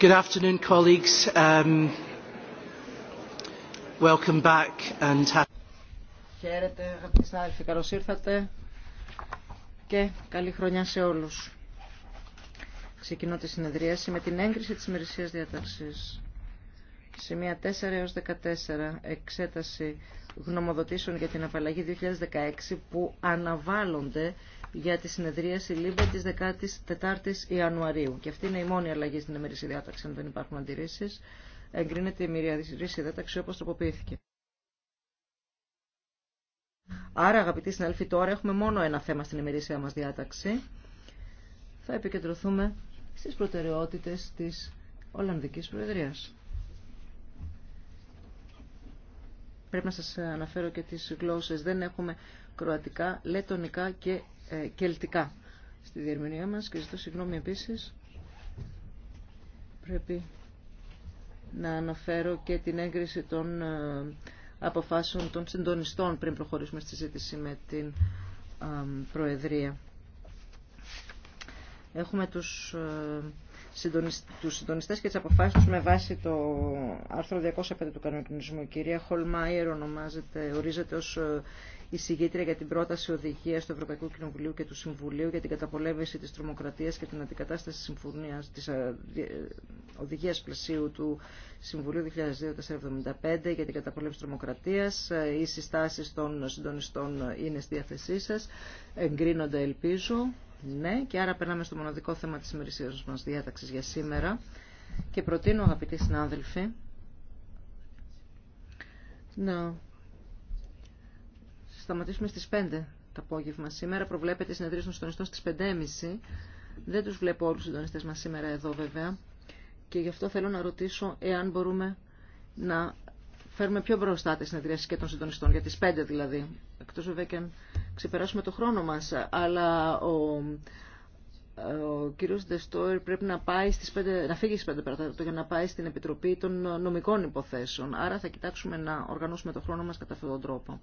Good afternoon, colleagues. Um, welcome back and Χαίρετε, αγαπητοί συνάδελφοι, καλώ ήρθατε και καλή χρονιά σε όλου. Ξεκινώ τη συνεδρίαση με την έγκριση τη ημερησία διάταξη. Σημεία 4 έω 14. Εξέταση γνωμοδοτήσεων για την απαλλαγή 2016 που αναβάλλονται για τη συνεδρίαση Σιλίμπε τη 14 η Ιανουαρίου. Και αυτή είναι η μόνη αλλαγή στην ημερήσια διάταξη, αν δεν υπάρχουν αντιρρήσει. Εγκρίνεται η ημερήσια διάταξη όπω τροποποιήθηκε. Άρα, αγαπητοί συνάδελφοι, τώρα έχουμε μόνο ένα θέμα στην ημερήσια μα διάταξη. Θα επικεντρωθούμε στι προτεραιότητες τη Ολλανδική Προεδρία. Πρέπει να σας αναφέρω και τις γλώσσες. Δεν έχουμε κροατικά, λετονικά και ε, κελτικά στη διερμηνία μας και ζητώ συγγνώμη επίσης πρέπει να αναφέρω και την έγκριση των ε, αποφάσεων των συντονιστών πριν προχωρήσουμε στη συζήτηση με την ε, Προεδρία. Έχουμε τους, τους συντονιστές και τις αποφάσεις με βάση το άρθρο 205 του κανονισμού. Η κυρία Χολμάιερ ονομάζεται, ορίζεται ως εισηγήτρια για την πρόταση οδηγία του Ευρωπαϊκού Κοινοβουλίου και του Συμβουλίου για την καταπολέμηση τη τρομοκρατία και την αντικατάσταση τη ε, ε, οδηγία πλαισίου του Συμβουλίου 2002-475 για την καταπολέμηση τρομοκρατία. Ε, οι συστάσει των συντονιστών είναι στη διάθεσή σα. Εγκρίνονται, ελπίζω. Ναι, και άρα περνάμε στο μοναδικό θέμα τη ημερησία μα διάταξης για σήμερα και προτείνω αγαπητοί συνάδελφοι να σταματήσουμε στις 5 το απόγευμα. Σήμερα προβλέπεται η συνεδρία των συντονιστών στις 5.30. Δεν τους βλέπω όλους τους συντονιστές μας σήμερα εδώ βέβαια. Και γι' αυτό θέλω να ρωτήσω εάν μπορούμε να φέρουμε πιο μπροστά τη συνεδρίες και των συντονιστών, για τις 5 δηλαδή. Εκτός βέβαια και αν ξεπεράσουμε το χρόνο μας. Αλλά ο, ο κύριος πρέπει να, πάει στις 5, να φύγει στις 5 παρατάτω για να πάει στην Επιτροπή των Νομικών Υποθέσεων. Άρα θα κοιτάξουμε να οργανώσουμε το χρόνο μας κατά αυτόν τον τρόπο.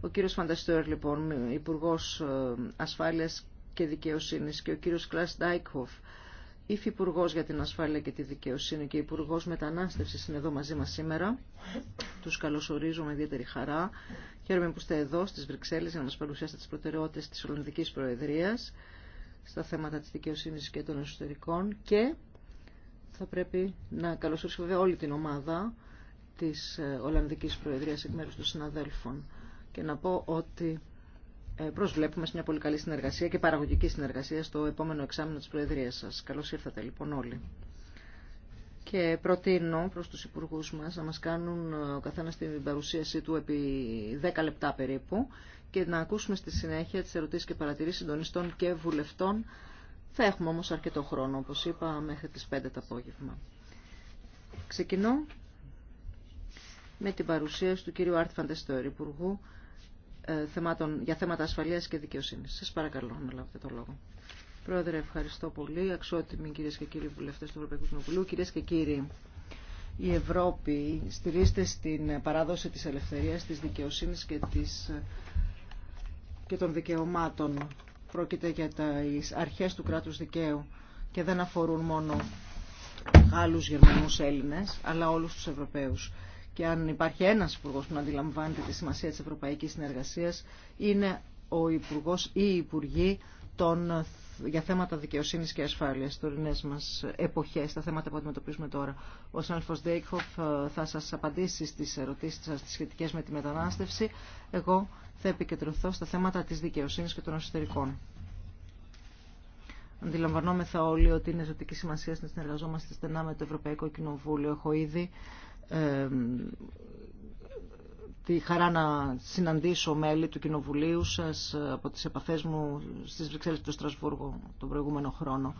Ο κύριος Φανταστέρ, λοιπόν, Υπουργός ε, Ασφάλειας και Δικαιοσύνης και ο κύριος Κλάς Ντάικχοφ, Υφυπουργό για την Ασφάλεια και τη Δικαιοσύνη και Υπουργό Μετανάστευσης είναι εδώ μαζί μας σήμερα. Τους καλωσορίζω με ιδιαίτερη χαρά. Χαίρομαι που είστε εδώ στις Βρυξέλλες για να μα παρουσιάσετε τι προτεραιότητε τη Ολλανδική Προεδρία στα θέματα της δικαιοσύνης και των εσωτερικών και θα πρέπει να καλωσορίσω βέβαια όλη την ομάδα της ε, Ολλανδική Προεδρία εκ μέρου των συναδέλφων και να πω ότι ε, προσβλέπουμε σε μια πολύ καλή συνεργασία και παραγωγική συνεργασία στο επόμενο εξάμεινο της Προεδρίας σας. Καλώς ήρθατε λοιπόν όλοι. Και προτείνω προς τους υπουργούς μας να μας κάνουν ε, ο καθένας την παρουσίασή του επί 10 λεπτά περίπου και να ακούσουμε στη συνέχεια τις ερωτήσεις και παρατηρήσεις συντονιστών και βουλευτών. Θα έχουμε όμως αρκετό χρόνο, όπως είπα, μέχρι τις 5 το απόγευμα. Ξεκινώ με την παρουσίαση του κύριου Άρτη Φαντεστόρη, Υπουργού ε, θεμάτων, για θέματα ασφαλείας και δικαιοσύνης. Σας παρακαλώ να λάβετε το λόγο. Πρόεδρε, ευχαριστώ πολύ. Αξιότιμοι κυρίες και κύριοι βουλευτές του Ευρωπαϊκού Κοινοβουλίου, κυρίες και κύριοι. Η Ευρώπη στηρίζεται στην παράδοση της ελευθερίας, της δικαιοσύνης και, της... και των δικαιωμάτων. Πρόκειται για τις αρχές του κράτους δικαίου και δεν αφορούν μόνο Γάλλους, Γερμανούς, Έλληνες, αλλά όλους τους Ευρωπαίους και αν υπάρχει ένας υπουργός που να αντιλαμβάνεται τη σημασία της ευρωπαϊκής συνεργασίας είναι ο υπουργός ή υπουργή των, για θέματα δικαιοσύνης και ασφάλειας στις τωρινές μας εποχές, τα θέματα που αντιμετωπίζουμε τώρα. Ο Σάλφος Ντέικχοφ ε, θα σας απαντήσει στις ερωτήσεις σας τις σχετικές με τη μετανάστευση. Εγώ θα επικεντρωθώ στα θέματα της δικαιοσύνης και των εσωτερικών. Αντιλαμβανόμεθα όλοι ότι είναι ζωτική σημασία να συνεργαζόμαστε στενά με το Ευρωπαϊκό Κοινοβούλιο. Έχω ήδη ε, τη χαρά να συναντήσω μέλη του Κοινοβουλίου σας ε, από τις επαφές μου στις Βρυξέλλες του Στρασβούργο τον προηγούμενο χρόνο.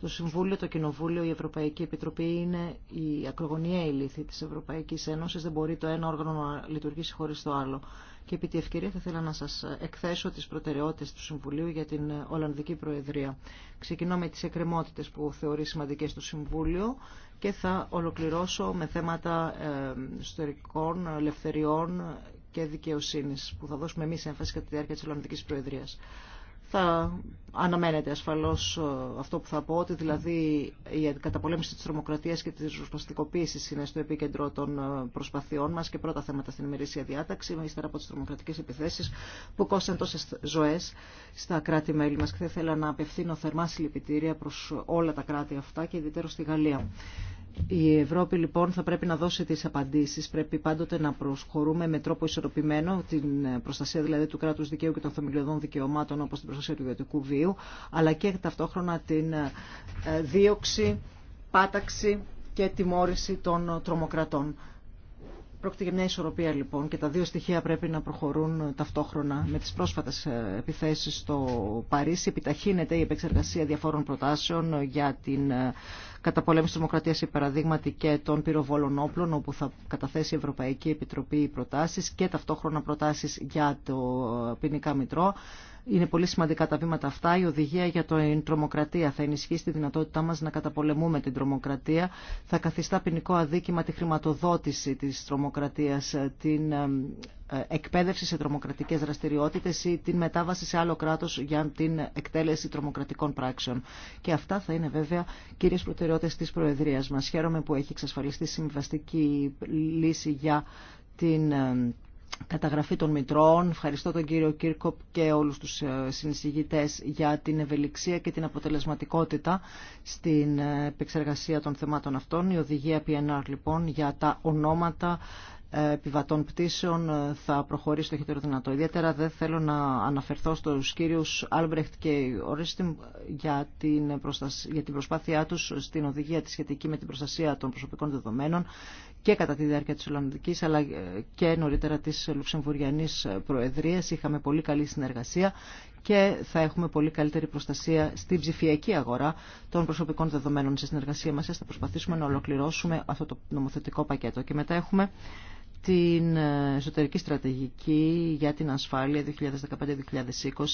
Το Συμβούλιο, το Κοινοβούλιο, η Ευρωπαϊκή Επιτροπή είναι η ακρογωνιαία ηλίθη της Ευρωπαϊκής Ένωσης. Δεν μπορεί το ένα όργανο να λειτουργήσει χωρίς το άλλο και επί τη ευκαιρία θα ήθελα να σας εκθέσω τις προτεραιότητες του Συμβουλίου για την Ολλανδική Προεδρία. Ξεκινώ με τις εκκρεμότητες που θεωρεί σημαντικές το Συμβούλιο και θα ολοκληρώσω με θέματα ιστορικών, ε, ελευθεριών και δικαιοσύνης που θα δώσουμε εμείς έμφαση κατά τη διάρκεια της Ολλανδικής Προεδρίας. Θα αναμένεται ασφαλώς ε, αυτό που θα πω, ότι δηλαδή η καταπολέμηση της τρομοκρατίας και της ρουσπαστικοποίησης είναι στο επίκεντρο των ε, προσπαθειών μας και πρώτα θέματα στην ημερήσια διάταξη, ύστερα από τις τρομοκρατικές επιθέσεις που κόστησαν τόσες ζωές στα κράτη-μέλη μας και θα ήθελα να απευθύνω θερμά συλληπιτήρια προς όλα τα κράτη αυτά και ιδιαίτερα στη Γαλλία η Ευρώπη λοιπόν θα πρέπει να δώσει τις απαντήσεις, πρέπει πάντοτε να προσχωρούμε με τρόπο ισορροπημένο την προστασία δηλαδή του κράτους δικαίου και των θεμελιωδών δικαιωμάτων όπως την προστασία του ιδιωτικού βίου, αλλά και ταυτόχρονα την ε, δίωξη, πάταξη και τιμώρηση των τρομοκρατών. Πρόκειται για μια ισορροπία λοιπόν και τα δύο στοιχεία πρέπει να προχωρούν ταυτόχρονα. Με τις πρόσφατες ε, επιθέσεις στο Παρίσι επιταχύνεται η επεξεργασία διαφόρων προτάσεων για την ε, καταπολέμηση δημοκρατία ή παραδείγματι και των πυροβόλων όπλων όπου θα καταθέσει η Ευρωπαϊκή Επιτροπή προτάσεις και ταυτόχρονα προτάσεις για το ποινικά μητρό. Είναι πολύ σημαντικά τα βήματα αυτά. Η οδηγία για την τρομοκρατία θα ενισχύσει τη δυνατότητά μα να καταπολεμούμε την τρομοκρατία. Θα καθιστά ποινικό αδίκημα τη χρηματοδότηση τη τρομοκρατία, την ε, ε, εκπαίδευση σε τρομοκρατικέ δραστηριότητε ή την μετάβαση σε άλλο κράτο για την εκτέλεση τρομοκρατικών πράξεων. Και αυτά θα είναι βέβαια κύριε προτεραιότητε τη Προεδρία μα. Χαίρομαι που έχει εξασφαλιστεί συμβαστική λύση για την ε, καταγραφή των μητρών. Ευχαριστώ τον κύριο Κίρκοπ και όλους τους ε, συνεισηγητές για την ευελιξία και την αποτελεσματικότητα στην ε, επεξεργασία των θεμάτων αυτών. Η οδηγία PNR λοιπόν για τα ονόματα επιβατών πτήσεων ε, θα προχωρήσει το χειρότερο δυνατό. Ιδιαίτερα δεν θέλω να αναφερθώ στους κύριους Άλμπρεχτ και Ορίστιμ για την, για την προσπάθειά τους στην οδηγία τη σχετική με την προστασία των προσωπικών δεδομένων και κατά τη διάρκεια της Ολλανδικής αλλά ε, και νωρίτερα της Λουξεμβουριανής Προεδρίας είχαμε πολύ καλή συνεργασία και θα έχουμε πολύ καλύτερη προστασία στην ψηφιακή αγορά των προσωπικών δεδομένων. Σε συνεργασία μας θα προσπαθήσουμε να ολοκληρώσουμε αυτό το νομοθετικό πακέτο και μετά έχουμε την ε, εσωτερική στρατηγική για την ασφάλεια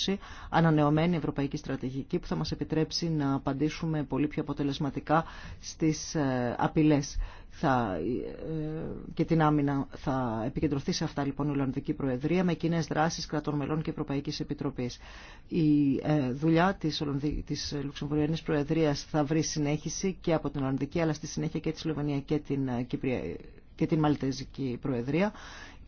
2015-2020, ανανεωμένη ευρωπαϊκή στρατηγική που θα μας επιτρέψει να απαντήσουμε πολύ πιο αποτελεσματικά στις ε, απειλές θα, ε, και την άμυνα. Θα επικεντρωθεί σε αυτά λοιπόν η Ολλανδική Προεδρία με κοινέ δράσεις κρατών μελών και Ευρωπαϊκής Επιτροπής. Η δουλειά της, Ολλανδικής, της Προεδρίας θα βρει συνέχιση και από την Ολλανδική αλλά στη συνέχεια και τη Σλοβενία και την Κυπριακή και την Μαλτέζικη Προεδρία.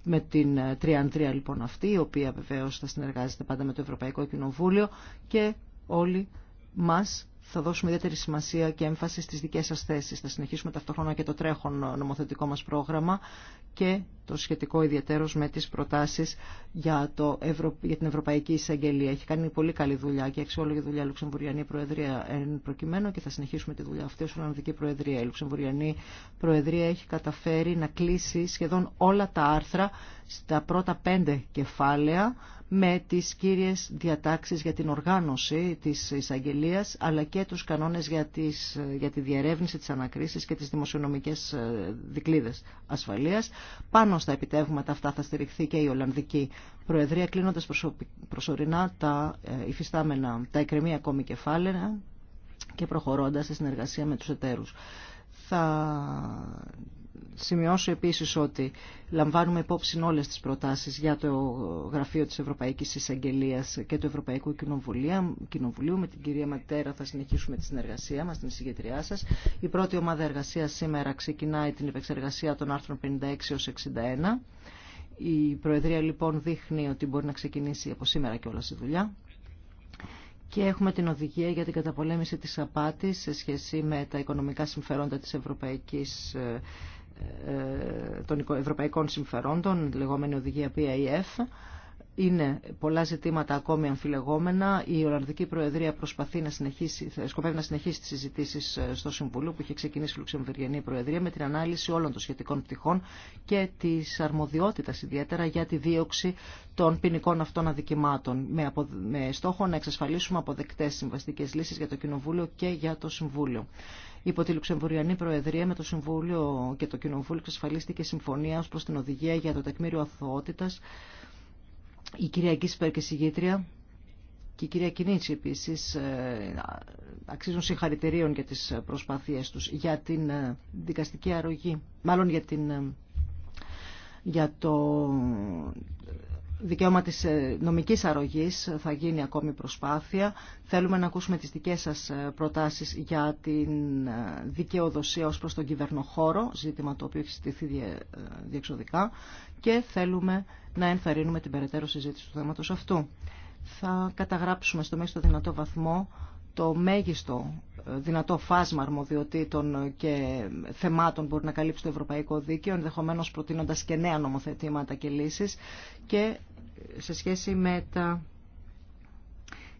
Με την 3 ε, 3 λοιπόν αυτή, η οποία βεβαίως θα συνεργάζεται πάντα με το Ευρωπαϊκό Κοινοβούλιο και όλοι μας θα δώσουμε ιδιαίτερη σημασία και έμφαση στις δικές σας θέσεις. Θα συνεχίσουμε ταυτόχρονα και το τρέχον νομοθετικό μας πρόγραμμα και το σχετικό ιδιαίτερο με τις προτάσεις για, το για την Ευρωπαϊκή Εισαγγελία. Έχει κάνει πολύ καλή δουλειά και αξιόλογη δουλειά η Λουξεμβουριανή Προεδρία εν προκειμένου και θα συνεχίσουμε τη δουλειά αυτή ως Ολλανδική Προεδρία. Η Λουξεμβουριανή Προεδρία έχει καταφέρει να κλείσει σχεδόν όλα τα άρθρα στα πρώτα πέντε κεφάλαια με τις κύριες διατάξεις για την οργάνωση της εισαγγελία, αλλά και τους κανόνες για, τις, για τη διερεύνηση της ανακρίσης και τις δημοσιονομικές ε, δικλίδες ασφαλείας. Πάνω στα επιτεύγματα αυτά θα στηριχθεί και η Ολλανδική Προεδρία, κλείνοντας προσωρινά τα ε, υφιστάμενα, τα εκκρεμή ακόμη κεφάλαια και προχωρώντας σε συνεργασία με τους εταίρους σημειώσω επίσης ότι λαμβάνουμε υπόψη όλες τις προτάσεις για το Γραφείο της Ευρωπαϊκής Εισαγγελίας και του Ευρωπαϊκού Κοινοβουλίου. Με την κυρία Ματέρα θα συνεχίσουμε τη συνεργασία μας, την συγκεκριά σας. Η πρώτη ομάδα εργασίας σήμερα ξεκινάει την επεξεργασία των άρθρων 56 έως 61. Η Προεδρία λοιπόν δείχνει ότι μπορεί να ξεκινήσει από σήμερα και όλα στη δουλειά. Και έχουμε την οδηγία για την καταπολέμηση της απάτης σε σχέση με τα οικονομικά συμφερόντα της Ευρωπαϊκής ε, ε, των ευρωπαϊκών συμφερόντων, λεγόμενη οδηγία PAF. Είναι πολλά ζητήματα ακόμη αμφιλεγόμενα. Η Ολλανδική Προεδρία προσπαθεί να συνεχίσει, σκοπεύει να συνεχίσει τι συζητήσει ε, στο Συμβούλιο που είχε ξεκινήσει η Λουξεμβουργιανή Προεδρία με την ανάλυση όλων των σχετικών πτυχών και τη αρμοδιότητα ιδιαίτερα για τη δίωξη των ποινικών αυτών αδικημάτων με, στόχο να εξασφαλίσουμε αποδεκτές συμβαστικέ λύσει για το Κοινοβούλιο και για το Συμβούλιο υπό τη Λουξεμβουριανή Προεδρία με το Συμβούλιο και το Κοινοβούλιο εξασφαλίστηκε συμφωνία ως προς την οδηγία για το τεκμήριο αθωότητας. Η κυρία Γκίσπερ και συγγήτρια και η κυρία Κινίτσι επίσης ε, αξίζουν συγχαρητηρίων για τις προσπάθειές τους για την ε, δικαστική αρρωγή, μάλλον για την ε, για το δικαίωμα της ε, νομικής αρρωγής ε, θα γίνει ακόμη προσπάθεια. Θέλουμε να ακούσουμε τις δικές σας ε, προτάσεις για την δικαιοδοσία ως προς τον κυβερνοχώρο, ζήτημα το οποίο έχει συζητηθεί διεξοδικά και θέλουμε να ενθαρρύνουμε την περαιτέρω συζήτηση του θέματος αυτού. Θα καταγράψουμε στο μέγιστο δυνατό βαθμό το μέγιστο δυνατό φάσμα αρμοδιοτήτων και θεμάτων μπορεί να καλύψει το Ευρωπαϊκό Δίκαιο, ενδεχομένως προτείνοντας και νέα νομοθετήματα και λύσεις και σε σχέση με τα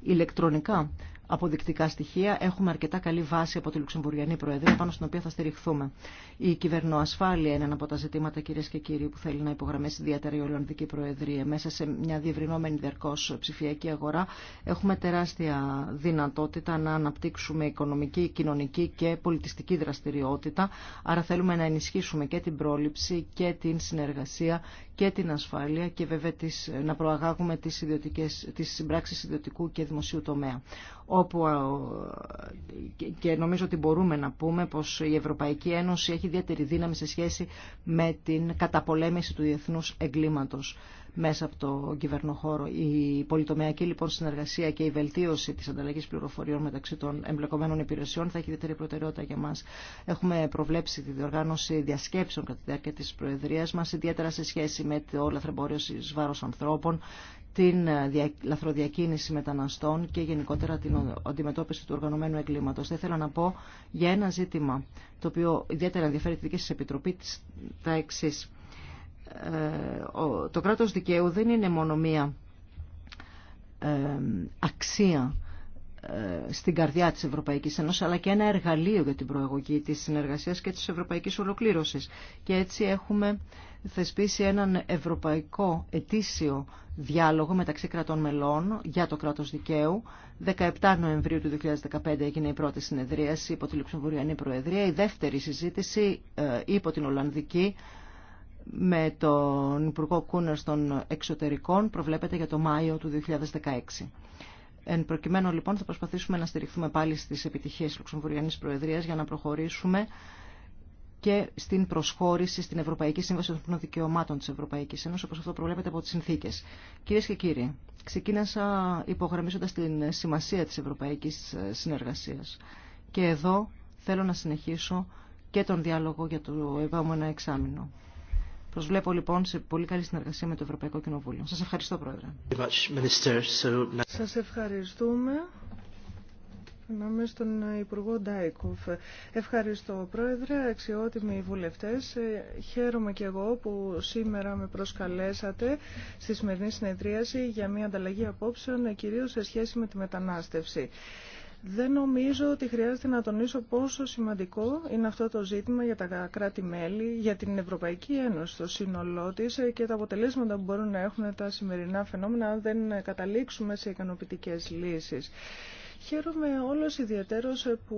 ηλεκτρονικά αποδεικτικά στοιχεία. Έχουμε αρκετά καλή βάση από τη Λουξεμβουριανή Προεδρία πάνω στην οποία θα στηριχθούμε. Η κυβερνοασφάλεια είναι ένα από τα ζητήματα, κυρίε και κύριοι, που θέλει να υπογραμμίσει ιδιαίτερα η Ολλανδική Προεδρία. Μέσα σε μια διευρυνόμενη διαρκώ ψηφιακή αγορά έχουμε τεράστια δυνατότητα να αναπτύξουμε οικονομική, κοινωνική και πολιτιστική δραστηριότητα. Άρα θέλουμε να ενισχύσουμε και την πρόληψη και την συνεργασία και την ασφάλεια και βέβαια τις, να προαγάγουμε τις, ιδιωτικές, τις συμπράξεις ιδιωτικού και δημοσίου τομέα όπου ε, και νομίζω ότι μπορούμε να πούμε πως η Ευρωπαϊκή Ένωση έχει ιδιαίτερη δύναμη σε σχέση με την καταπολέμηση του διεθνούς εγκλήματος μέσα από το κυβερνοχώρο. Η πολυτομιακή λοιπόν συνεργασία και η βελτίωση της ανταλλαγής πληροφοριών μεταξύ των εμπλεκομένων υπηρεσιών θα έχει ιδιαίτερη προτεραιότητα για μας. Έχουμε προβλέψει τη διοργάνωση διασκέψεων κατά τη διάρκεια της Προεδρίας μας, ιδιαίτερα σε σχέση με το λαθρεμπόριο βάρος ανθρώπων, την ε, λαθροδιακίνηση μεταναστών και γενικότερα την αντιμετώπιση του οργανωμένου εγκλήματος. Θα ήθελα να πω για ένα ζήτημα το οποίο ιδιαίτερα ενδιαφέρει τη δική σας Επιτροπή τα εξή. Ε, το κράτος δικαίου δεν είναι μόνο μία ε, αξία ε, στην καρδιά της Ευρωπαϊκής Ένωσης αλλά και ένα εργαλείο για την προεγωγή της συνεργασίας και της ευρωπαϊκής ολοκλήρωσης. Και έτσι έχουμε θεσπίσει έναν ευρωπαϊκό ετήσιο διάλογο μεταξύ κρατών μελών για το κράτος δικαίου. 17 Νοεμβρίου του 2015 έγινε η πρώτη συνεδρίαση υπό τη Λουξεμβουριανή Προεδρία, η δεύτερη συζήτηση ε, υπό την Ολλανδική με τον Υπουργό Κούνερ των Εξωτερικών προβλέπεται για το Μάιο του 2016. Εν προκειμένου λοιπόν θα προσπαθήσουμε να στηριχθούμε πάλι στις επιτυχίες Λουξεμβουριανής Προεδρίας για να προχωρήσουμε και στην προσχώρηση στην Ευρωπαϊκή Σύμβαση των Δικαιωμάτων της Ευρωπαϊκής Ένωσης, όπως αυτό προβλέπεται από τις συνθήκες. Κυρίες και κύριοι, ξεκίνασα υπογραμμίζοντας την σημασία της ευρωπαϊκής ε, συνεργασίας. Και εδώ θέλω να συνεχίσω και τον διάλογο για το επόμενο εξάμεινο. Προσβλέπω λοιπόν σε πολύ καλή συνεργασία με το Ευρωπαϊκό Κοινοβούλιο. Σας ευχαριστώ Πρόεδρε. Σας ευχαριστούμε. Είμαι στον Υπουργό Ντάικοφ. Ευχαριστώ, Πρόεδρε, αξιότιμοι βουλευτές. Ε, χαίρομαι και εγώ που σήμερα με προσκαλέσατε στη σημερινή συνεδρίαση για μια ανταλλαγή απόψεων, κυρίως σε σχέση με τη μετανάστευση. Δεν νομίζω ότι χρειάζεται να τονίσω πόσο σημαντικό είναι αυτό το ζήτημα για τα κράτη-μέλη, για την Ευρωπαϊκή Ένωση το σύνολό τη και τα αποτελέσματα που μπορούν να έχουν τα σημερινά φαινόμενα αν δεν καταλήξουμε σε ικανοποιητικέ λύσει. Χαίρομαι όλος ιδιαίτερος που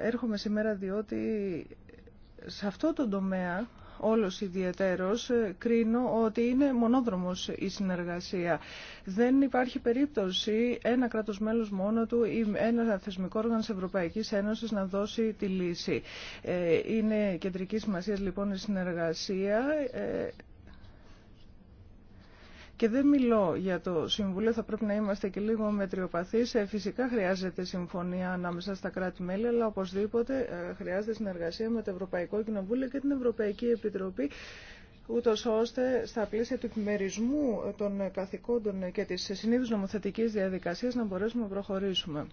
ε, έρχομαι σήμερα διότι σε αυτό το τομέα όλος ιδιαιτέρως ε, κρίνω ότι είναι μονόδρομος η συνεργασία. Δεν υπάρχει περίπτωση ένα κράτος μέλος μόνο του ή ένα θεσμικό όργανο της Ευρωπαϊκής Ένωσης να δώσει τη λύση. Ε, είναι κεντρική σημασία λοιπόν η συνεργασία ε, και δεν μιλώ για το Συμβούλιο, θα πρέπει να είμαστε και λίγο μετριοπαθείς. Ε, φυσικά χρειάζεται συμφωνία ανάμεσα στα κράτη-μέλη, αλλά οπωσδήποτε ε, χρειάζεται συνεργασία με το Ευρωπαϊκό Κοινοβούλιο και την Ευρωπαϊκή Επιτροπή ούτω ώστε στα πλαίσια του επιμερισμού των καθηκόντων και της συνήθους νομοθετικής διαδικασίας να μπορέσουμε να προχωρήσουμε.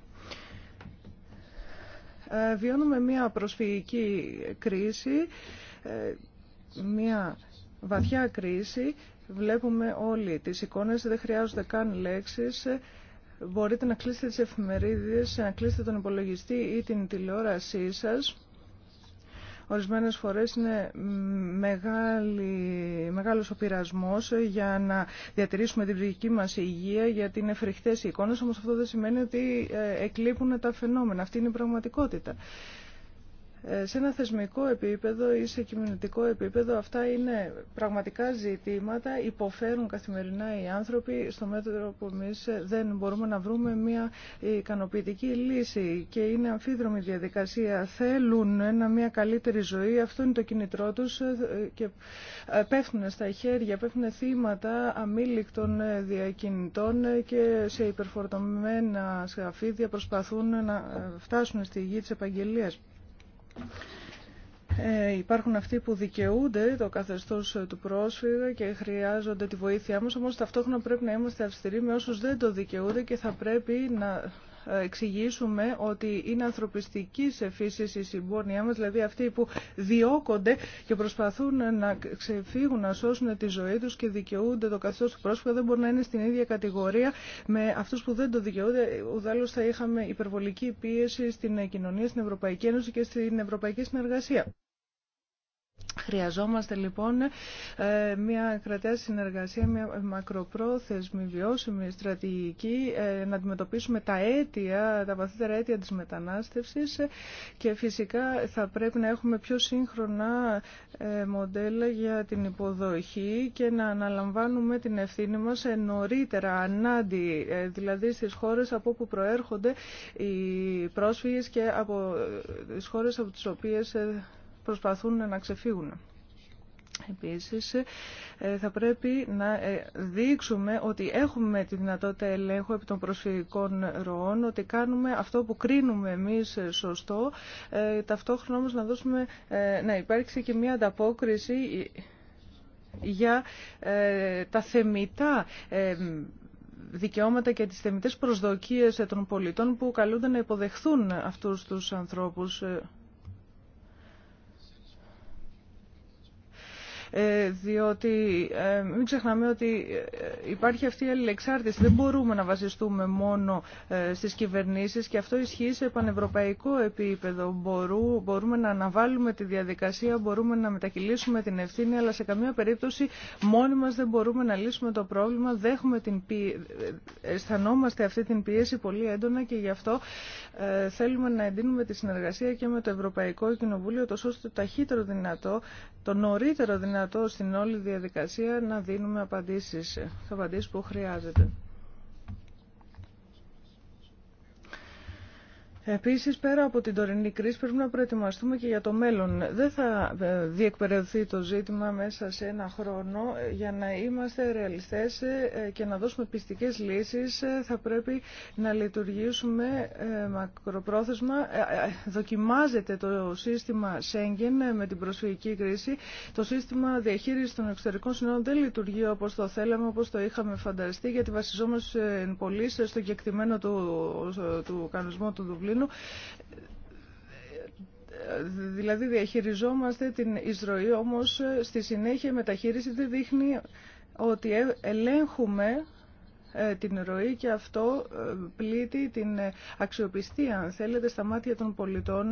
Ε, βιώνουμε μία προσφυγική κρίση, μία βαθιά κρίση Βλέπουμε όλοι τις εικόνες, δεν χρειάζονται καν λέξεις. Μπορείτε να κλείσετε τις εφημερίδες, να κλείσετε τον υπολογιστή ή την τηλεόρασή σας. Ορισμένες φορές είναι μεγάλη, μεγάλος ο πειρασμός για να διατηρήσουμε την ψυχική μας υγεία, γιατί είναι φρικτές οι εικόνες, όμως αυτό δεν σημαίνει ότι ε, εκλείπουν τα φαινόμενα. Αυτή είναι η πραγματικότητα σε ένα θεσμικό επίπεδο ή σε κοινωνικό επίπεδο αυτά είναι πραγματικά ζητήματα, υποφέρουν καθημερινά οι άνθρωποι στο μέτρο που εμεί δεν μπορούμε να βρούμε μια ικανοποιητική λύση και είναι αμφίδρομη διαδικασία. Θέλουν μια καλύτερη ζωή, αυτό είναι το κινητρό τους ε, και ε, πέφτουν στα χέρια, πέφτουν θύματα αμήλικτων ε, διακινητών και σε υπερφορτωμένα σκαφίδια προσπαθούν να φτάσουν στη γη της επαγγελίας. Ε, υπάρχουν αυτοί που δικαιούνται το καθεστώς ε, του πρόσφυγα και χρειάζονται τη βοήθειά μας, όμως ταυτόχρονα πρέπει να είμαστε αυστηροί με όσους δεν το δικαιούνται και θα πρέπει να εξηγήσουμε ότι είναι ανθρωπιστική σε φύση η συμπόνια μα, δηλαδή αυτοί που διώκονται και προσπαθούν να ξεφύγουν, να σώσουν τη ζωή τους και δικαιούνται το καθεστώ του πρόσφυγα, δεν μπορεί να είναι στην ίδια κατηγορία με αυτούς που δεν το δικαιούνται. Ουδέλω θα είχαμε υπερβολική πίεση στην κοινωνία, στην Ευρωπαϊκή Ένωση και στην Ευρωπαϊκή Συνεργασία. Χρειαζόμαστε λοιπόν ε, μια κρατέα συνεργασία, μια μακροπρόθεσμη βιώσιμη στρατηγική ε, να αντιμετωπίσουμε τα αίτια, τα βαθύτερα αίτια της μετανάστευσης ε, και φυσικά θα πρέπει να έχουμε πιο σύγχρονα μοντέλα για την υποδοχή και να αναλαμβάνουμε την ευθύνη μας νωρίτερα, ανάντι, δηλαδή στις χώρες από όπου προέρχονται οι πρόσφυγες και από τις χώρες από τις οποίες προσπαθούν να ξεφύγουν. Επίσης, ε, θα πρέπει να ε, δείξουμε ότι έχουμε τη δυνατότητα ελέγχου επί των προσφυγικών ροών, ότι κάνουμε αυτό που κρίνουμε εμείς ε, σωστό, ταυτόχρονα όμως να, δώσουμε, να υπάρξει και μια ανταπόκριση για τα θεμητά δικαιώματα και τις θεμητές προσδοκίες των πολιτών που καλούνται να υποδεχθούν αυτούς τους ανθρώπους Ε, διότι ε, μην ξεχνάμε ότι ε, υπάρχει αυτή η αλληλεξάρτηση. Δεν μπορούμε να βασιστούμε μόνο στις κυβερνήσεις και αυτό ισχύει σε πανευρωπαϊκό επίπεδο. Μπορούμε να αναβάλουμε τη διαδικασία, μπορούμε να μετακυλήσουμε την ευθύνη, αλλά σε καμία περίπτωση μόνοι μας δεν μπορούμε να λύσουμε το πρόβλημα. Δέχουμε την αισθανόμαστε αυτή την πίεση πολύ έντονα και γι' αυτό θέλουμε να εντείνουμε τη συνεργασία και με το Ευρωπαϊκό Κοινοβούλιο, τόσο το ταχύτερο δυνατό, το νωρίτερο δυνατό δυνατό στην όλη διαδικασία να δίνουμε απαντήσεις, απαντήσεις που χρειάζεται. Επίσης, πέρα από την τωρινή κρίση, πρέπει να προετοιμαστούμε και για το μέλλον. Δεν θα ε, διεκπαιρεωθεί το ζήτημα μέσα σε ένα χρόνο. Για να είμαστε ρεαλιστές ε, και να δώσουμε πιστικές λύσεις, ε, θα πρέπει να λειτουργήσουμε μακροπρόθεσμα. Δοκιμάζεται το σύστημα Σέγγεν με την προσφυγική κρίση. Το σύστημα διαχείρισης των εξωτερικών συνόρων δεν λειτουργεί όπως το θέλαμε, όπως το είχαμε φανταστεί, γιατί βασιζόμαστε πολύ στο κεκτημένο του, του κανονισμού του Δουβλίνου Δηλαδή διαχειριζόμαστε την εισρωή, όμως στη συνέχεια η μεταχείριση δεν δείχνει ότι ε, ελέγχουμε ε, την ροή και αυτό ε, πλήττει την αξιοπιστία, αν θέλετε, στα μάτια των πολιτών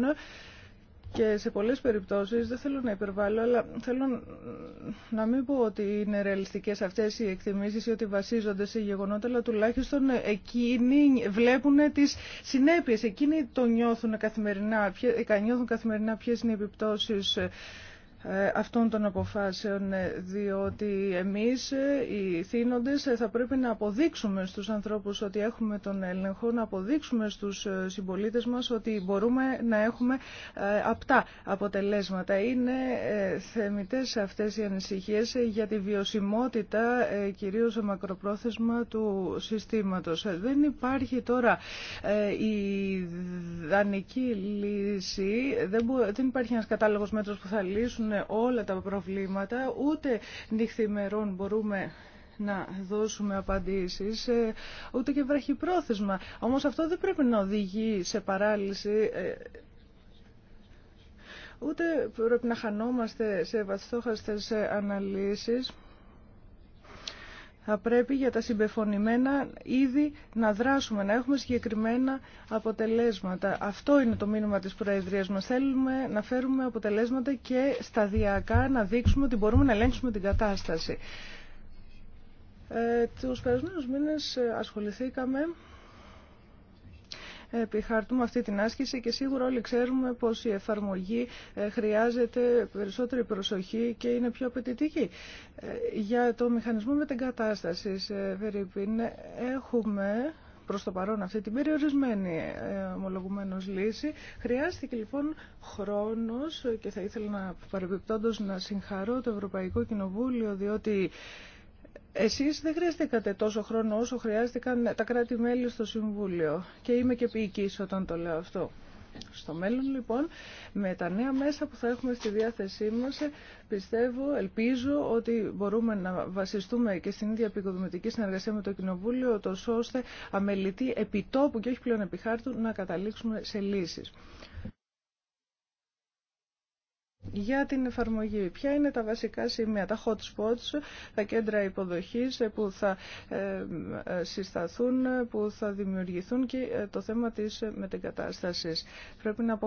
και σε πολλές περιπτώσεις, δεν θέλω να υπερβάλλω, αλλά θέλω να μην πω ότι είναι ρεαλιστικέ αυτές οι εκτιμήσει ή ότι βασίζονται σε γεγονότα, αλλά τουλάχιστον εκείνοι βλέπουν τι συνέπειε. εκείνοι το νιώθουν καθημερινά, νιώθουν καθημερινά ποιες είναι οι επιπτώσει. Ε, αυτών των αποφάσεων, ε, διότι εμείς ε, οι θύνοντες θα πρέπει να αποδείξουμε στους ανθρώπους ότι έχουμε τον έλεγχο, να αποδείξουμε στους συμπολίτες μας ότι μπορούμε να έχουμε απτά αποτελέσματα. Είναι θεμητές αυτές οι ανησυχίες για τη βιωσιμότητα κυρίως μακροπρόθεσμα του συστήματος. Δεν υπάρχει τώρα η δανεική λύση, δεν υπάρχει ένας κατάλογος μέτρος που θα λύσουν όλα τα προβλήματα, ούτε νυχθημερών μπορούμε να δώσουμε απαντήσεις, ε, ούτε και βραχυπρόθεσμα. Όμως αυτό δεν πρέπει να οδηγεί σε παράλυση ε, ούτε πρέπει να χανόμαστε σε βαθιστόχαστες ε, αναλύσεις θα πρέπει για τα συμπεφωνημένα ήδη να δράσουμε, να έχουμε συγκεκριμένα αποτελέσματα. Αυτό είναι το μήνυμα της Προεδρίας μας. Θέλουμε να φέρουμε αποτελέσματα και σταδιακά να δείξουμε ότι μπορούμε να ελέγξουμε την κατάσταση. Ε, τους περασμένους μήνες ε, ασχοληθήκαμε επιχαρτούμε αυτή την άσκηση και σίγουρα όλοι ξέρουμε πως η εφαρμογή ε, χρειάζεται περισσότερη προσοχή και είναι πιο απαιτητική. Ε, για το μηχανισμό κατάσταση, Βερυπίν, έχουμε προς το παρόν αυτή την περιορισμένη ε, ομολογουμένως λύση. Χρειάστηκε λοιπόν χρόνος και θα ήθελα να παρεμπιπτόντως να συγχαρώ το Ευρωπαϊκό Κοινοβούλιο διότι Εσεί δεν χρειαστήκατε τόσο χρόνο όσο χρειάστηκαν τα κράτη-μέλη στο Συμβούλιο και είμαι και ποιητή όταν το λέω αυτό. Στο μέλλον λοιπόν, με τα νέα μέσα που θα έχουμε στη διάθεσή μας, πιστεύω, ελπίζω ότι μπορούμε να βασιστούμε και στην ίδια επικοδομητική συνεργασία με το Κοινοβούλιο, το ώστε αμελητή επιτόπου και όχι πλέον επιχάρτου να καταλήξουμε σε λύσεις για την εφαρμογή. Ποια είναι τα βασικά σημεία, τα hot spots, τα κέντρα υποδοχής ε, που θα ε, ε, συσταθούν, που θα δημιουργηθούν και το θέμα της μετεγκατάστασης. Πρέπει να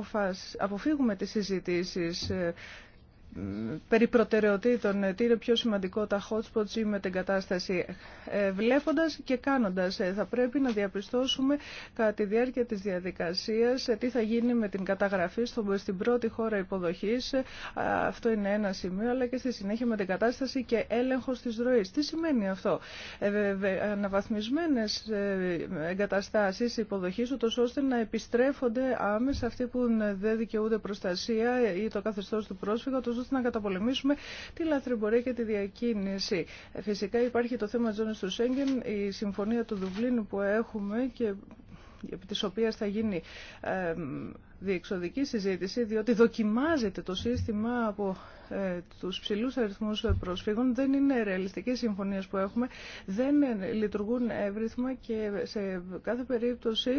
αποφύγουμε τις συζητήσεις περί προτεραιοτήτων, ε, τι είναι πιο σημαντικό, τα hot spots ή κατάσταση ε, Βλέποντας και κάνοντας, ε, θα πρέπει να διαπιστώσουμε κατά τη διάρκεια της διαδικασίας τι θα γίνει με την καταγραφή στην πρώτη χώρα υποδοχής. Αυτό είναι ένα σημείο, αλλά και στη συνέχεια με την κατάσταση και έλεγχος της ροής. Τι σημαίνει αυτό. Αναβαθμισμένες εγκαταστάσεις υποδοχής, ούτως ώστε να επιστρέφονται άμεσα αυτοί που δεν δικαιούνται προστασία ή το καθεστώς του πρόσφυγα, ώστε να καταπολεμήσουμε τη λαθρεμπορία και τη διακίνηση. Ε, φυσικά υπάρχει το θέμα της του Σέγγεν, η συμφωνία του Δουβλίνου που έχουμε και επί της οποίας θα γίνει ε, διεξοδική συζήτηση, διότι δοκιμάζεται το σύστημα από ε, τους ψηλούς αριθμούς προσφύγων. Δεν είναι ρεαλιστικές συμφωνίες που έχουμε, δεν ε, λειτουργούν εύρυθμα και σε κάθε περίπτωση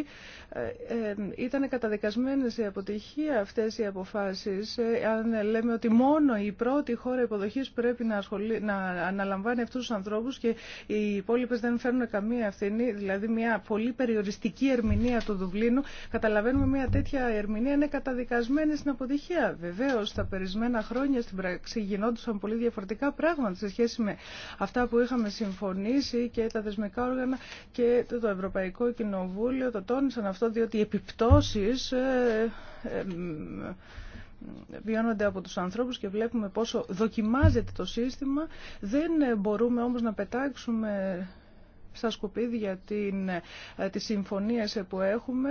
ε, ε, ήταν καταδικασμένες η αποτυχία αυτές οι αποφάσεις. αν λέμε ότι μόνο η πρώτη χώρα υποδοχής πρέπει να, να αναλαμβάνει αυτούς τους ανθρώπους και οι υπόλοιπε δεν φέρνουν καμία ευθύνη, δηλαδή μια πολύ περιοριστική ερμηνεία του Δουβλίνου, καταλαβαίνουμε μια τέτοια ερμηνεία ερμηνεία είναι καταδικασμένη στην αποτυχία. Βεβαίω, τα περισμένα χρόνια στην πράξη γινόντουσαν πολύ διαφορετικά πράγματα σε σχέση με αυτά που είχαμε συμφωνήσει και τα δεσμικά όργανα και το Ευρωπαϊκό Κοινοβούλιο το τόνισαν αυτό, διότι οι επιπτώσει. Ε, ε βιώνονται από τους ανθρώπους και βλέπουμε πόσο δοκιμάζεται το σύστημα. Δεν μπορούμε όμως να πετάξουμε στα σκουπίδια την, ε, τις συμφωνίες που έχουμε.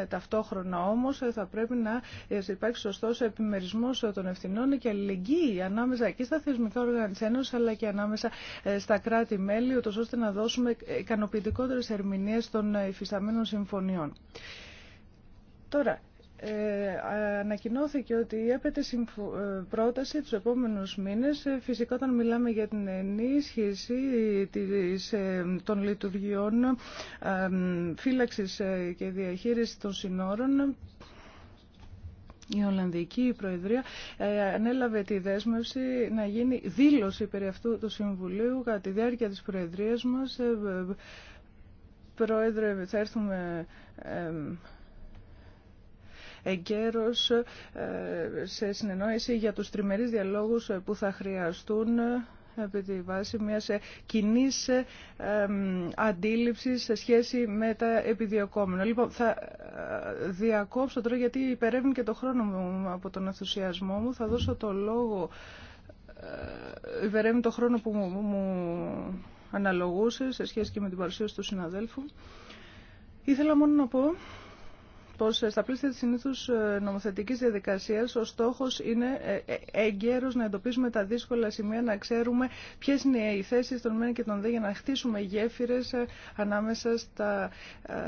Ε, ταυτόχρονα όμως ε, θα πρέπει να υπάρξει σωστός επιμερισμός των ευθυνών και αλληλεγγύη ανάμεσα και στα θεσμικά όργανα αλλά και ανάμεσα στα κράτη-μέλη ώστε να δώσουμε ικανοποιητικότερες ερμηνείες των υφισταμένων συμφωνιών. Τώρα, ε, ανακοινώθηκε ότι έπεται ε, πρόταση τους επόμενους μήνες. Ε, φυσικά όταν μιλάμε για την ενίσχυση της, των λειτουργιών φύλαξης και διαχείριση των συνόρων, η Ολλανδική Προεδρία ανέλαβε τη δέσμευση να γίνει δήλωση περί αυτού του Συμβουλίου κατά τη διάρκεια της Προεδρίας μας. Πρόεδρε, θα έρθουμε εγκαίρως ε, σε συνεννόηση για τους τριμερείς διαλόγους που θα χρειαστούν ε, επί τη βάση μιας ε, κοινή αντίληψης σε σχέση με τα επιδιωκόμενα. Λοιπόν, θα διακόψω τώρα γιατί υπερεύνει και το χρόνο μου από τον ενθουσιασμό μου. Θα δώσω το λόγο, υπερεύνει το χρόνο που μου αναλογούσε σε σχέση και με την παρουσίαση του συναδέλφου. Ήθελα μόνο να πω πως στα πλαίσια της συνήθους ε, νομοθετικής διαδικασίας ο στόχος είναι ε, ε, εγκαίρως να εντοπίσουμε τα δύσκολα σημεία, να ξέρουμε ποιες είναι οι θέσεις των ΜΕΝ και των ΔΕ για να χτίσουμε γέφυρες ανάμεσα στα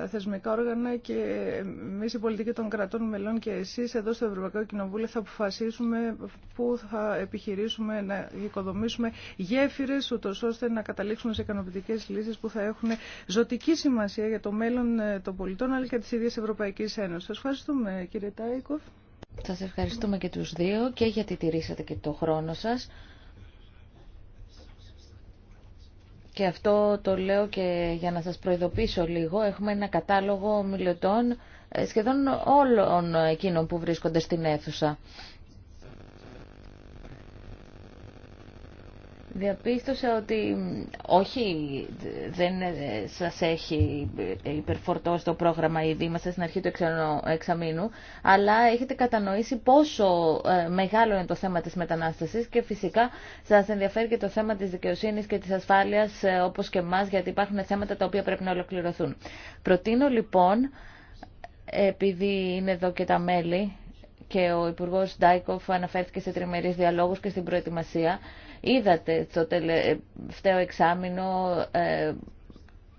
θεσμικά όργανα και εμεί η πολιτική των κρατών μελών και εσείς εδώ στο Ευρωπαϊκό Κοινοβούλιο θα αποφασίσουμε πού θα επιχειρήσουμε να οικοδομήσουμε γέφυρες ούτως ώστε να καταλήξουμε σε ικανοποιητικέ λύσεις που θα έχουν να καταληξουμε σε ικανοποιητικές λυσεις σημασία για το μέλλον των πολιτών αλλά και της ίδιας Ευρωπαϊκής Σα Σας ευχαριστούμε κύριε Τάικοφ. Σας ευχαριστούμε και τους δύο και γιατί τηρήσατε και το χρόνο σας. Και αυτό το λέω και για να σας προειδοποιήσω λίγο. Έχουμε ένα κατάλογο μιλωτών ε, σχεδόν όλων εκείνων που βρίσκονται στην αίθουσα. Διαπίστωσα ότι όχι, δεν σας έχει υπερφορτώσει το πρόγραμμα ήδη, είμαστε στην αρχή του εξαμήνου, αλλά έχετε κατανοήσει πόσο ε, μεγάλο είναι το θέμα της μετανάστασης και φυσικά σας ενδιαφέρει και το θέμα της δικαιοσύνης και της ασφάλειας ε, όπως και εμάς, γιατί υπάρχουν θέματα τα οποία πρέπει να ολοκληρωθούν. Προτείνω λοιπόν, επειδή είναι εδώ και τα μέλη και ο Υπουργός Ντάικοφ αναφέρθηκε σε τριμερείς διαλόγους και στην προετοιμασία, Είδατε το τελευταίο εξάμεινο ε,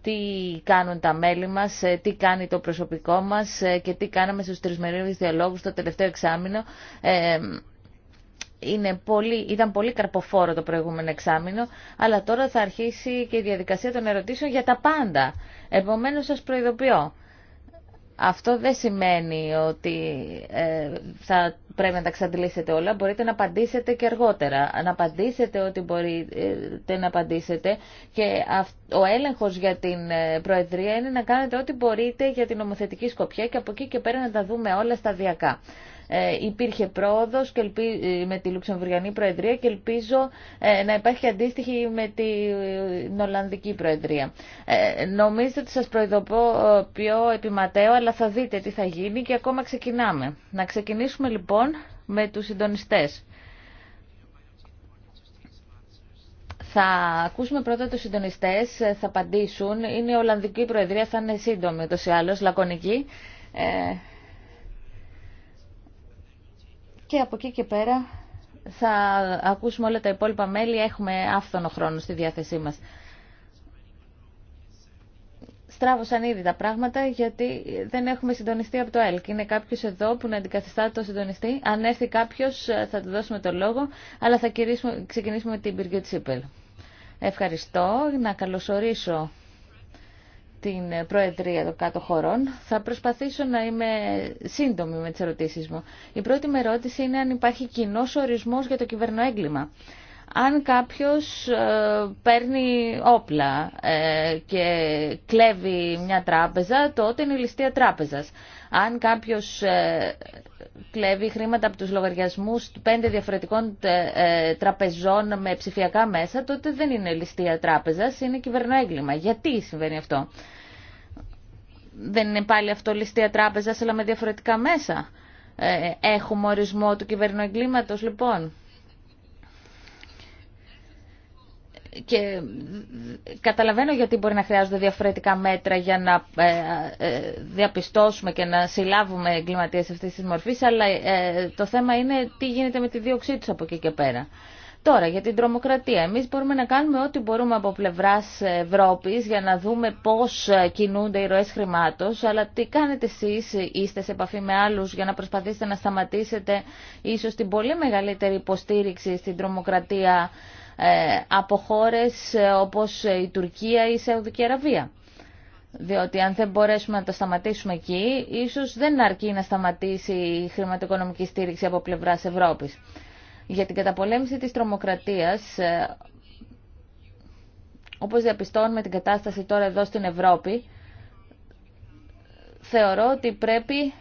τι κάνουν τα μέλη μας, ε, τι κάνει το προσωπικό μας ε, και τι κάναμε στους τρισμερίδες διαλόγους το τελευταίο εξάμεινο. Ε, είναι πολύ, ήταν πολύ καρποφόρο το προηγούμενο εξάμεινο, αλλά τώρα θα αρχίσει και η διαδικασία των ερωτήσεων για τα πάντα. Επομένως σας προειδοποιώ. Αυτό δεν σημαίνει ότι ε, θα πρέπει να τα ξαντλήσετε όλα. Μπορείτε να απαντήσετε και αργότερα. Να απαντήσετε ό,τι μπορείτε να απαντήσετε. Και ο έλεγχος για την ε, Προεδρία είναι να κάνετε ό,τι μπορείτε για την νομοθετική σκοπιά και από εκεί και πέρα να τα δούμε όλα σταδιακά. Ε, υπήρχε πρόοδος και με τη Λουξεμβουργιανή Προεδρία και ελπίζω ε, να υπάρχει αντίστοιχη με την Ολλανδική Προεδρία. Ε, Νομίζω ότι σας προειδοποιώ επιματέω, αλλά θα δείτε τι θα γίνει και ακόμα ξεκινάμε. Να ξεκινήσουμε λοιπόν με τους συντονιστές. Θα ακούσουμε πρώτα τους συντονιστές, θα απαντήσουν. Είναι η Ολλανδική Προεδρία, θα είναι σύντομη ούτως ή άλλως, λακωνική. Ε, και από εκεί και πέρα θα ακούσουμε όλα τα υπόλοιπα μέλη. Έχουμε άφθονο χρόνο στη διάθεσή μας. Στράβωσαν ήδη τα πράγματα γιατί δεν έχουμε συντονιστεί από το ΕΛΚ. Είναι κάποιο εδώ που να αντικαθιστά το συντονιστή. Αν έρθει κάποιο θα του δώσουμε το λόγο, αλλά θα ξεκινήσουμε με την Πυργιού Τσίπελ. Ευχαριστώ. Να καλωσορίσω την Προεδρία των Κάτω Χωρών. Θα προσπαθήσω να είμαι σύντομη με τις ερωτήσεις μου. Η πρώτη με ερώτηση είναι αν υπάρχει κοινό ορισμός για το κυβερνοέγκλημα. Αν κάποιος ε, παίρνει όπλα ε, και κλέβει μια τράπεζα, τότε είναι η ληστεία τράπεζας. Αν κάποιος ε, κλέβει χρήματα από του λογαριασμού πέντε διαφορετικών ε, τραπεζών με ψηφιακά μέσα, τότε δεν είναι ληστεία τράπεζα, είναι κυβερνοέγκλημα. Γιατί συμβαίνει αυτό. Δεν είναι πάλι αυτό ληστεία τράπεζα, αλλά με διαφορετικά μέσα. Ε, έχουμε ορισμό του κυβερνοεγκλήματος, λοιπόν. και καταλαβαίνω γιατί μπορεί να χρειάζονται διαφορετικά μέτρα για να ε, ε, διαπιστώσουμε και να συλλάβουμε εγκληματίες αυτής της μορφής, αλλά ε, το θέμα είναι τι γίνεται με τη δίωξή τους από εκεί και πέρα. Τώρα, για την τρομοκρατία. Εμείς μπορούμε να κάνουμε ό,τι μπορούμε από πλευράς Ευρώπης για να δούμε πώς κινούνται οι ροές χρημάτων, αλλά τι κάνετε εσείς, είστε σε επαφή με άλλους για να προσπαθήσετε να σταματήσετε ίσως την πολύ μεγαλύτερη υποστήριξη στην τρομοκρατία ε, από χώρες ε, όπως η Τουρκία ή η Σαουδική Αραβία. Διότι αν δεν μπορέσουμε να τα σταματήσουμε εκεί, ίσως δεν αρκεί να σταματήσει η χρηματοοικονομική στήριξη από πλευράς Ευρώπης. Για την καταπολέμηση της τρομοκρατίας, ε, όπως διαπιστώνουμε την κατάσταση τώρα εδώ στην Ευρώπη, θεωρώ ότι πρέπει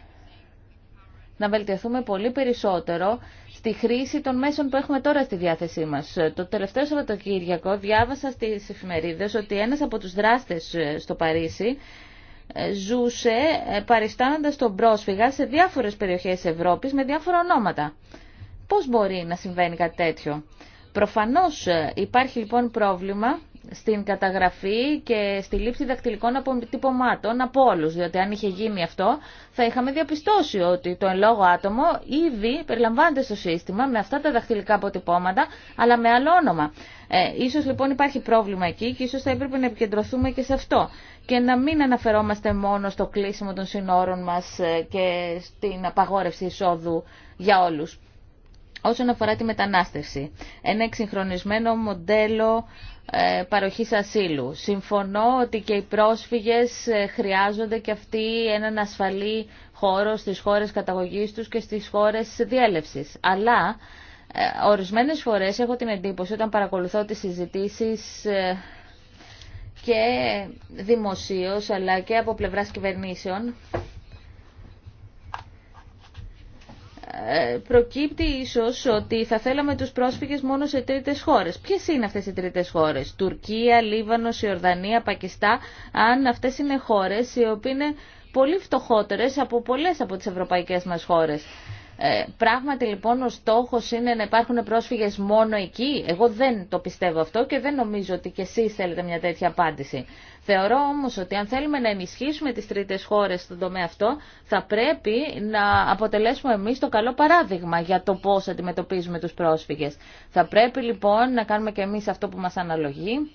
να βελτιωθούμε πολύ περισσότερο στη χρήση των μέσων που έχουμε τώρα στη διάθεσή μας. Το τελευταίο Σαββατοκύριακο διάβασα στι εφημερίδε ότι ένας από τους δράστες ε, στο Παρίσι ε, ζούσε ε, παριστάνοντα τον πρόσφυγα σε διάφορες περιοχές Ευρώπης με διάφορα ονόματα. Πώς μπορεί να συμβαίνει κάτι τέτοιο. Προφανώς υπάρχει λοιπόν πρόβλημα στην καταγραφή και στη λήψη δακτυλικών αποτυπωμάτων από όλου. διότι αν είχε γίνει αυτό θα είχαμε διαπιστώσει ότι το εν λόγω άτομο ήδη περιλαμβάνεται στο σύστημα με αυτά τα δακτυλικά αποτυπώματα αλλά με άλλο όνομα. Ε, ίσως λοιπόν υπάρχει πρόβλημα εκεί και ίσως θα έπρεπε να επικεντρωθούμε και σε αυτό και να μην αναφερόμαστε μόνο στο κλείσιμο των συνόρων μας ε, και στην απαγόρευση εισόδου για όλους όσον αφορά τη μετανάστευση. Ένα εξυγχρονισμένο μοντέλο ε, παροχής ασύλου. Συμφωνώ ότι και οι πρόσφυγες ε, χρειάζονται και αυτοί έναν ασφαλή χώρο στις χώρες καταγωγής τους και στις χώρες διέλευσης. Αλλά ε, ορισμένες φορές έχω την εντύπωση όταν παρακολουθώ τις συζητήσεις και δημοσίως αλλά και από πλευράς κυβερνήσεων προκύπτει ίσως ότι θα θέλαμε τους πρόσφυγες μόνο σε τρίτες χώρες. Ποιες είναι αυτές οι τρίτες χώρες, Τουρκία, Λίβανος, Ιορδανία, Πακιστά, αν αυτές είναι χώρες οι οποίες είναι πολύ φτωχότερες από πολλές από τις ευρωπαϊκές μας χώρες. Ε, πράγματι λοιπόν ο στόχος είναι να υπάρχουν πρόσφυγες μόνο εκεί. Εγώ δεν το πιστεύω αυτό και δεν νομίζω ότι και εσείς θέλετε μια τέτοια απάντηση. Θεωρώ όμως ότι αν θέλουμε να ενισχύσουμε τις τρίτες χώρες στον τομέα αυτό, θα πρέπει να αποτελέσουμε εμείς το καλό παράδειγμα για το πώς αντιμετωπίζουμε τους πρόσφυγες. Θα πρέπει λοιπόν να κάνουμε και εμείς αυτό που μας αναλογεί,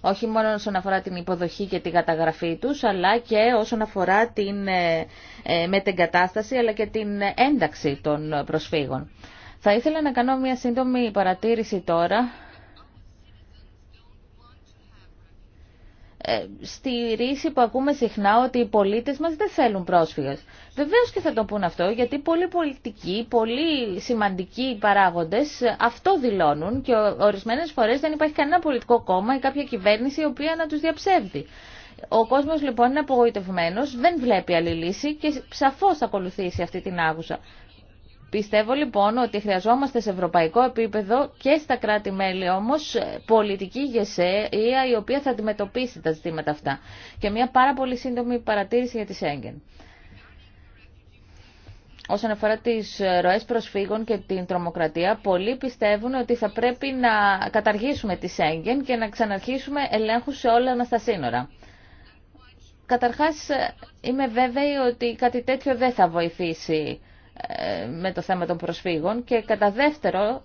όχι μόνο όσον αφορά την υποδοχή και την καταγραφή τους, αλλά και όσον αφορά την ε, ε, μετεγκατάσταση, αλλά και την ένταξη των προσφύγων. Θα ήθελα να κάνω μια σύντομη παρατήρηση τώρα Ε, στη ρίση που ακούμε συχνά ότι οι πολίτες μας δεν θέλουν πρόσφυγες. Βεβαίως και θα το πούν αυτό γιατί πολλοί πολιτικοί, πολλοί σημαντικοί παράγοντες αυτό δηλώνουν και ορισμένες φορές δεν υπάρχει κανένα πολιτικό κόμμα ή κάποια κυβέρνηση η οποία να τους διαψεύδει. Ο κόσμο λοιπόν είναι απογοητευμένο, δεν βλέπει άλλη λύση και σαφώ ακολουθήσει αυτή την άγουσα. Πιστεύω λοιπόν ότι χρειαζόμαστε σε ευρωπαϊκό επίπεδο και στα κράτη-μέλη όμως πολιτική ηγεσία η οποία θα αντιμετωπίσει τα ζητήματα αυτά. Και μια πάρα πολύ σύντομη παρατήρηση για τη Σέγγεν. Όσον αφορά τις ροές προσφύγων και την τρομοκρατία, πολλοί πιστεύουν ότι θα πρέπει να καταργήσουμε τη Σέγγεν και να ξαναρχίσουμε ελέγχους σε όλα μας τα σύνορα. Καταρχάς, είμαι βέβαιη ότι κάτι τέτοιο δεν θα βοηθήσει ε, με το θέμα των προσφύγων και κατά δεύτερο,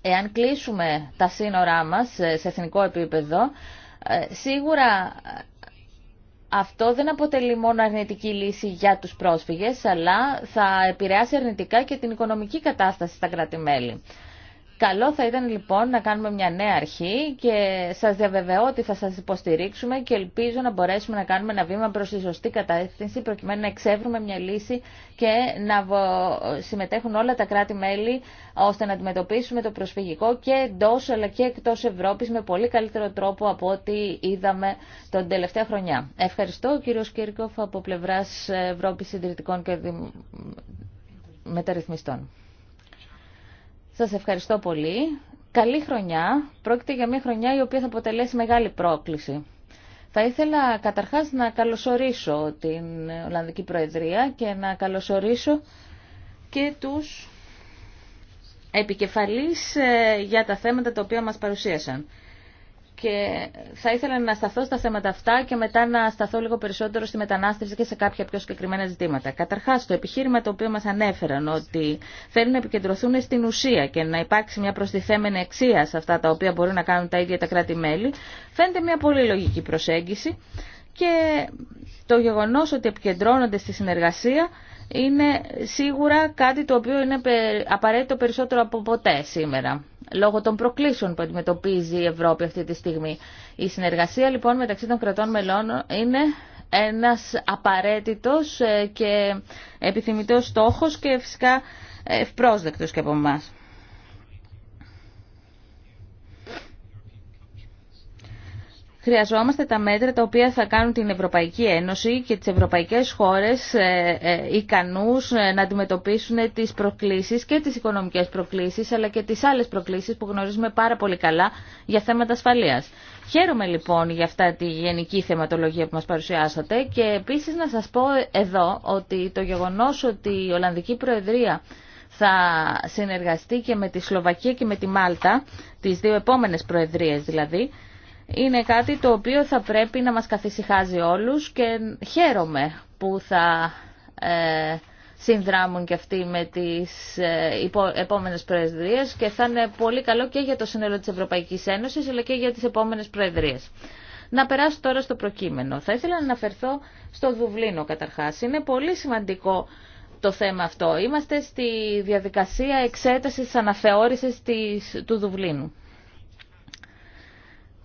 εάν κλείσουμε τα σύνορά μας ε, σε εθνικό επίπεδο, ε, σίγουρα αυτό δεν αποτελεί μόνο αρνητική λύση για τους πρόσφυγες, αλλά θα επηρεάσει αρνητικά και την οικονομική κατάσταση στα κράτη-μέλη. Καλό θα ήταν λοιπόν να κάνουμε μια νέα αρχή και σας διαβεβαιώ ότι θα σας υποστηρίξουμε και ελπίζω να μπορέσουμε να κάνουμε ένα βήμα προς τη σωστή κατεύθυνση προκειμένου να εξεύρουμε μια λύση και να συμμετέχουν όλα τα κράτη-μέλη ώστε να αντιμετωπίσουμε το προσφυγικό και εντό αλλά και εκτό Ευρώπη με πολύ καλύτερο τρόπο από ό,τι είδαμε τον τελευταία χρονιά. Ευχαριστώ κύριο Κύρκοφ από πλευράς Ευρώπης Συντηρητικών και Μεταρρυθμιστών. Σας ευχαριστώ πολύ. Καλή χρονιά. Πρόκειται για μια χρονιά η οποία θα αποτελέσει μεγάλη πρόκληση. Θα ήθελα καταρχάς να καλωσορίσω την Ολλανδική Προεδρία και να καλωσορίσω και τους επικεφαλής ε, για τα θέματα τα οποία μας παρουσίασαν και θα ήθελα να σταθώ στα θέματα αυτά και μετά να σταθώ λίγο περισσότερο στη μετανάστευση και σε κάποια πιο συγκεκριμένα ζητήματα. Καταρχά, το επιχείρημα το οποίο μα ανέφεραν ότι θέλουν να επικεντρωθούν στην ουσία και να υπάρξει μια προστιθέμενη αξία σε αυτά τα οποία μπορούν να κάνουν τα ίδια τα κράτη-μέλη, φαίνεται μια πολύ λογική προσέγγιση και το γεγονό ότι επικεντρώνονται στη συνεργασία είναι σίγουρα κάτι το οποίο είναι απαραίτητο περισσότερο από ποτέ σήμερα λόγω των προκλήσεων που αντιμετωπίζει η Ευρώπη αυτή τη στιγμή. Η συνεργασία λοιπόν μεταξύ των κρατών μελών είναι ένας απαραίτητος ε, και επιθυμητός στόχος και φυσικά ευπρόσδεκτος και από εμάς. Χρειαζόμαστε τα μέτρα τα οποία θα κάνουν την Ευρωπαϊκή Ένωση και τις ευρωπαϊκές χώρες ε, ε, ικανούς ε, να αντιμετωπίσουν τις προκλήσεις και τις οικονομικές προκλήσεις αλλά και τις άλλες προκλήσεις που γνωρίζουμε πάρα πολύ καλά για θέματα ασφαλείας. Χαίρομαι λοιπόν για αυτά τη γενική θεματολογία που μας παρουσιάσατε και επίσης να σας πω εδώ ότι το γεγονός ότι η Ολλανδική Προεδρία θα συνεργαστεί και με τη Σλοβακία και με τη Μάλτα, τις δύο επόμενες προεδρίες δηλαδή, είναι κάτι το οποίο θα πρέπει να μας καθησυχάζει όλους και χαίρομαι που θα ε, συνδράμουν και αυτοί με τις ε, επόμενες προεδρίες και θα είναι πολύ καλό και για το σύνολο της Ευρωπαϊκής Ένωσης αλλά και για τις επόμενες προεδρίες. Να περάσω τώρα στο προκείμενο. Θα ήθελα να αναφερθώ στο Δουβλίνο καταρχάς. Είναι πολύ σημαντικό το θέμα αυτό. Είμαστε στη διαδικασία εξέτασης της του Δουβλίνου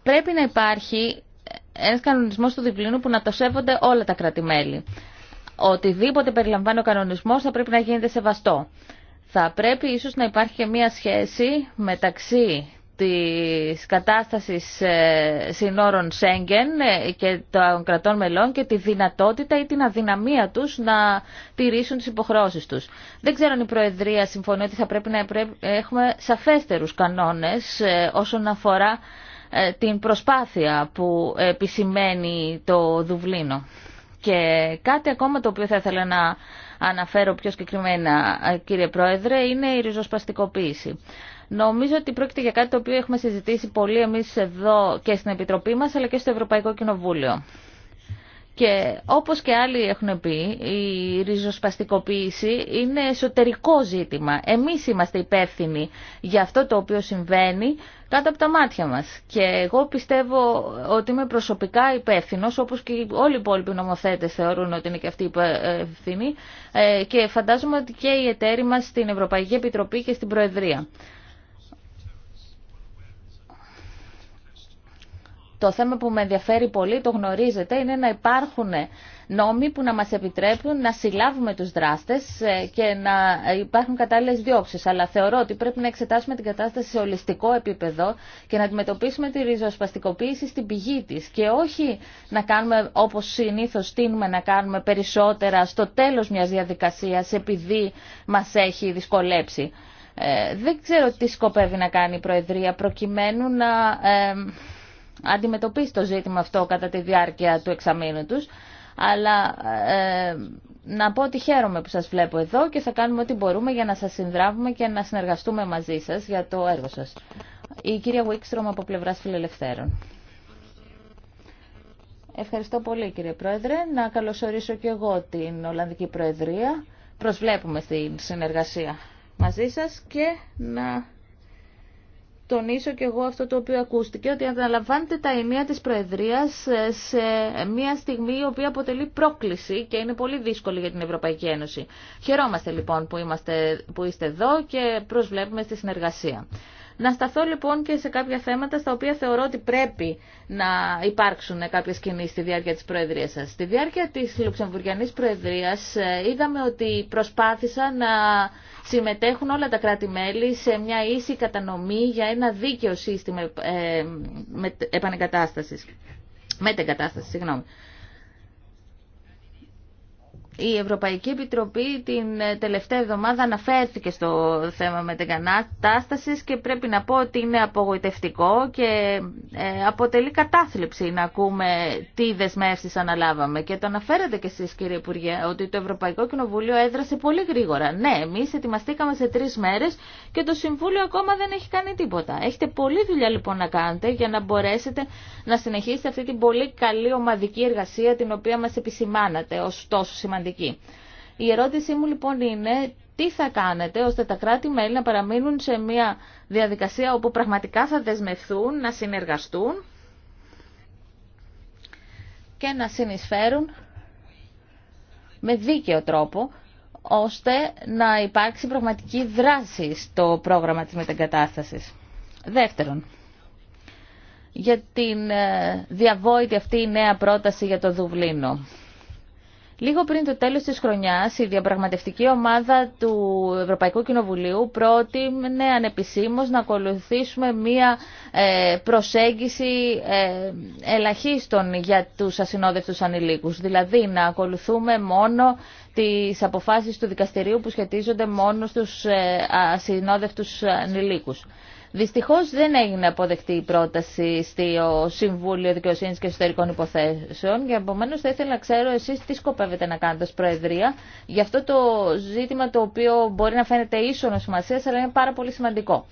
πρέπει να υπάρχει ένας κανονισμός του διπλίνου που να το σέβονται όλα τα κρατημέλη. μελη Οτιδήποτε περιλαμβάνει ο κανονισμός θα πρέπει να γίνεται σεβαστό. Θα πρέπει ίσως να υπάρχει και μία σχέση μεταξύ της κατάστασης ε, συνόρων Σέγγεν ε, και των κρατών μελών και τη δυνατότητα ή την αδυναμία τους να τηρήσουν τις υποχρεώσεις του. Δεν ξέρω αν η Προεδρία συμφωνεί ότι θα πρέπει να έχουμε σαφέστερου κανόνε ε, όσον αφορά ε, την προσπάθεια που επισημαίνει το Δουβλίνο. Και κάτι ακόμα το οποίο θα ήθελα να αναφέρω πιο συγκεκριμένα, ε, κύριε Πρόεδρε, είναι η ριζοσπαστικοποίηση. Νομίζω ότι πρόκειται για κάτι το οποίο έχουμε συζητήσει πολύ εμείς εδώ και στην Επιτροπή μας, αλλά και στο Ευρωπαϊκό Κοινοβούλιο. Και όπως και άλλοι έχουν πει, η ριζοσπαστικοποίηση είναι εσωτερικό ζήτημα. Εμείς είμαστε υπεύθυνοι για αυτό το οποίο συμβαίνει κάτω από τα μάτια μας. Και εγώ πιστεύω ότι είμαι προσωπικά υπεύθυνο, όπως και όλοι οι υπόλοιποι νομοθέτες θεωρούν ότι είναι και αυτοί υπεύθυνοι. Ε, και φαντάζομαι ότι και οι εταίροι μας στην Ευρωπαϊκή Επιτροπή και στην Προεδρία. Το θέμα που με ενδιαφέρει πολύ, το γνωρίζετε, είναι να υπάρχουν νόμοι που να μας επιτρέπουν να συλλάβουμε τους δράστες ε, και να υπάρχουν κατάλληλες διώξεις. Αλλά θεωρώ ότι πρέπει να εξετάσουμε την κατάσταση σε ολιστικό επίπεδο και να αντιμετωπίσουμε τη ριζοσπαστικοποίηση στην πηγή της και όχι να κάνουμε όπως συνήθως τίνουμε να κάνουμε περισσότερα στο τέλος μιας διαδικασίας επειδή μας έχει δυσκολέψει. Ε, δεν ξέρω τι σκοπεύει να κάνει η Προεδρία προκειμένου να... Ε, αντιμετωπίσει το ζήτημα αυτό κατά τη διάρκεια του εξαμήνου τους. Αλλά ε, να πω ότι χαίρομαι που σας βλέπω εδώ και θα κάνουμε ό,τι μπορούμε για να σας συνδράβουμε και να συνεργαστούμε μαζί σας για το έργο σας. Η κυρία Βουίξτρομ από πλευράς Φιλελευθέρων. Ευχαριστώ πολύ κύριε Πρόεδρε. Να καλωσορίσω και εγώ την Ολλανδική Προεδρία. Προσβλέπουμε στην συνεργασία μαζί σας και να τονίσω και εγώ αυτό το οποίο ακούστηκε, ότι αναλαμβάνεται τα ενία της Προεδρίας ε, σε μια στιγμή η οποία αποτελεί πρόκληση και είναι πολύ δύσκολη για την Ευρωπαϊκή Ένωση. Χαιρόμαστε λοιπόν που, είμαστε, που είστε εδώ και προσβλέπουμε στη συνεργασία. Να σταθώ λοιπόν και σε κάποια θέματα στα οποία θεωρώ ότι πρέπει να υπάρξουν κάποιες κινήσει στη διάρκεια τη Προεδρίας σα. Στη διάρκεια της Λουξεμβουργιανής Προεδρίας ε, είδαμε ότι προσπάθησαν να συμμετέχουν όλα τα κράτη-μέλη σε μια ίση κατανομή για ένα δίκαιο σύστημα ε, επανεγκατάστασης. Μετεγκατάσταση, συγγνώμη η Ευρωπαϊκή Επιτροπή την ε, τελευταία εβδομάδα αναφέρθηκε στο θέμα με την κατάσταση και πρέπει να πω ότι είναι απογοητευτικό και ε, αποτελεί κατάθλιψη να ακούμε τι δεσμεύσει αναλάβαμε. Και το αναφέρατε και εσεί, κύριε Υπουργέ ότι το Ευρωπαϊκό Κοινοβούλιο έδρασε πολύ γρήγορα. Ναι, εμεί ετοιμαστήκαμε σε τρει μέρε και το Συμβούλιο ακόμα δεν έχει κάνει τίποτα. Έχετε πολλή δουλειά λοιπόν να κάνετε για να μπορέσετε να συνεχίσετε αυτή την πολύ καλή ομαδική εργασία την οποία μα επισημάνατε ω τόσο η ερώτησή μου λοιπόν είναι τι θα κάνετε ώστε τα κράτη-μέλη να παραμείνουν σε μια διαδικασία όπου πραγματικά θα δεσμευθούν να συνεργαστούν και να συνεισφέρουν με δίκαιο τρόπο ώστε να υπάρξει πραγματική δράση στο πρόγραμμα της μετεγκατάστασης. Δεύτερον, για την ε, διαβόητη αυτή η νέα πρόταση για το Δουβλίνο. Λίγο πριν το τέλος της χρονιάς, η διαπραγματευτική ομάδα του Ευρωπαϊκού Κοινοβουλίου πρότεινε ανεπισήμως να ακολουθήσουμε μία ε, προσέγγιση ε, ελαχίστων για τους ασυνόδευτους ανηλίκους. Δηλαδή να ακολουθούμε μόνο τις αποφάσεις του δικαστηρίου που σχετίζονται μόνο στους ε, ασυνόδευτους ανηλίκους. Δυστυχώ δεν έγινε αποδεκτή η πρόταση στο Συμβούλιο Δικαιοσύνη και Εσωτερικών Υποθέσεων και επομένω θα ήθελα να ξέρω εσεί τι σκοπεύετε να κάνετε ως Προεδρία για αυτό το ζήτημα το οποίο μπορεί να φαίνεται ίσονο σημασία, αλλά είναι πάρα πολύ σημαντικό.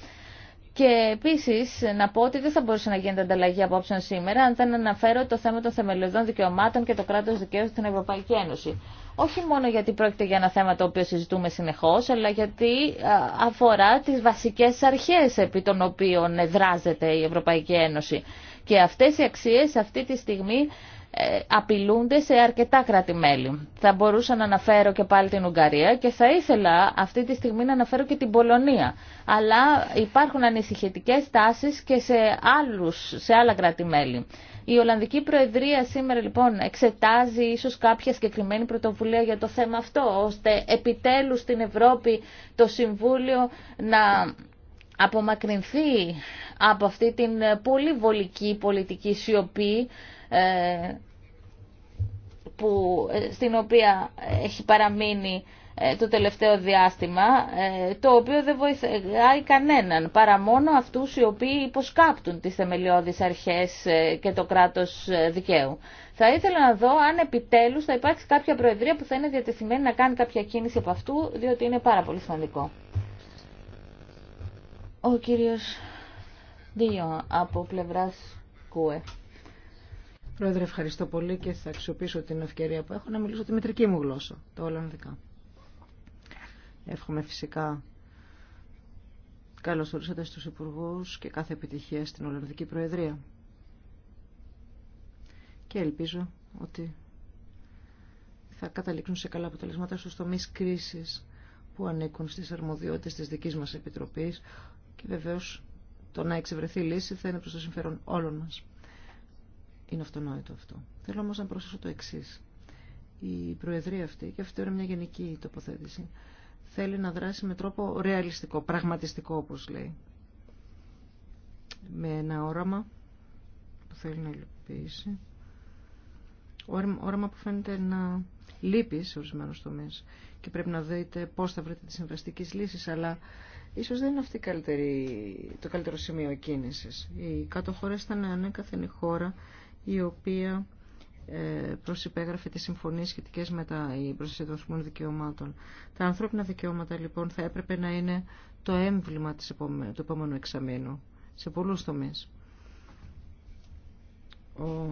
Και επίση να πω ότι δεν θα μπορούσε να γίνεται ανταλλαγή απόψεων σήμερα αν δεν αναφέρω το θέμα των θεμελιωδών δικαιωμάτων και το κράτο δικαίου στην Ευρωπαϊκή Ένωση όχι μόνο γιατί πρόκειται για ένα θέμα το οποίο συζητούμε συνεχώς, αλλά γιατί αφορά τις βασικές αρχές επί των οποίων δράζεται η Ευρωπαϊκή Ένωση. Και αυτές οι αξίες αυτή τη στιγμή ε, απειλούνται σε αρκετά κράτη-μέλη. Θα μπορούσα να αναφέρω και πάλι την Ουγγαρία και θα ήθελα αυτή τη στιγμή να αναφέρω και την Πολωνία. Αλλά υπάρχουν ανησυχητικές τάσεις και σε, άλλους, σε άλλα κράτη-μέλη. Η Ολλανδική Προεδρία σήμερα λοιπόν εξετάζει ίσως κάποια συγκεκριμένη πρωτοβουλία για το θέμα αυτό, ώστε επιτέλους στην Ευρώπη το Συμβούλιο να απομακρυνθεί από αυτή την πολύ βολική πολιτική σιωπή ε, που, ε, στην οποία έχει παραμείνει ε, το τελευταίο διάστημα, ε, το οποίο δεν βοηθάει κανέναν, παρά μόνο αυτούς οι οποίοι υποσκάπτουν τις θεμελιώδεις αρχές ε, και το κράτος δικαίου. Θα ήθελα να δω αν επιτέλους θα υπάρξει κάποια προεδρία που θα είναι διατεθειμένη να κάνει κάποια κίνηση από αυτού, διότι είναι πάρα πολύ σημαντικό. Ο κύριος Δίο από πλευράς ΚΟΕ. Πρόεδρε, ευχαριστώ πολύ και θα αξιοποιήσω την ευκαιρία που έχω να μιλήσω τη μητρική μου γλώσσα, το Ολλανδικά. Εύχομαι φυσικά καλώς ορίσατε στους Υπουργούς και κάθε επιτυχία στην Ολλανδική Προεδρία. Και ελπίζω ότι θα καταλήξουν σε καλά αποτελέσματα στους τομείς κρίσης που ανήκουν στις αρμοδιότητες της δικής μας Επιτροπής και βεβαίως το να εξευρεθεί λύση θα είναι προς το συμφέρον όλων μας. Είναι αυτονόητο αυτό. Θέλω όμως να προσθέσω το εξής. Η Προεδρία αυτή, και αυτό είναι μια γενική τοποθέτηση, θέλει να δράσει με τρόπο ρεαλιστικό, πραγματιστικό όπως λέει. Με ένα όραμα που θέλει να υλοποιήσει. Όραμα που φαίνεται να λείπει σε ορισμένου τομεί. Και πρέπει να δείτε πώ θα βρείτε τι συμβαστικέ λύσει, αλλά ίσω δεν είναι αυτή το καλύτερο σημείο κίνηση. Οι κάτω χώρε ήταν ανέκαθεν η χώρα η οποία ε, προσυπέγραφε τις συμφωνίες σχετικές με τα προστασία των ανθρώπινων δικαιωμάτων. Τα ανθρώπινα δικαιώματα λοιπόν θα έπρεπε να είναι το έμβλημα της επόμενου, του επόμενου εξαμήνου σε πολλούς τομείς. Ο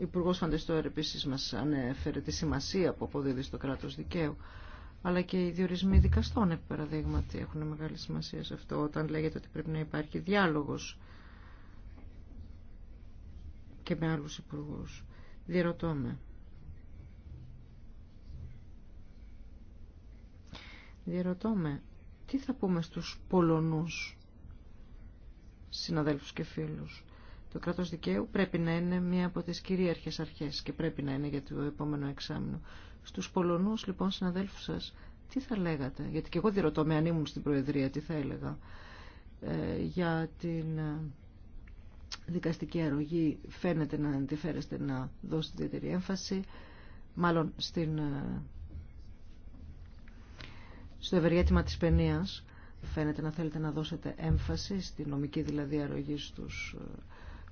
Υπουργό Φαντεστόρ επίση μα ανέφερε τη σημασία που αποδίδει στο κράτο δικαίου αλλά και οι διορισμοί δικαστών, επί παραδείγματι, έχουν μεγάλη σημασία σε αυτό, όταν λέγεται ότι πρέπει να υπάρχει διάλογο και με άλλους υπουργούς. Διερωτώ με. Διερωτώ με, τι θα πούμε στους Πολωνούς συναδέλφους και φίλους. Το κράτος δικαίου πρέπει να είναι μία από τις κυρίαρχες αρχές και πρέπει να είναι για το επόμενο εξάμεινο. Στους Πολωνούς λοιπόν συναδέλφους σας, τι θα λέγατε, γιατί και εγώ διερωτώ με αν ήμουν στην Προεδρία, τι θα έλεγα, ε, για την... Ε, δικαστική αρρωγή φαίνεται να αντιφέρεστε να δώσετε ιδιαίτερη έμφαση, μάλλον στην, ε, στο ευεργέτημα της παινίας φαίνεται να θέλετε να δώσετε έμφαση στη νομική δηλαδή αρρωγή στους ε,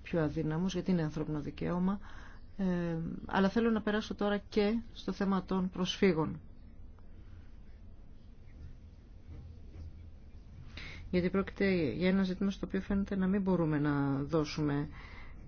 πιο αδύναμους, γιατί είναι ανθρώπινο δικαίωμα. Ε, αλλά θέλω να περάσω τώρα και στο θέμα των προσφύγων. γιατί πρόκειται για ένα ζήτημα στο οποίο φαίνεται να μην μπορούμε να δώσουμε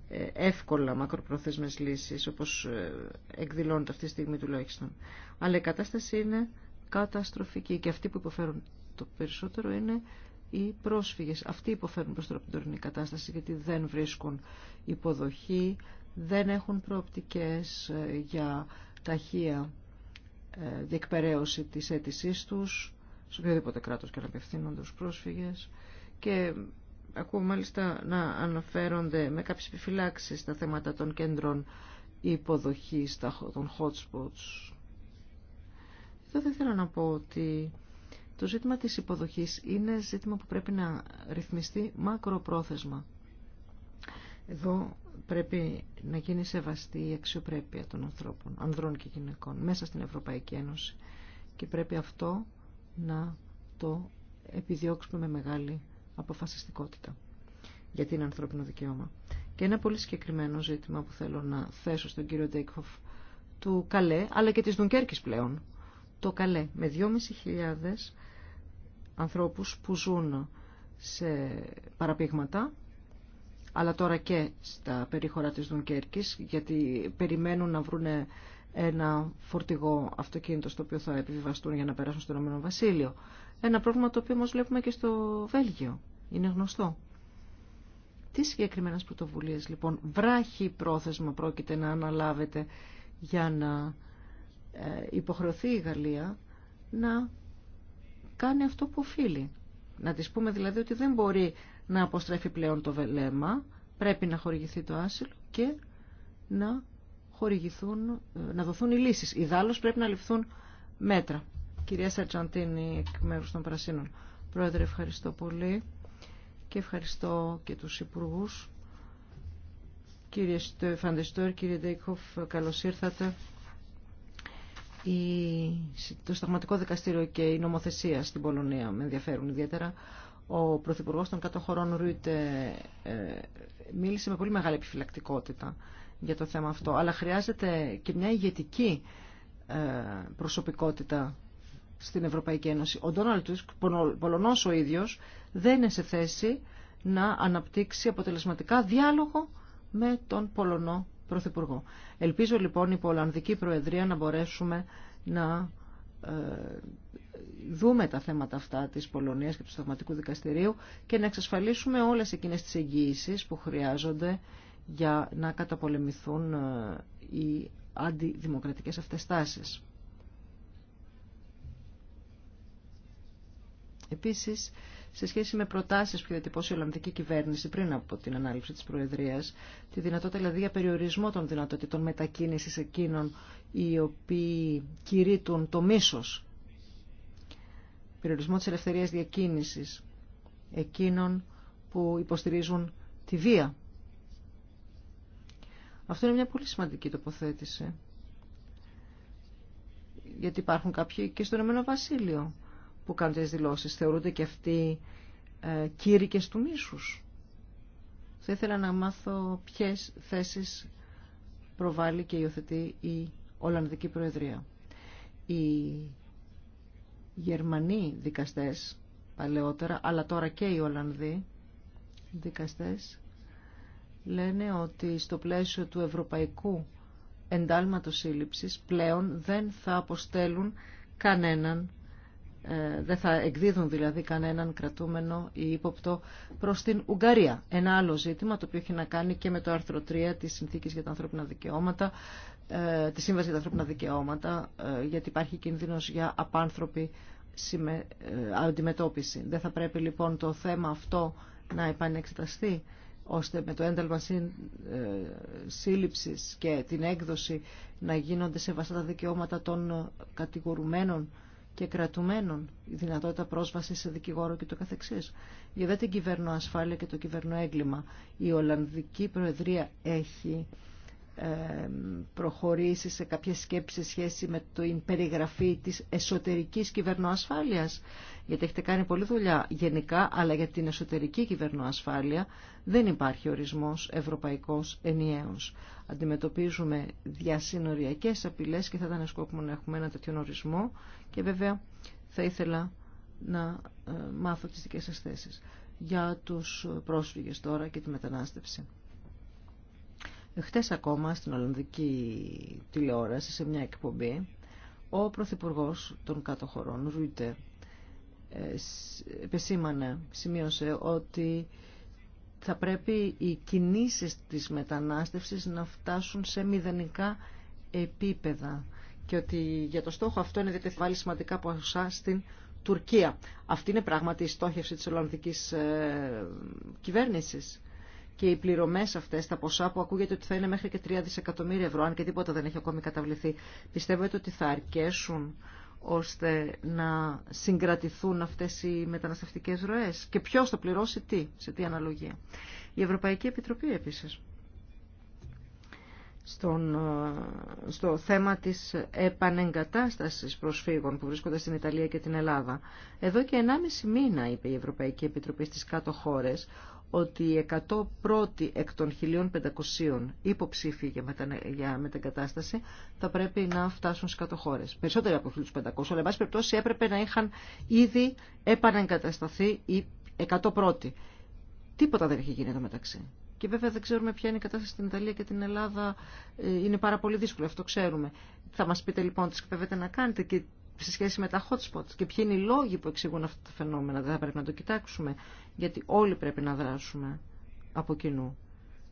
ε, εύκολα μακροπρόθεσμες λύσεις όπως ε, εκδηλώνεται αυτή τη στιγμή τουλάχιστον. Αλλά η κατάσταση είναι καταστροφική και αυτοί που υποφέρουν το περισσότερο είναι οι πρόσφυγες. Αυτοί υποφέρουν προς την τωρινή κατάσταση γιατί δεν βρίσκουν υποδοχή, δεν έχουν προοπτικές ε, για ταχεία διεκπαιρέωση της αίτησής τους σε οποιοδήποτε κράτος και να απευθύνονται στους πρόσφυγες και ακούω μάλιστα να αναφέρονται με κάποιες επιφυλάξεις τα θέματα των κέντρων υποδοχής, των hot spots. Εδώ δεν θέλω να πω ότι το ζήτημα της υποδοχής είναι ζήτημα που πρέπει να ρυθμιστεί μακροπρόθεσμα. Εδώ πρέπει να γίνει σεβαστή η αξιοπρέπεια των ανθρώπων, ανδρών και γυναικών, μέσα στην Ευρωπαϊκή Ένωση. Και πρέπει αυτό να το επιδιώξουμε με μεγάλη αποφασιστικότητα για την ανθρώπινο δικαίωμα. Και ένα πολύ συγκεκριμένο ζήτημα που θέλω να θέσω στον κύριο Ντέικοφ του Καλέ, αλλά και της Δουνκέρκης πλέον. Το Καλέ με 2.500 ανθρώπους που ζουν σε παραπήγματα, αλλά τώρα και στα περίχωρα της Δουνκέρκης, γιατί περιμένουν να βρουν ένα φορτηγό αυτοκίνητο στο οποίο θα επιβιβαστούν για να περάσουν στο Ηνωμένο Βασίλειο. Ένα πρόβλημα το οποίο όμω βλέπουμε και στο Βέλγιο. Είναι γνωστό. Τι συγκεκριμένε πρωτοβουλίε λοιπόν βράχει πρόθεσμα πρόκειται να αναλάβετε για να ε, υποχρεωθεί η Γαλλία να κάνει αυτό που οφείλει. Να τη πούμε δηλαδή ότι δεν μπορεί να αποστρέφει πλέον το βελέμα, πρέπει να χορηγηθεί το άσυλο και να χορηγηθούν, ε, να δοθούν οι λύσεις. Ιδάλλως πρέπει να ληφθούν μέτρα. Κυρία Σαρτζαντίνη, εκ μέρους των Πρασίνων. Πρόεδρε, ευχαριστώ πολύ και ευχαριστώ και τους Υπουργούς. Κύριε Φαντεστόρ, κύριε Ντέικοφ, καλώς ήρθατε. Το Σταγματικό Δικαστήριο και η νομοθεσία στην Πολωνία με ενδιαφέρουν ιδιαίτερα. Ο Πρωθυπουργό των Κάτω Χωρών Ρούιτε ε, μίλησε με πολύ μεγάλη επιφυλακτικότητα για το θέμα αυτό. Αλλά χρειάζεται και μια ηγετική ε, προσωπικότητα στην Ευρωπαϊκή Ένωση. Ο Ντόναλτ Τούσκ, Πολωνός ο ίδιος, δεν είναι σε θέση να αναπτύξει αποτελεσματικά διάλογο με τον Πολωνό Πρωθυπουργό. Ελπίζω λοιπόν η Πολανδική Προεδρία να μπορέσουμε να ε, δούμε τα θέματα αυτά της Πολωνίας και του Σταγματικού Δικαστηρίου και να εξασφαλίσουμε όλες εκείνες τις εγγύησεις που χρειάζονται για να καταπολεμηθούν ε, οι αντιδημοκρατικές αυτές τάσεις. Επίσης, σε σχέση με προτάσεις που τυπώσει η Ολλανδική κυβέρνηση πριν από την ανάληψη της Προεδρίας, τη δυνατότητα δηλαδή για περιορισμό των δυνατότητων μετακίνησης εκείνων οι οποίοι κηρύττουν το μίσος, περιορισμό της ελευθερίας διακίνησης εκείνων που υποστηρίζουν τη βία αυτό είναι μια πολύ σημαντική τοποθέτηση. Γιατί υπάρχουν κάποιοι και στον Εμένο Βασίλειο που κάνουν τις δηλώσεις. Θεωρούνται και αυτοί ε, κήρυκες του μίσους. Θα ήθελα να μάθω ποιες θέσεις προβάλλει και υιοθετεί η Ολλανδική Προεδρία. Οι Γερμανοί δικαστές παλαιότερα, αλλά τώρα και οι Ολλανδοί δικαστές, λένε ότι στο πλαίσιο του ευρωπαϊκού εντάλματος σύλληψης πλέον δεν θα αποστέλουν κανέναν, ε, δεν θα εκδίδουν δηλαδή κανέναν κρατούμενο ή ύποπτο προς την Ουγγαρία. Ένα άλλο ζήτημα το οποίο έχει να κάνει και με το άρθρο 3 της Συνθήκης για τα Ανθρώπινα Δικαιώματα, ε, τη Σύμβαση για τα Ανθρώπινα Δικαιώματα, ε, γιατί υπάρχει κίνδυνος για απάνθρωπη αντιμετώπιση. Δεν θα πρέπει λοιπόν το θέμα αυτό να επανεξεταστεί ώστε με το ένταλμα ε, σύλληψης και την έκδοση να γίνονται σε τα δικαιώματα των κατηγορουμένων και κρατουμένων, η δυνατότητα πρόσβαση σε δικηγόρο και το καθεξής. Για δε την ασφάλεια και το έγκλημα. η Ολλανδική Προεδρία έχει προχωρήσει σε κάποια σκέψη σε σχέση με την περιγραφή της εσωτερικής κυβερνοασφάλειας. Γιατί έχετε κάνει πολλή δουλειά γενικά, αλλά για την εσωτερική κυβερνοασφάλεια δεν υπάρχει ορισμός ευρωπαϊκός ενιαίος. Αντιμετωπίζουμε διασυνοριακές απειλές και θα ήταν σκόπιμο να έχουμε ένα τέτοιο ορισμό και βέβαια θα ήθελα να ε, μάθω τις δικές σας θέσεις για τους πρόσφυγες τώρα και τη μετανάστευση. Χτες ακόμα στην Ολλανδική τηλεόραση, σε μια εκπομπή, ο Πρωθυπουργό των Κατοχωρών Χωρών, Ρούιτε, ε, επεσήμανε, σημείωσε ότι θα πρέπει οι κινήσεις της μετανάστευσης να φτάσουν σε μηδενικά επίπεδα και ότι για το στόχο αυτό είναι διότι βάλει σημαντικά ποσά στην Τουρκία. Αυτή είναι πράγματι η στόχευση της Ολλανδικής ε, κυβέρνησης και οι πληρωμέ αυτέ, τα ποσά που ακούγεται ότι θα είναι μέχρι και 3 δισεκατομμύρια ευρώ, αν και τίποτα δεν έχει ακόμη καταβληθεί, πιστεύετε ότι θα αρκέσουν ώστε να συγκρατηθούν αυτέ οι μεταναστευτικέ ροέ. και ποιο θα πληρώσει τι, σε τι αναλογία. Η Ευρωπαϊκή Επιτροπή επίση, στον, ε, στο θέμα της επανεγκατάστασης προσφύγων που βρίσκονται στην Ιταλία και την Ελλάδα. Εδώ και 1,5 μήνα είπε η Ευρωπαϊκή Επιτροπή στις κάτω χώρες ότι οι 100 πρώτοι εκ των 1.500 υποψήφοι για μετεγκατάσταση θα πρέπει να φτάσουν 100 χώρες. Περισσότεροι από 1.500, αλλά εν πάση περιπτώσει έπρεπε να είχαν ήδη επαναγκατασταθεί οι 100 πρώτοι. Τίποτα δεν έχει γίνει εδώ μεταξύ. Και βέβαια δεν ξέρουμε ποια είναι η κατάσταση στην Ιταλία και την Ελλάδα. Ε, είναι πάρα πολύ δύσκολο, αυτό ξέρουμε. Θα μας πείτε λοιπόν τι σκοπεύετε να κάνετε σε σχέση με τα hot spots και ποιοι είναι οι λόγοι που εξηγούν αυτά τα φαινόμενα. Δεν θα πρέπει να το κοιτάξουμε, γιατί όλοι πρέπει να δράσουμε από κοινού.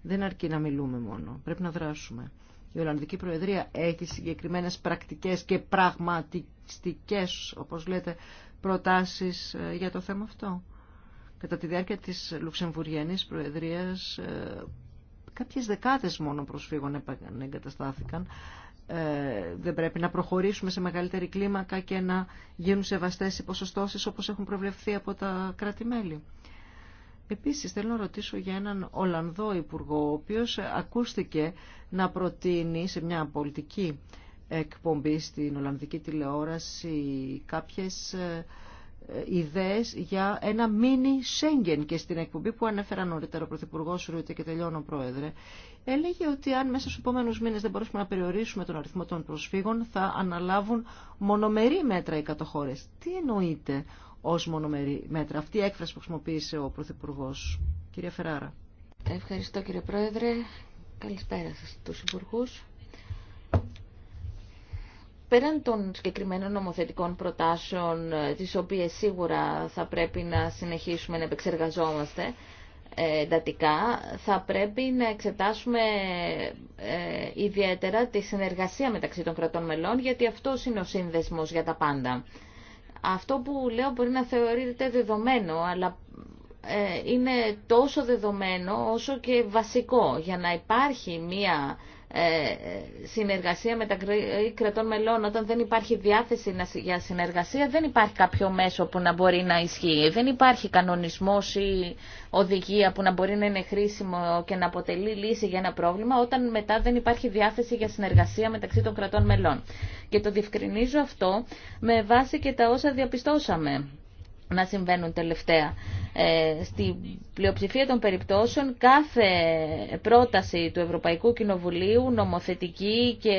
Δεν αρκεί να μιλούμε μόνο, πρέπει να δράσουμε. Η Ολλανδική Προεδρία έχει συγκεκριμένες πρακτικές και πραγματιστικές, όπως λέτε, προτάσεις ε, για το θέμα αυτό. Κατά τη διάρκεια της Λουξεμβουργιανής Προεδρίας, ε, κάποιες δεκάδες μόνο προσφύγων εγκαταστάθηκαν, ε, δεν πρέπει να προχωρήσουμε σε μεγαλύτερη κλίμακα και να γίνουν σεβαστές οι ποσοστώσεις όπως έχουν προβλεφθεί από τα κράτη-μέλη. Επίσης θέλω να ρωτήσω για έναν Ολλανδό Υπουργό, ο οποίος ακούστηκε να προτείνει σε μια πολιτική εκπομπή στην Ολλανδική τηλεόραση κάποιες ε, ε, ιδέες για ένα μίνι Σέγγεν και στην εκπομπή που ανέφερα νωρίτερα ο Πρωθυπουργός Ρούτε και τελειώνω Πρόεδρε έλεγε ότι αν μέσα στους επόμενους μήνες δεν μπορούμε να περιορίσουμε τον αριθμό των προσφύγων θα αναλάβουν μονομερή μέτρα οι κατοχώρες. Τι εννοείται ως μονομερή μέτρα. Αυτή η έκφραση που χρησιμοποίησε ο Πρωθυπουργός. Κυρία Φεράρα. Ευχαριστώ κύριε Πρόεδρε. Καλησπέρα σας τους υπουργούς πέραν των συγκεκριμένων νομοθετικών προτάσεων, ε, τις οποίες σίγουρα θα πρέπει να συνεχίσουμε να επεξεργαζόμαστε ε, εντατικά, θα πρέπει να εξετάσουμε ε, ιδιαίτερα τη συνεργασία μεταξύ των κρατών μελών, γιατί αυτό είναι ο σύνδεσμος για τα πάντα. Αυτό που λέω μπορεί να θεωρείται δεδομένο, αλλά είναι τόσο δεδομένο όσο και βασικό για να υπάρχει μία ε, συνεργασία μεταξύ ε, κρατών μελών, όταν δεν υπάρχει διάθεση για συνεργασία, δεν υπάρχει κάποιο μέσο που να μπορεί να ισχύει. Δεν υπάρχει κανονισμός ή οδηγία που να μπορεί να είναι χρήσιμο και να αποτελεί λύση για ένα πρόβλημα, όταν μετά δεν υπάρχει διάθεση για συνεργασία μεταξύ των κρατών μελών. Και το διευκρινίζω αυτό με βάση και τα όσα διαπιστώσαμε να συμβαίνουν τελευταία. Ε, στη πλειοψηφία των περιπτώσεων κάθε πρόταση του Ευρωπαϊκού Κοινοβουλίου νομοθετική και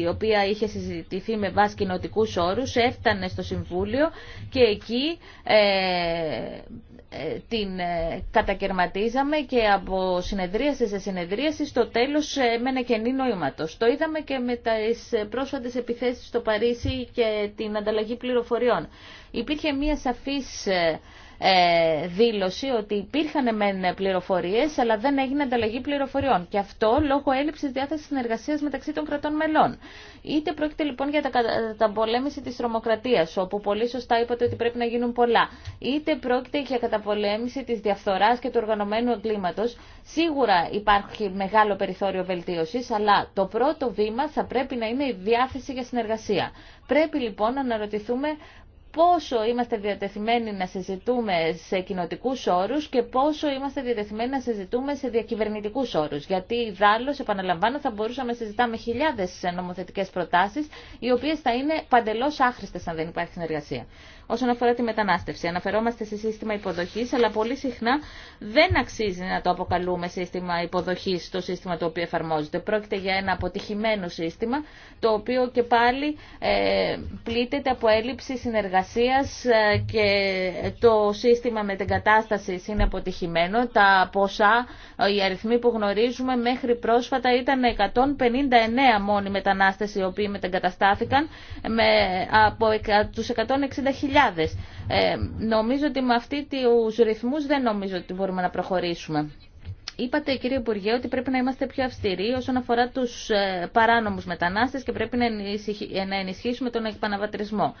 η οποία είχε συζητηθεί με βάση κοινοτικού όρους έφτανε στο Συμβούλιο και εκεί ε, ε, την ε, κατακαιρματίζαμε και από συνεδρίαση σε συνεδρίαση στο τέλος ε, έμενε κενή νοήματος. Το είδαμε και με τις πρόσφατες επιθέσεις στο Παρίσι και την ανταλλαγή πληροφοριών. Υπήρχε μια σαφής ε, δήλωση ότι υπήρχαν μεν πληροφορίε, αλλά δεν έγινε ανταλλαγή πληροφοριών. Και αυτό λόγω έλλειψη διάθεση συνεργασία μεταξύ των κρατών μελών. Είτε πρόκειται λοιπόν για τα πολέμηση τη τρομοκρατία, όπου πολύ σωστά είπατε ότι πρέπει να γίνουν πολλά, είτε πρόκειται για καταπολέμηση τη διαφθορά και του οργανωμένου εγκλήματο, σίγουρα υπάρχει μεγάλο περιθώριο βελτίωση, αλλά το πρώτο βήμα θα πρέπει να είναι η διάθεση για συνεργασία. Πρέπει λοιπόν να αναρωτηθούμε πόσο είμαστε διατεθειμένοι να συζητούμε σε κοινοτικού όρους και πόσο είμαστε διατεθειμένοι να συζητούμε σε διακυβερνητικούς όρους. Γιατί δάλλως, επαναλαμβάνω, θα μπορούσαμε να συζητάμε χιλιάδες νομοθετικές προτάσεις, οι οποίες θα είναι παντελώς άχρηστες αν δεν υπάρχει συνεργασία όσον αφορά τη μετανάστευση. Αναφερόμαστε σε σύστημα υποδοχή, αλλά πολύ συχνά δεν αξίζει να το αποκαλούμε σύστημα υποδοχή το σύστημα το οποίο εφαρμόζεται. Πρόκειται για ένα αποτυχημένο σύστημα, το οποίο και πάλι ε, πλήττεται από έλλειψη συνεργασίας ε, και το σύστημα με την κατάσταση είναι αποτυχημένο. Τα ποσά, ε, οι αριθμοί που γνωρίζουμε μέχρι πρόσφατα ήταν 159 μόνοι μετανάστε οι οποίοι μετεγκαταστάθηκαν με, από του 160.000 ε, νομίζω ότι με αυτή τους ρυθμούς δεν νομίζω ότι μπορούμε να προχωρήσουμε. Είπατε κύριε Υπουργέ ότι πρέπει να είμαστε πιο αυστηροί όσον αφορά τους ε, παράνομους μετανάστες και πρέπει να ενισχύσουμε τον επαναβατρισμό.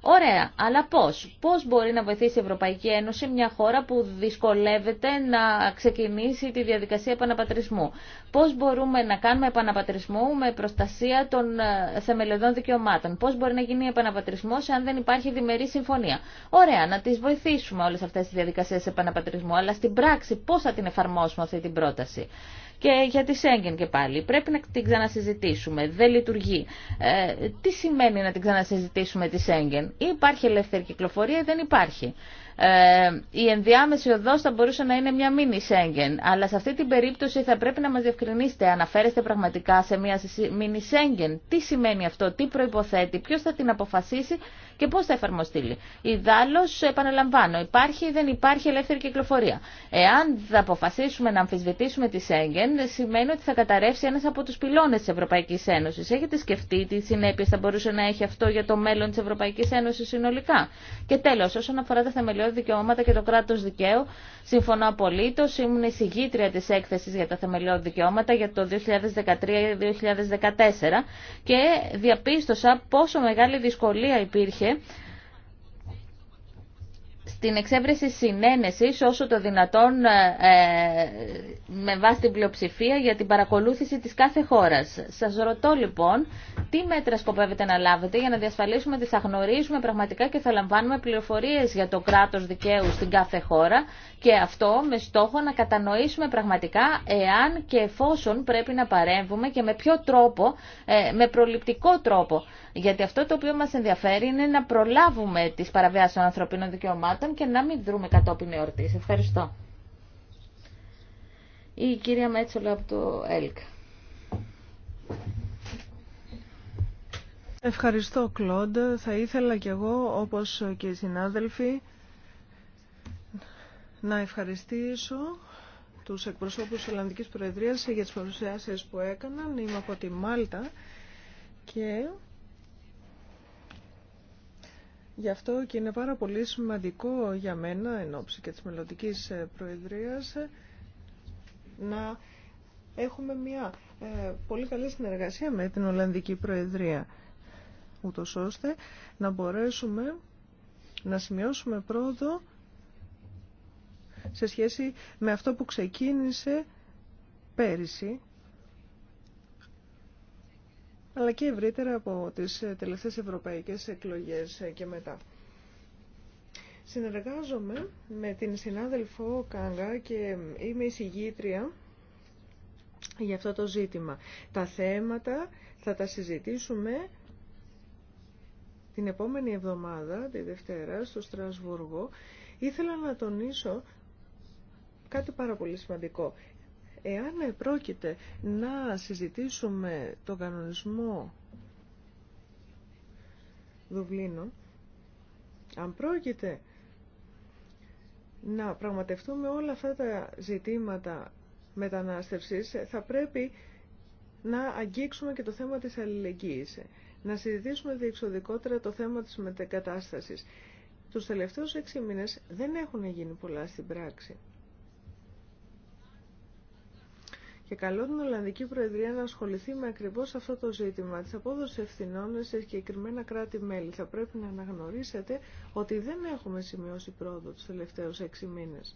Ωραία, αλλά πώς. Πώς μπορεί να βοηθήσει η Ευρωπαϊκή Ένωση μια χώρα που δυσκολεύεται να ξεκινήσει τη διαδικασία επαναπατρισμού. Πώς μπορούμε να κάνουμε επαναπατρισμό με προστασία των ε, θεμελιωδών δικαιωμάτων. Πώς μπορεί να γίνει επαναπατρισμό αν δεν υπάρχει διμερή συμφωνία. Ωραία, να τις βοηθήσουμε όλες αυτές τις διαδικασίες επαναπατρισμού, αλλά στην πράξη πώς θα την εφαρμόσουμε αυτή την πρόταση. Και για τη Σέγγεν και πάλι. Πρέπει να την ξανασυζητήσουμε. Δεν λειτουργεί. Ε, τι σημαίνει να την ξανασυζητήσουμε τη Σέγγεν. Ή υπάρχει ελεύθερη κυκλοφορία ή δεν υπάρχει. Ε, η ενδιάμεση οδό θα μπορούσε να είναι μια μήνυ Σέγγεν. Αλλά σε αυτή την περίπτωση θα πρέπει να μα διευκρινίσετε. Αναφέρεστε πραγματικά σε μια μήνυ Σέγγεν. Τι σημαίνει αυτό, τι προποθέτει, ποιο θα την αποφασίσει και πώ θα εφαρμοστεί. Ιδάλω, επαναλαμβάνω, υπάρχει ή δεν υπάρχει ελεύθερη κυκλοφορία. Εάν θα αποφασίσουμε να αμφισβητήσουμε τη Σέγγεν, σημαίνει ότι θα καταρρεύσει ένα από του πυλώνε τη Ευρωπαϊκή Ένωση. Έχετε σκεφτεί τι συνέπειε θα μπορούσε να έχει αυτό για το μέλλον τη Ευρωπαϊκή Ένωση συνολικά. Και τέλο, όσον αφορά τα θεμελιώδη δικαιώματα και το κράτο δικαίου, συμφωνώ απολύτω. Ήμουν εισηγήτρια τη έκθεση για τα θεμελιώδη δικαιώματα για το 2013-2014 και διαπίστωσα πόσο μεγάλη δυσκολία υπήρχε στην εξέβρεση συνένεση, όσο το δυνατόν ε, με βάση την πλειοψηφία για την παρακολούθηση της κάθε χώρας. Σας ρωτώ λοιπόν τι μέτρα σκοπεύετε να λάβετε για να διασφαλίσουμε ότι θα γνωρίζουμε πραγματικά και θα λαμβάνουμε πληροφορίες για το κράτος δικαίου στην κάθε χώρα και αυτό με στόχο να κατανοήσουμε πραγματικά εάν και εφόσον πρέπει να παρέμβουμε και με ποιο τρόπο, ε, με προληπτικό τρόπο. Γιατί αυτό το οποίο μας ενδιαφέρει είναι να προλάβουμε τις παραβιάσεις των ανθρωπίνων δικαιωμάτων και να μην δρούμε κατόπιν εορτή. Ευχαριστώ. Η κυρία Μέτσολα από το ΕΛΚ. Ευχαριστώ Κλοντ. Θα ήθελα κι εγώ, όπως και οι συνάδελφοι, να ευχαριστήσω τους εκπροσώπους της Ολλανδικής Προεδρίας για τις παρουσιάσεις που έκαναν. Είμαι από τη Μάλτα και Γι' αυτό και είναι πάρα πολύ σημαντικό για μένα, εν ώψη και της μελλοντική ε, προεδρίας, ε, να έχουμε μια ε, πολύ καλή συνεργασία με την Ολλανδική Προεδρία, ούτως ώστε να μπορέσουμε να σημειώσουμε πρόοδο σε σχέση με αυτό που ξεκίνησε πέρυσι αλλά και ευρύτερα από τις ε, τελευταίες ευρωπαϊκές εκλογές ε, και μετά. Συνεργάζομαι με την συνάδελφο Κάγκα και είμαι συγγήτρια για αυτό το ζήτημα. Τα θέματα θα τα συζητήσουμε την επόμενη εβδομάδα, τη Δευτέρα, στο Στρασβούργο. Ήθελα να τονίσω κάτι πάρα πολύ σημαντικό. Εάν πρόκειται να συζητήσουμε τον κανονισμό Δουβλίνου, αν πρόκειται να πραγματευτούμε όλα αυτά τα ζητήματα μετανάστευσης, θα πρέπει να αγγίξουμε και το θέμα της αλληλεγγύης, να συζητήσουμε διεξοδικότερα το θέμα της μετεκατάστασης. Τους τελευταίους έξι μήνες δεν έχουν γίνει πολλά στην πράξη. και καλώ την Ολλανδική Προεδρία να ασχοληθεί με ακριβώ αυτό το ζήτημα τη απόδοση ευθυνών σε συγκεκριμένα κράτη-μέλη. Θα πρέπει να αναγνωρίσετε ότι δεν έχουμε σημειώσει πρόοδο του τελευταίου έξι μήνες.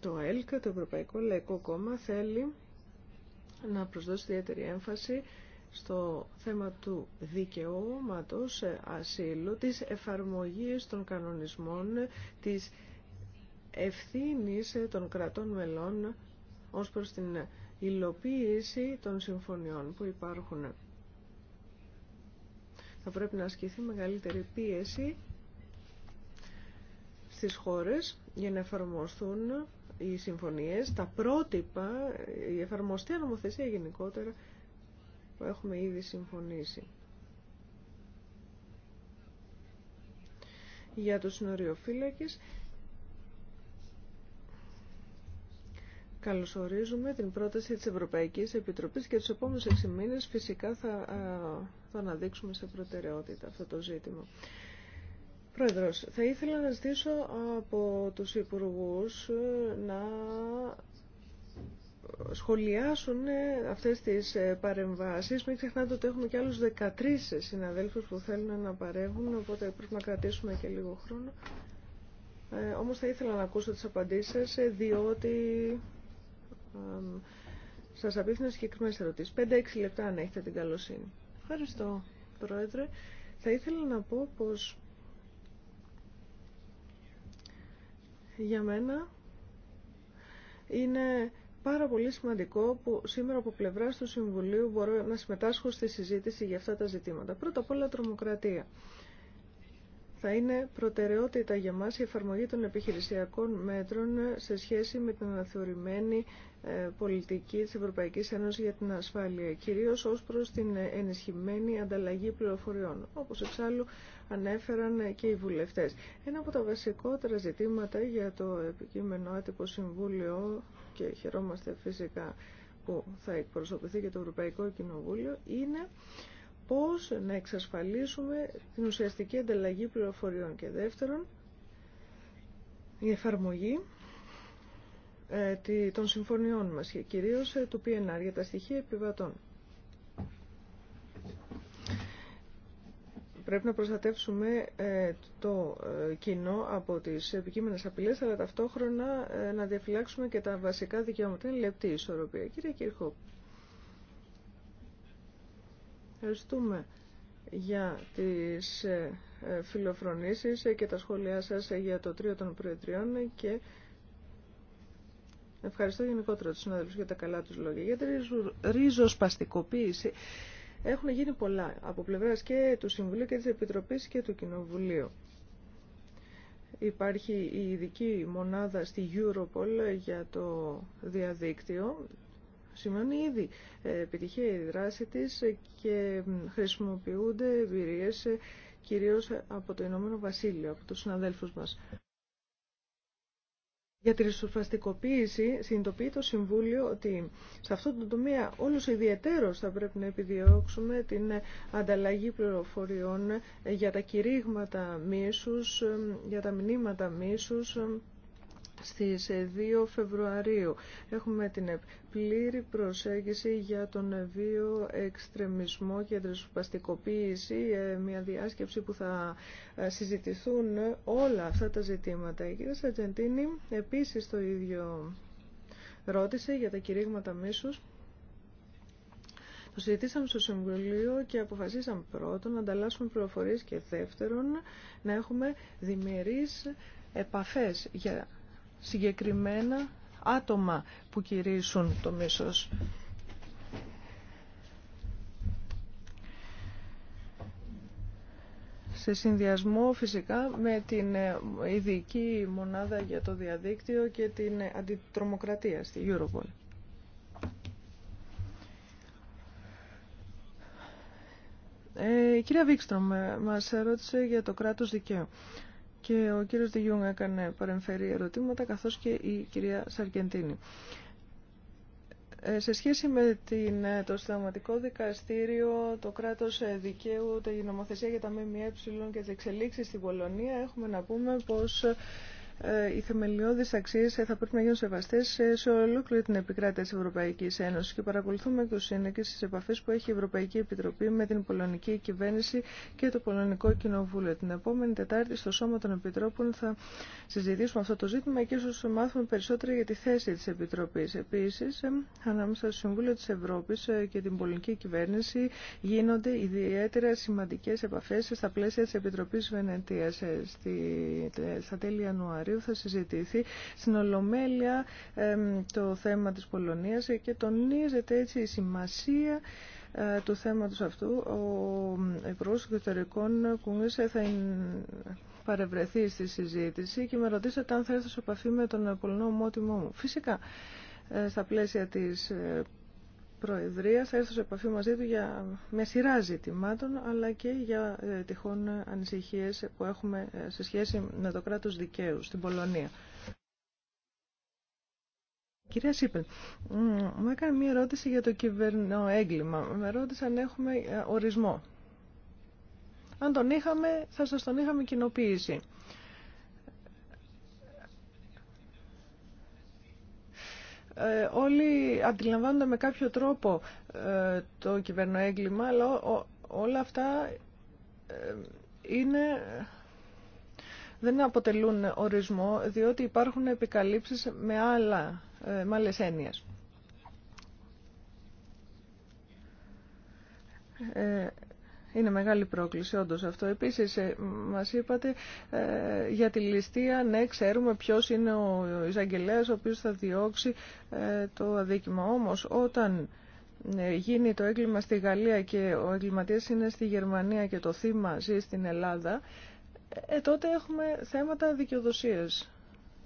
Το ΕΛΚΑ, το Ευρωπαϊκό Λαϊκό Κόμμα, θέλει να προσδώσει ιδιαίτερη έμφαση στο θέμα του δικαιώματος ασύλου, της εφαρμογής των κανονισμών, της ευθύνης των κρατών μελών ως προς την υλοποίηση των συμφωνιών που υπάρχουν. Θα πρέπει να ασκηθεί μεγαλύτερη πίεση στις χώρες για να εφαρμοστούν οι συμφωνίες, τα πρότυπα, η εφαρμοστή νομοθεσία γενικότερα που έχουμε ήδη συμφωνήσει. Για τους συνοριοφύλακες Καλωσορίζουμε την πρόταση της Ευρωπαϊκής Επιτροπής και τους επόμενους 6 μήνες φυσικά θα, θα αναδείξουμε σε προτεραιότητα αυτό το ζήτημα. Πρόεδρος, θα ήθελα να ζητήσω από τους Υπουργούς ε, να σχολιάσουν ε, αυτές τις ε, παρεμβάσεις. Μην ξεχνάτε ότι έχουμε και άλλους 13 συναδέλφους που θέλουν να παρεύουν, οπότε πρέπει να κρατήσουμε και λίγο χρόνο. Ε, όμως θα ήθελα να ακούσω τις απαντήσεις διότι Σα απιθυνα συγκεκριμενε συγκεκριμένε ερωτήσεις. 5-6 λεπτά αν έχετε την καλοσύνη. Ευχαριστώ, Πρόεδρε. Θα ήθελα να πω πω για μένα είναι πάρα πολύ σημαντικό που σήμερα από πλευρά του Συμβουλίου μπορώ να συμμετάσχω στη συζήτηση για αυτά τα ζητήματα. Πρώτα απ' όλα τρομοκρατία. Θα είναι προτεραιότητα για μας η εφαρμογή των επιχειρησιακών μέτρων σε σχέση με την αναθεωρημένη ε, πολιτική της Ευρωπαϊκής Ένωσης για την ασφάλεια, κυρίως ως προς την ενισχυμένη ανταλλαγή πληροφοριών, όπως εξάλλου ανέφεραν και οι βουλευτές. Ένα από τα βασικότερα ζητήματα για το επικείμενο άτυπο συμβούλιο και χαιρόμαστε φυσικά που θα εκπροσωπηθεί και το Ευρωπαϊκό Κοινοβούλιο είναι πώς να εξασφαλίσουμε την ουσιαστική ανταλλαγή πληροφοριών και δεύτερον η εφαρμογή ε, των συμφωνιών μας και κυρίως ε, του PNR για τα στοιχεία επιβατών. Πρέπει να προστατεύσουμε ε, το κοινό από τις επικείμενες απειλές, αλλά ταυτόχρονα να διαφυλάξουμε και τα βασικά δικαιώματα. Είναι λεπτή ισορροπία. Κύριε Κύρχο, ευχαριστούμε για τις φιλοφρονήσεις και τα σχόλιά σας για το τρίο των προεδριών και Ευχαριστώ γενικότερα του συναδέλφου για τα καλά τους λόγια. Για τη ριζοσπαστικοποίηση έχουν γίνει πολλά από πλευρά και του Συμβουλίου και της Επιτροπής και του Κοινοβουλίου. Υπάρχει η ειδική μονάδα στη Europol για το διαδίκτυο. Σημαίνει ήδη ε, επιτυχία η δράση της και χρησιμοποιούνται εμπειρίες ε, κυρίως από το Ηνωμένο Βασίλειο, από τους συναδέλφους μας. Για τη ρισοσπαστικοποίηση συνειδητοποιεί το Συμβούλιο ότι σε αυτό το τομέα όλος ιδιαίτερος θα πρέπει να επιδιώξουμε την ανταλλαγή πληροφοριών για τα κηρύγματα μίσους, για τα μηνύματα μίσους, στις 2 ε, Φεβρουαρίου έχουμε την πλήρη προσέγγιση για τον ε, βίο εξτρεμισμό και ριζοσπαστικοποίηση, ε, μια διάσκεψη που θα συζητηθούν όλα αυτά τα ζητήματα. Η κυρία Σατζεντίνη επίσης το ίδιο ρώτησε για τα κηρύγματα μίσους. Το συζητήσαμε στο Συμβουλίο και αποφασίσαμε πρώτον να ανταλλάσσουμε πληροφορίες και δεύτερον να έχουμε διμερείς επαφές για συγκεκριμένα άτομα που κηρύσουν το μίσος. σε συνδυασμό φυσικά με την ε, ειδική μονάδα για το διαδίκτυο και την ε, αντιτρομοκρατία στη Europol. Ε, η κυρία Βίξτρομ μας έρωτησε για το κράτος δικαίου και ο κύριος Διγιούγκ έκανε παρεμφερή ερωτήματα καθώς και η κυρία Σαρκεντίνη. Ε, σε σχέση με την, ε, το Συνταγματικό Δικαστήριο, το κράτος ε, δικαίου, τη νομοθεσία για τα ΜΜΕ και τις εξελίξεις στην Πολωνία, έχουμε να πούμε πως ε, οι θεμελιώδει αξίε ε, θα πρέπει να γίνουν σεβαστέ ε, σε ολόκληρη την επικράτεια τη Ευρωπαϊκή Ένωση και παρακολουθούμε του Συνεκέ στις επαφέ που έχει η Ευρωπαϊκή Επιτροπή με την Πολωνική Κυβέρνηση και το Πολωνικό Κοινοβούλιο. Την επόμενη Τετάρτη στο Σώμα των Επιτρόπων θα συζητήσουμε αυτό το ζήτημα και ίσω μάθουμε περισσότερα για τη θέση τη Επιτροπής. Επίση, ανάμεσα στο Συμβούλιο τη Ευρώπη και την Πολωνική Κυβέρνηση γίνονται ιδιαίτερα σημαντικέ επαφέ στα πλαίσια τη Επιτροπή Βενετία στα τέλη Ιανουαρίου θα συζητηθεί στην Ολομέλεια το θέμα της Πολωνίας και τονίζεται έτσι η σημασία ε, του θέματος αυτού. Ο Υπουργός εξωτερικών κουνής θα παρευρεθεί στη συζήτηση και με ρωτήσατε αν θα έρθω σε επαφή με τον Πολωνό ομότιμό μου. Φυσικά, ε, στα πλαίσια της ε, θα έρθω σε επαφή μαζί του για μια σειρά ζητημάτων αλλά και για ε, τυχόν ανησυχίες που έχουμε ε, σε σχέση με το κράτος δικαίου στην Πολωνία. Κυρία Σίπελ, μου έκανε μια ερώτηση για το κυβερνοέγκλημα. Με ρώτησε αν έχουμε ε, ορισμό. Αν τον είχαμε, θα σας τον είχαμε κοινοποίησει. Ε, όλοι αντιλαμβάνονται με κάποιο τρόπο ε, το κυβερνοέγκλημα, αλλά όλα αυτά ε, είναι δεν αποτελούν ορισμό, διότι υπάρχουν επικαλύψεις με, άλλα, με είναι μεγάλη πρόκληση όντως αυτό. Επίσης ε, μας είπατε ε, για τη ληστεία, ναι ξέρουμε ποιος είναι ο εισαγγελέας ο οποίος θα διώξει ε, το αδίκημα. Όμως όταν γίνει το έγκλημα στη Γαλλία και ο εγκληματίας είναι στη Γερμανία και το θύμα ζει στην Ελλάδα, τότε έχουμε θέματα δικαιοδοσίες.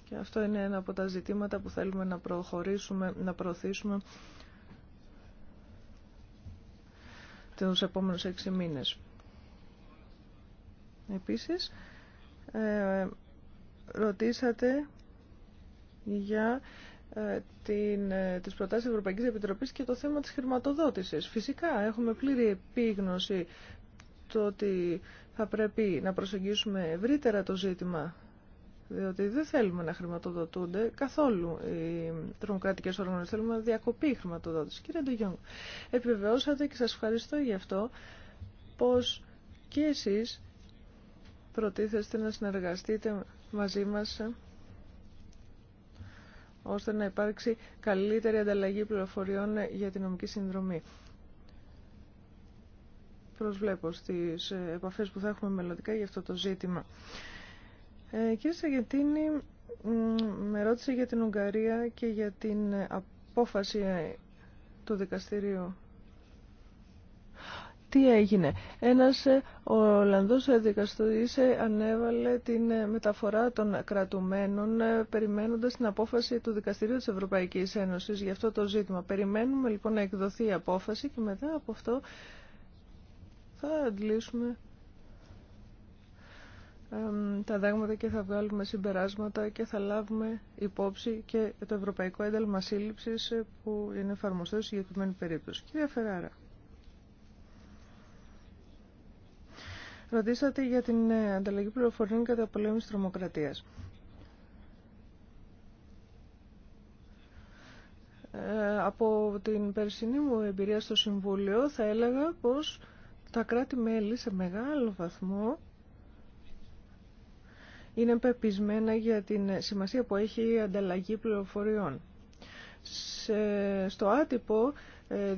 Και αυτό είναι ένα από τα ζητήματα που θέλουμε να προχωρήσουμε, να προωθήσουμε τους επόμενους έξι μήνες. Επίσης, ε, ρωτήσατε για ε, την, ε, τις προτάσεις της Ευρωπαϊκής Επιτροπής και το θέμα της χρηματοδότησης. Φυσικά έχουμε πλήρη επίγνωση το ότι θα πρέπει να προσεγγίσουμε ευρύτερα το ζήτημα διότι δεν θέλουμε να χρηματοδοτούνται καθόλου οι τρομοκρατικέ οργανώσει. Θέλουμε να διακοπεί η χρηματοδότηση. Κύριε Ντογιόνγκ, επιβεβαιώσατε και σα ευχαριστώ γι' αυτό πω και εσεί προτίθεστε να συνεργαστείτε μαζί μα ε, ώστε να υπάρξει καλύτερη ανταλλαγή πληροφοριών για την νομική συνδρομή. Προσβλέπω στις ε, επαφές που θα έχουμε μελλοντικά για αυτό το ζήτημα. Ε, κύριε Σαγετίνη, με ρώτησε για την Ουγγαρία και για την απόφαση ε, του δικαστηρίου. Τι έγινε. Ένας ε, Ολλανδός ε, δικαστής ανέβαλε την μεταφορά των κρατουμένων περιμένοντας την απόφαση του Δικαστηρίου της Ευρωπαϊκής Ένωσης για αυτό το ζήτημα. Περιμένουμε λοιπόν να εκδοθεί η απόφαση και μετά από αυτό θα αντλήσουμε τα δάγματα και θα βγάλουμε συμπεράσματα και θα λάβουμε υπόψη και το Ευρωπαϊκό Ένταλμα Σύλληψης που είναι εφαρμοστό σε συγκεκριμένη περίπτωση. Κυρία Φεράρα. Ρωτήσατε για την ε, ανταλλαγή πληροφοριών κατά πολέμηση τρομοκρατίας. Ε, από την περσινή μου εμπειρία στο Συμβούλιο θα έλεγα πως τα κράτη-μέλη σε μεγάλο βαθμό είναι πεπισμένα για την σημασία που έχει η ανταλλαγή πληροφοριών. Στο άτυπο ε,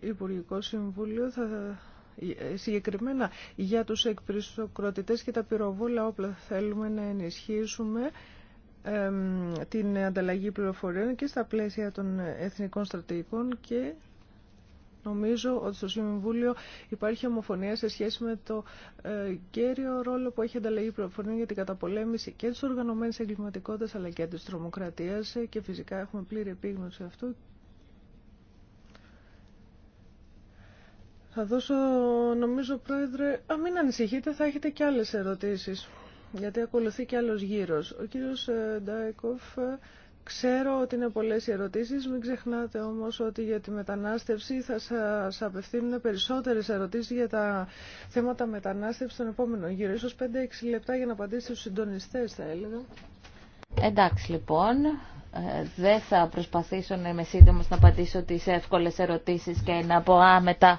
Υπουργικό Συμβούλιο θα ε, συγκεκριμένα για τους εκπριστοκροτητές και τα πυροβόλα όπλα θέλουμε να ενισχύσουμε την ανταλλαγή πληροφοριών και στα πλαίσια των εθνικών στρατηγικών και Νομίζω ότι στο Συμβούλιο υπάρχει ομοφωνία σε σχέση με το ε, κέριο ρόλο που έχει ανταλλαγή πληροφοριών για την καταπολέμηση και τη οργανωμένη εγκληματικότητα αλλά και τη τρομοκρατία και φυσικά έχουμε πλήρη επίγνωση αυτού. Θα δώσω, νομίζω, Πρόεδρε, α, μην ανησυχείτε, θα έχετε και άλλες ερωτήσεις, γιατί ακολουθεί και άλλος γύρος. Ο κύριος ε, Ντάικοφ ε, Ξέρω ότι είναι πολλές οι ερωτήσεις, μην ξεχνάτε όμως ότι για τη μετανάστευση θα σας απευθύνουν περισσότερες ερωτήσεις για τα θέματα μετανάστευσης στον επόμενο γύρο. Ίσως 5-6 λεπτά για να απαντήσετε στους συντονιστές θα έλεγα. Εντάξει λοιπόν, ε, δεν θα προσπαθήσω να είμαι σύντομος να απαντήσω τις εύκολες ερωτήσεις και να πω άμετα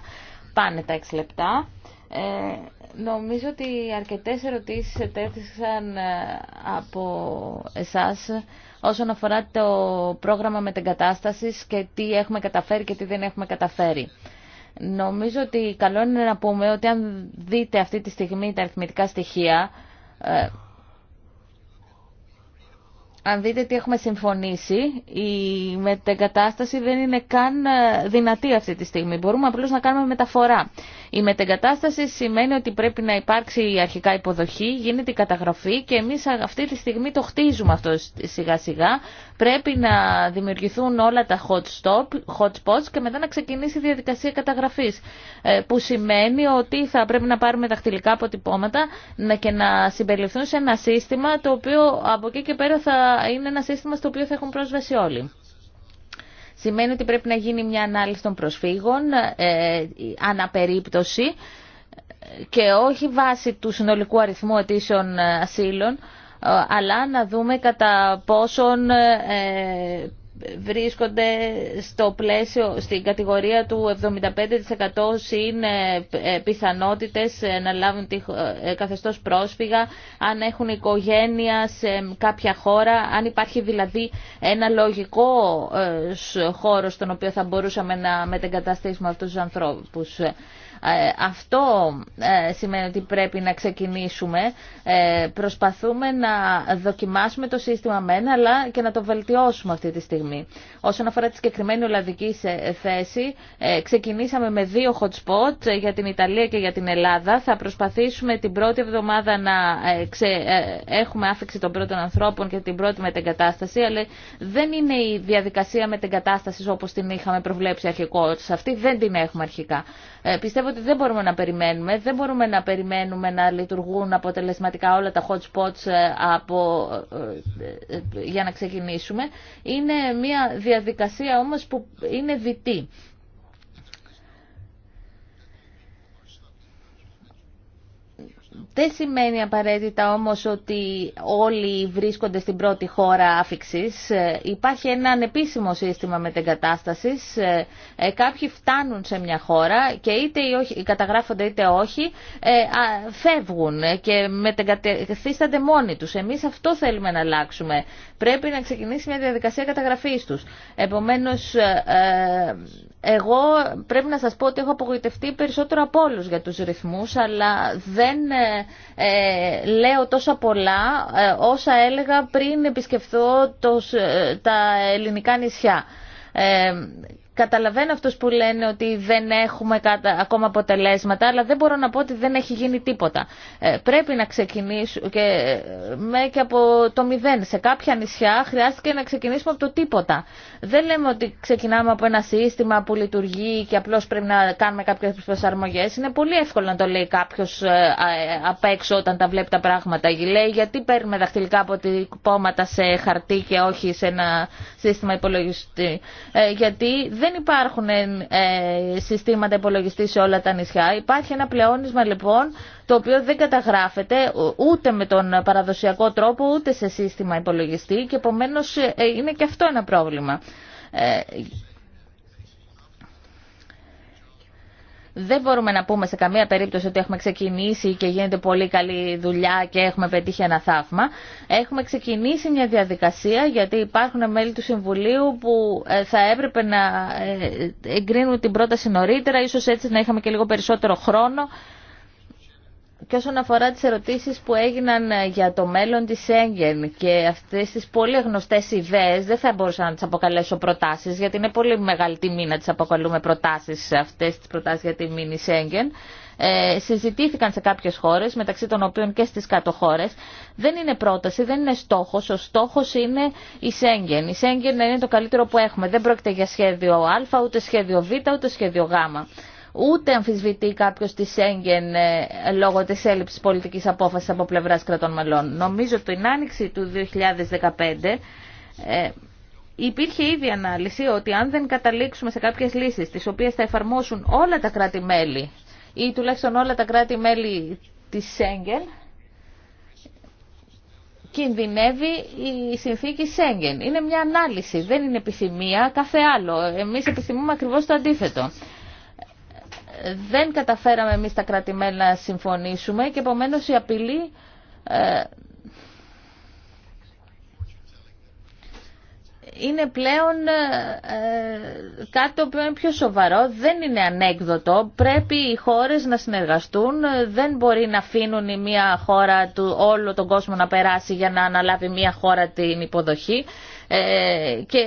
πάνε τα 6 λεπτά». Ε, νομίζω ότι αρκετές ερωτήσεις ετέθησαν ε, από εσάς όσον αφορά το πρόγραμμα μετεγκατάστασης και τι έχουμε καταφέρει και τι δεν έχουμε καταφέρει. Νομίζω ότι καλό είναι να πούμε ότι αν δείτε αυτή τη στιγμή τα αριθμητικά στοιχεία, ε, αν δείτε τι έχουμε συμφωνήσει, η μετεγκατάσταση δεν είναι καν ε, δυνατή αυτή τη στιγμή. Μπορούμε απλώς να κάνουμε μεταφορά. Η μετεγκατάσταση σημαίνει ότι πρέπει να υπάρξει αρχικά υποδοχή, γίνεται η καταγραφή και εμείς αυτή τη στιγμή το χτίζουμε αυτό σιγά σιγά. Πρέπει να δημιουργηθούν όλα τα hot, stop, hot spots και μετά να ξεκινήσει η διαδικασία καταγραφής ε, που σημαίνει ότι θα πρέπει να πάρουμε χτυλικά αποτυπώματα και να συμπεριληφθούν σε ένα σύστημα το οποίο από εκεί και πέρα θα είναι ένα σύστημα στο οποίο θα έχουν πρόσβαση όλοι. Σημαίνει ότι πρέπει να γίνει μια ανάλυση των προσφύγων, ε, ε αναπερίπτωση και όχι βάσει του συνολικού αριθμού αιτήσεων ε, ασύλων, ε, αλλά να δούμε κατά πόσον ε, βρίσκονται στο πλαίσιο, στην κατηγορία του 75% είναι ε, ε, πιθανότητες ε, να λάβουν τη καθεστώς πρόσφυγα, αν έχουν οικογένεια σε κάποια χώρα, αν υπάρχει δηλαδή ένα λογικό χώρο στον οποίο θα μπορούσαμε να μετεγκαταστήσουμε αυτούς τους ανθρώπους. Ε, αυτό ε, σημαίνει ότι πρέπει να ξεκινήσουμε. Ε, προσπαθούμε να δοκιμάσουμε το σύστημα μένα, αλλά και να το βελτιώσουμε αυτή τη στιγμή. Όσον αφορά τη συγκεκριμένη Ολλανδική θέση, ξεκινήσαμε με δύο hot spots για την Ιταλία και για την Ελλάδα. Θα προσπαθήσουμε την πρώτη εβδομάδα να έχουμε άφηξη των πρώτων ανθρώπων και την πρώτη μετεγκατάσταση, αλλά δεν είναι η διαδικασία μετεγκατάσταση όπω την είχαμε προβλέψει αρχικώ. Αυτή δεν την έχουμε αρχικά. Πιστεύω ότι δεν μπορούμε να περιμένουμε. Δεν μπορούμε να περιμένουμε να λειτουργούν αποτελεσματικά όλα τα hot spots ε, από, ε, ε, για να ξεκινήσουμε. Είναι μια διαδικασία όμως που είναι δυτή. δεν σημαίνει απαραίτητα όμως ότι όλοι βρίσκονται στην πρώτη χώρα άφηξης. Ε, υπάρχει ένα ανεπίσημο σύστημα μετεγκατάστασης. Ε, ε, κάποιοι φτάνουν σε μια χώρα και είτε όχι, καταγράφονται είτε όχι, φεύγουν και μετεγκαθίστανται μόνοι τους. Εμείς αυτό θέλουμε να αλλάξουμε. Πρέπει να ξεκινήσει μια διαδικασία καταγραφής τους. Επομένως, εγώ πρέπει να σας πω ότι έχω απογοητευτεί περισσότερο από όλους για τους ρυθμούς, αλλά δεν ε, ε, λέω τόσα πολλά ε, όσα έλεγα πριν επισκεφθώ τα ελληνικά νησιά. Καταλαβαίνω αυτού που λένε ότι δεν έχουμε ακόμα αποτελέσματα, αλλά δεν μπορώ να πω ότι δεν έχει γίνει τίποτα. Ε, πρέπει να ξεκινήσουμε και, ε, με και από το μηδέν. Σε κάποια νησιά χρειάστηκε να ξεκινήσουμε από το τίποτα. Δεν λέμε ότι ξεκινάμε από ένα σύστημα που λειτουργεί και απλώ πρέπει να κάνουμε κάποιε προσαρμογέ. Είναι πολύ εύκολο να το λέει κάποιο ε, απ' έξω όταν τα βλέπει τα πράγματα. Λέει γιατί παίρνουμε δαχτυλικά αποτυπώματα σε χαρτί και όχι σε ένα σύστημα υπολογιστή. Γιατί δεν υπάρχουν ε, ε, συστήματα υπολογιστή σε όλα τα νησιά. Υπάρχει ένα πλεόνισμα λοιπόν το οποίο δεν καταγράφεται ούτε με τον παραδοσιακό τρόπο ούτε σε σύστημα υπολογιστή και επομένως ε, είναι και αυτό ένα πρόβλημα. Δεν μπορούμε να πούμε σε καμία περίπτωση ότι έχουμε ξεκινήσει και γίνεται πολύ καλή δουλειά και έχουμε πετύχει ένα θαύμα. Έχουμε ξεκινήσει μια διαδικασία γιατί υπάρχουν μέλη του Συμβουλίου που ε, θα έπρεπε να ε, εγκρίνουν την πρόταση νωρίτερα, ίσως έτσι να είχαμε και λίγο περισσότερο χρόνο και όσον αφορά τις ερωτήσεις που έγιναν ε, για το μέλλον της Σέγγεν και αυτές τις πολύ γνωστές ιδέες, δεν θα μπορούσα να τις αποκαλέσω προτάσεις, γιατί είναι πολύ μεγάλη τιμή να τις αποκαλούμε προτάσεις αυτές τις προτάσεις για τη μήνυ Σέγγεν. Ε, συζητήθηκαν σε κάποιες χώρες, μεταξύ των οποίων και στις κάτω χώρες. Δεν είναι πρόταση, δεν είναι στόχος. Ο στόχος είναι η Σέγγεν. Η Σέγγεν είναι το καλύτερο που έχουμε. Δεν πρόκειται για σχέδιο Α, ούτε σχέδιο Β, ούτε σχέδιο Γ ούτε αμφισβητεί κάποιο τη Σέγγεν ε, λόγω τη έλλειψη πολιτική απόφαση από πλευρά κρατών μελών. Νομίζω ότι την άνοιξη του 2015 ε, υπήρχε ήδη ανάλυση ότι αν δεν καταλήξουμε σε κάποιε λύσει τι οποίε θα εφαρμόσουν όλα τα κράτη-μέλη ή τουλάχιστον όλα τα κράτη-μέλη τη Σέγγεν, κινδυνεύει η συνθήκη Σέγγεν. Είναι μια ανάλυση, δεν είναι επιθυμία, κάθε άλλο. Εμείς επιθυμούμε ακριβώς το αντίθετο δεν καταφέραμε εμείς τα κρατημένα να συμφωνήσουμε και επομένως η απειλή ε, είναι πλέον ε, κάτι το οποίο είναι πιο σοβαρό, δεν είναι ανέκδοτο. Πρέπει οι χώρες να συνεργαστούν, δεν μπορεί να αφήνουν η μία χώρα του, όλο τον κόσμο να περάσει για να αναλάβει μία χώρα την υποδοχή. Ε, και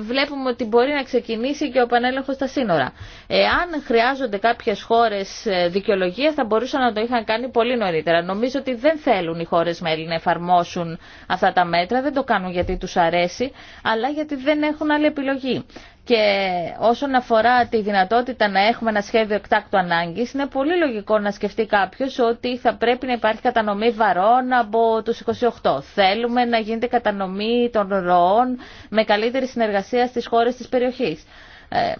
βλέπουμε ότι μπορεί να ξεκινήσει και ο πανέλεγχος στα σύνορα. Εάν χρειάζονται κάποιες χώρες ε, δικαιολογία θα μπορούσαν να το είχαν κάνει πολύ νωρίτερα. Νομίζω ότι δεν θέλουν οι χώρες μέλη να εφαρμόσουν αυτά τα μέτρα, δεν το κάνουν γιατί τους αρέσει, αλλά γιατί δεν έχουν άλλη επιλογή. Και όσον αφορά τη δυνατότητα να έχουμε ένα σχέδιο εκτάκτου ανάγκη, είναι πολύ λογικό να σκεφτεί κάποιος ότι θα πρέπει να υπάρχει κατανομή βαρών από του 28. Θέλουμε να γίνεται κατανομή των ροών με καλύτερη συνεργασία στις χώρες της περιοχής. Ε,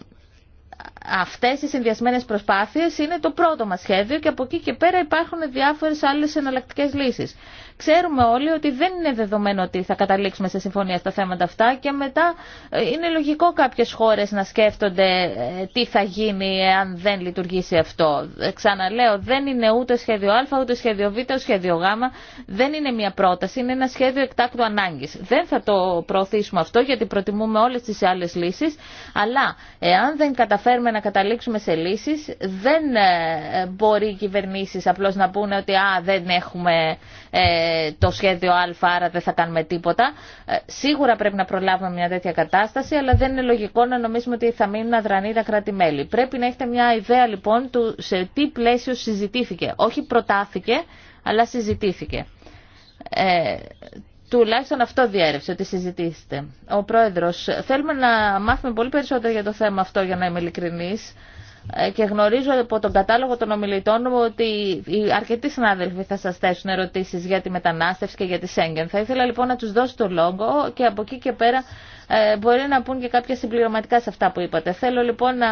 αυτές οι συνδυασμένε προσπάθειες είναι το πρώτο μας σχέδιο και από εκεί και πέρα υπάρχουν διάφορε άλλε εναλλακτικέ λύσει. Ξέρουμε όλοι ότι δεν είναι δεδομένο ότι θα καταλήξουμε σε συμφωνία στα θέματα αυτά και μετά ε, είναι λογικό κάποιες χώρες να σκέφτονται ε, τι θα γίνει αν δεν λειτουργήσει αυτό. Ε, ξαναλέω, δεν είναι ούτε σχέδιο Α, ούτε σχέδιο Β, ούτε σχέδιο Γ. Δεν είναι μια πρόταση, είναι ένα σχέδιο εκτάκτου ανάγκης. Δεν θα το προωθήσουμε αυτό γιατί προτιμούμε όλες τις άλλες λύσεις, αλλά εάν δεν καταφέρουμε να καταλήξουμε σε λύσεις, δεν μπορεί οι κυβερνήσεις απλώς να πούνε ότι α, δεν έχουμε ε, το σχέδιο Α, άρα δεν θα κάνουμε τίποτα. Ε, σίγουρα πρέπει να προλάβουμε μια τέτοια κατάσταση, αλλά δεν είναι λογικό να νομίζουμε ότι θα μείνουν αδρανή τα κράτη-μέλη. Πρέπει να έχετε μια ιδέα λοιπόν του σε τι πλαίσιο συζητήθηκε. Όχι προτάθηκε, αλλά συζητήθηκε. Ε, τουλάχιστον αυτό διέρευσε ότι συζητήσετε. Ο Πρόεδρος, θέλουμε να μάθουμε πολύ περισσότερο για το θέμα αυτό, για να είμαι ειλικρινής. Ε, και γνωρίζω από τον κατάλογο των ομιλητών μου ότι οι αρκετοί συνάδελφοι θα σας θέσουν ερωτήσεις για τη μετανάστευση και για τη Σέγγεν. Θα ήθελα λοιπόν να τους δώσω το λόγο και από εκεί και πέρα ε, μπορεί να πούν και κάποια συμπληρωματικά σε αυτά που είπατε. Θέλω λοιπόν να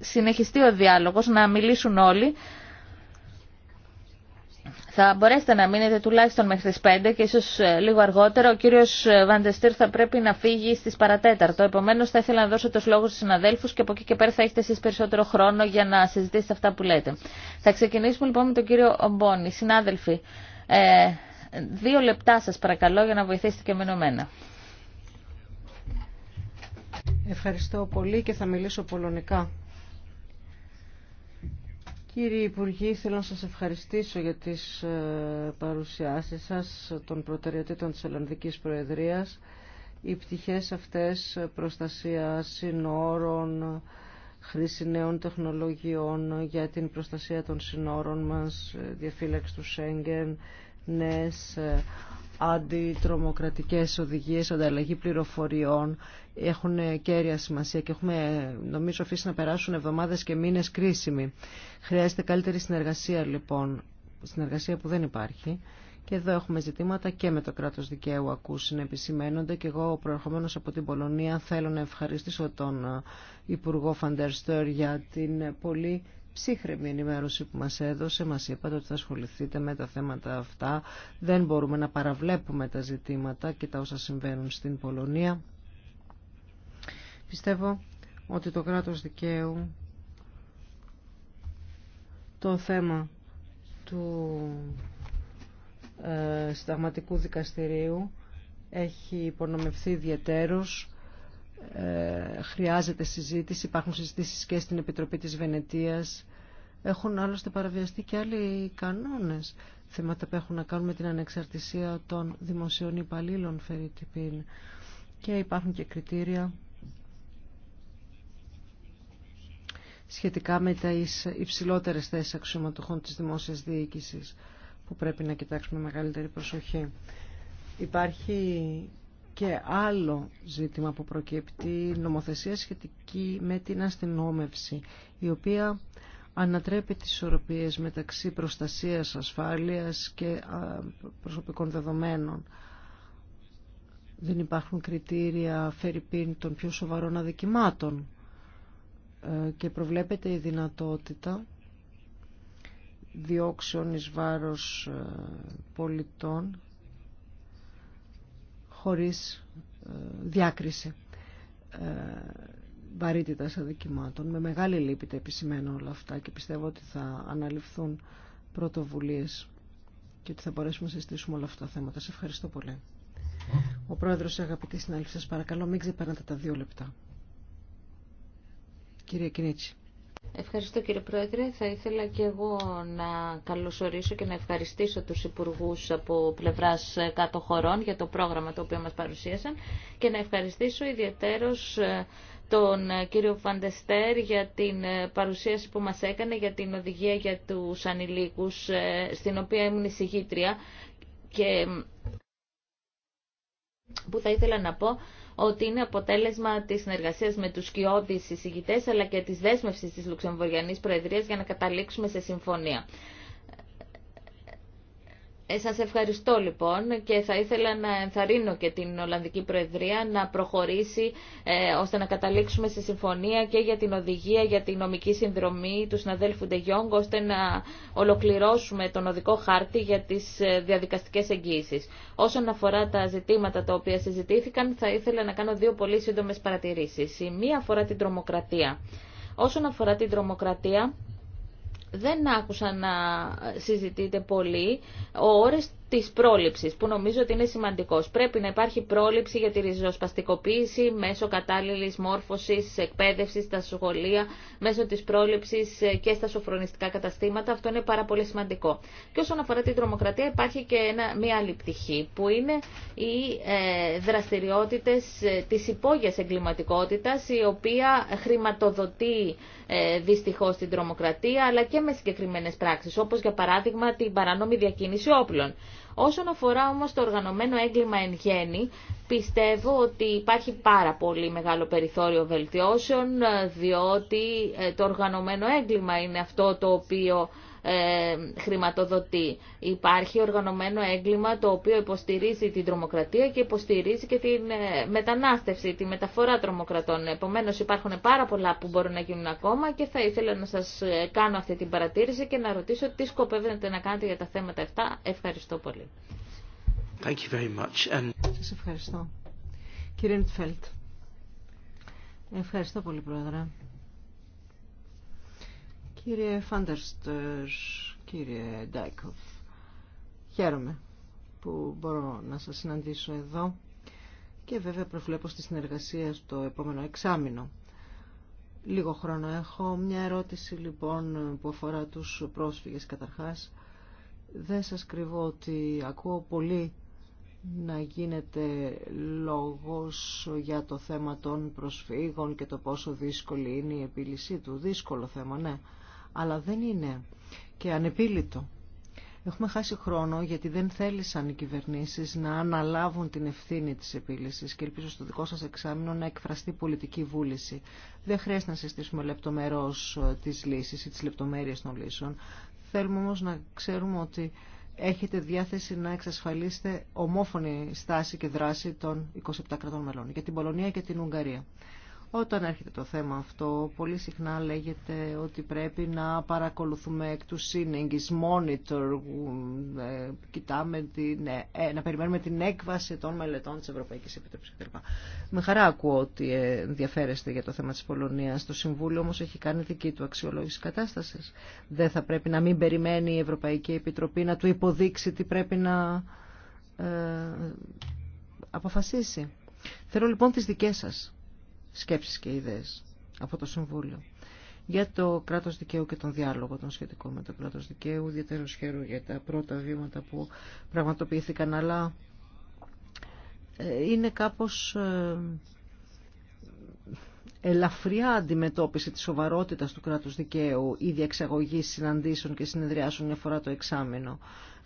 συνεχιστεί ο διάλογος, να μιλήσουν όλοι, θα μπορέσετε να μείνετε τουλάχιστον μέχρι τις 5 και ίσως ε, λίγο αργότερα ο κύριος Βαντεστήρ θα πρέπει να φύγει στις παρατέταρτο. Επομένως θα ήθελα να δώσω τους λόγους στους συναδέλφους και από εκεί και πέρα θα έχετε εσείς περισσότερο χρόνο για να συζητήσετε αυτά που λέτε. Θα ξεκινήσουμε λοιπόν με τον κύριο Ομπόνη. Συνάδελφοι, ε, δύο λεπτά σας παρακαλώ για να βοηθήσετε και μενωμένα. Ευχαριστώ πολύ και θα μιλήσω πολωνικά. Κύριοι Υπουργοί, θέλω να σας ευχαριστήσω για τις ε, παρουσιάσεις σας των προτεραιοτήτων της Ελλανδικής Προεδρίας. Οι πτυχές αυτές προστασία συνόρων, χρήση νέων τεχνολογιών για την προστασία των συνόρων μας, ε, διαφύλαξη του Σέγγεν, νέες ε, αντιτρομοκρατικές οδηγίες, ανταλλαγή πληροφοριών έχουν κέρια σημασία και έχουμε νομίζω αφήσει να περάσουν εβδομάδες και μήνες κρίσιμοι. Χρειάζεται καλύτερη συνεργασία λοιπόν, συνεργασία που δεν υπάρχει. Και εδώ έχουμε ζητήματα και με το κράτος δικαίου ακούσει να και εγώ προερχομένως από την Πολωνία θέλω να ευχαριστήσω τον ε, Υπουργό Στέρ για την πολύ ψύχρεμη ενημέρωση που μας έδωσε. Μας είπατε ότι θα ασχοληθείτε με τα θέματα αυτά. Δεν μπορούμε να παραβλέπουμε τα ζητήματα και τα όσα συμβαίνουν στην Πολωνία. Πιστεύω ότι το κράτος δικαίου το θέμα του ε, συνταγματικού δικαστηρίου έχει υπονομευθεί ιδιαίτερος ε, χρειάζεται συζήτηση. Υπάρχουν συζητήσεις και στην Επιτροπή της Βενετίας έχουν άλλωστε παραβιαστεί και άλλοι κανόνες. Θέματα που έχουν να κάνουν με την ανεξαρτησία των δημοσίων υπαλλήλων, Και υπάρχουν και κριτήρια σχετικά με τα υψηλότερες θέσεις αξιωματοχών της δημόσιας διοίκησης που πρέπει να κοιτάξουμε μεγαλύτερη προσοχή. Υπάρχει και άλλο ζήτημα που προκύπτει, νομοθεσία σχετική με την αστυνόμευση, η οποία ανατρέπει τις ισορροπίες μεταξύ προστασίας ασφάλειας και προσωπικών δεδομένων. Δεν υπάρχουν κριτήρια φερρυπίν των πιο σοβαρών αδικημάτων ε, και προβλέπεται η δυνατότητα διώξεων εις βάρος ε, πολιτών χωρίς ε, διάκριση βαρύτητας αδικημάτων. Με μεγάλη λύπη τα επισημαίνω όλα αυτά και πιστεύω ότι θα αναλυφθούν πρωτοβουλίες και ότι θα μπορέσουμε να συζητήσουμε όλα αυτά τα θέματα. Σε ευχαριστώ πολύ. Ο πρόεδρος, αγαπητή συνάδελφοι, σας παρακαλώ μην ξεπερνάτε τα δύο λεπτά. Κυρία Κινίτσι. Ευχαριστώ κύριε Πρόεδρε. Θα ήθελα και εγώ να καλωσορίσω και να ευχαριστήσω τους υπουργούς από πλευράς κάτω χωρών για το πρόγραμμα το οποίο μας παρουσίασαν και να ευχαριστήσω ιδιαίτερος ε, τον ε, κύριο Φαντεστέρ για την ε, παρουσίαση που μας έκανε για την οδηγία για τους ανηλίκους, ε, στην οποία ήμουν εισηγήτρια και που θα ήθελα να πω ότι είναι αποτέλεσμα της συνεργασία με τους κοιόδη συζητητέ αλλά και της δέσμευσης της Λουξεμβουριανή Προεδρίας για να καταλήξουμε σε συμφωνία. Ε, σας ευχαριστώ λοιπόν και θα ήθελα να ενθαρρύνω και την Ολλανδική Προεδρία να προχωρήσει ε, ώστε να καταλήξουμε σε συμφωνία και για την οδηγία για την νομική συνδρομή του συναδέλφου Ντεγιόγκ ώστε να ολοκληρώσουμε τον οδικό χάρτη για τις ε, διαδικαστικές εγγύησεις. Όσον αφορά τα ζητήματα τα οποία συζητήθηκαν θα ήθελα να κάνω δύο πολύ σύντομε παρατηρήσεις. Η μία αφορά την τρομοκρατία. Όσον αφορά την τρομοκρατία, δεν άκουσα να συζητείτε πολύ. Ο Τη πρόληψη, που νομίζω ότι είναι σημαντικό. Πρέπει να υπάρχει πρόληψη για τη ριζοσπαστικοποίηση μέσω κατάλληλη μόρφωση, εκπαίδευση, στα σχολεία, μέσω τη πρόληψη και στα σοφρονιστικά καταστήματα. Αυτό είναι πάρα πολύ σημαντικό. Και όσον αφορά την τρομοκρατία υπάρχει και ένα, μια άλλη πτυχή που είναι οι ε, δραστηριότητες ε, της υπόγειας εγκληματικότητας η οποία χρηματοδοτεί ε, δυστυχώς την τρομοκρατία αλλά και με συγκεκριμένε πράξει, όπω για παράδειγμα την παράνομη διακίνηση όπλων. Όσον αφορά όμως το οργανωμένο έγκλημα εν γέννη, πιστεύω ότι υπάρχει πάρα πολύ μεγάλο περιθώριο βελτιώσεων, ε, διότι ε, το οργανωμένο έγκλημα είναι αυτό το οποίο ε, χρηματοδοτεί. Υπάρχει οργανωμένο έγκλημα το οποίο υποστηρίζει την τρομοκρατία και υποστηρίζει και την ε, μετανάστευση, τη μεταφορά τρομοκρατών. Επομένως υπάρχουν πάρα πολλά που μπορούν να γίνουν ακόμα και θα ήθελα να σας ε, κάνω αυτή την παρατήρηση και να ρωτήσω τι σκοπεύετε να κάνετε για τα θέματα αυτά. Ευχαριστώ πολύ. Thank you very much. And... Σας ευχαριστώ. Κύριε Νιτφέλτ. Ευχαριστώ πολύ, Πρόεδρε. Κύριε Φάντερστερ, κύριε Ντάικοφ, χαίρομαι που μπορώ να σας συναντήσω εδώ και βέβαια προβλέπω στη συνεργασία στο επόμενο εξάμεινο. Λίγο χρόνο έχω. Μια ερώτηση λοιπόν που αφορά τους πρόσφυγες καταρχάς. Δεν σας κρυβώ ότι ακούω πολύ να γίνεται λόγος για το θέμα των προσφύγων και το πόσο δύσκολη είναι η επίλυσή του. Δύσκολο θέμα, ναι αλλά δεν είναι και ανεπίλητο. Έχουμε χάσει χρόνο γιατί δεν θέλησαν οι κυβερνήσεις να αναλάβουν την ευθύνη της επίλυσης και ελπίζω στο δικό σας εξάμεινο να εκφραστεί πολιτική βούληση. Δεν χρειάζεται να συστήσουμε λεπτομερώς ε, τις λύσεις ή τις λεπτομέρειες των λύσεων. Θέλουμε όμως να ξέρουμε ότι έχετε διάθεση να εξασφαλίσετε ομόφωνη στάση και δράση των 27 κρατών μελών για την Πολωνία και την Ουγγαρία. Όταν έρχεται το θέμα αυτό, πολύ συχνά λέγεται ότι πρέπει να παρακολουθούμε εκ του σύνεγγις, monitor, ε, κοιτάμε την, ε, ε, να περιμένουμε την έκβαση των μελετών της Ευρωπαϊκής Επιτροπής Με χαρά ακούω ότι ενδιαφέρεστε για το θέμα της Πολωνίας. Το Συμβούλιο όμως έχει κάνει δική του αξιολόγηση κατάστασης. Δεν θα πρέπει να μην περιμένει η Ευρωπαϊκή Επιτροπή να του υποδείξει τι πρέπει να ε, αποφασίσει. Θέλω λοιπόν τις δικές σας σκέψεις και ιδέες από το Συμβούλιο. Για το κράτος δικαίου και τον διάλογο των σχετικό με το κράτος δικαίου, ιδιαίτερος χαίρο για τα πρώτα βήματα που πραγματοποιήθηκαν, αλλά ε, είναι κάπως ε, ελαφριά αντιμετώπιση της σοβαρότητας του κράτους δικαίου ή διεξαγωγή συναντήσεων και συνεδριάσεων μια φορά το εξάμεινο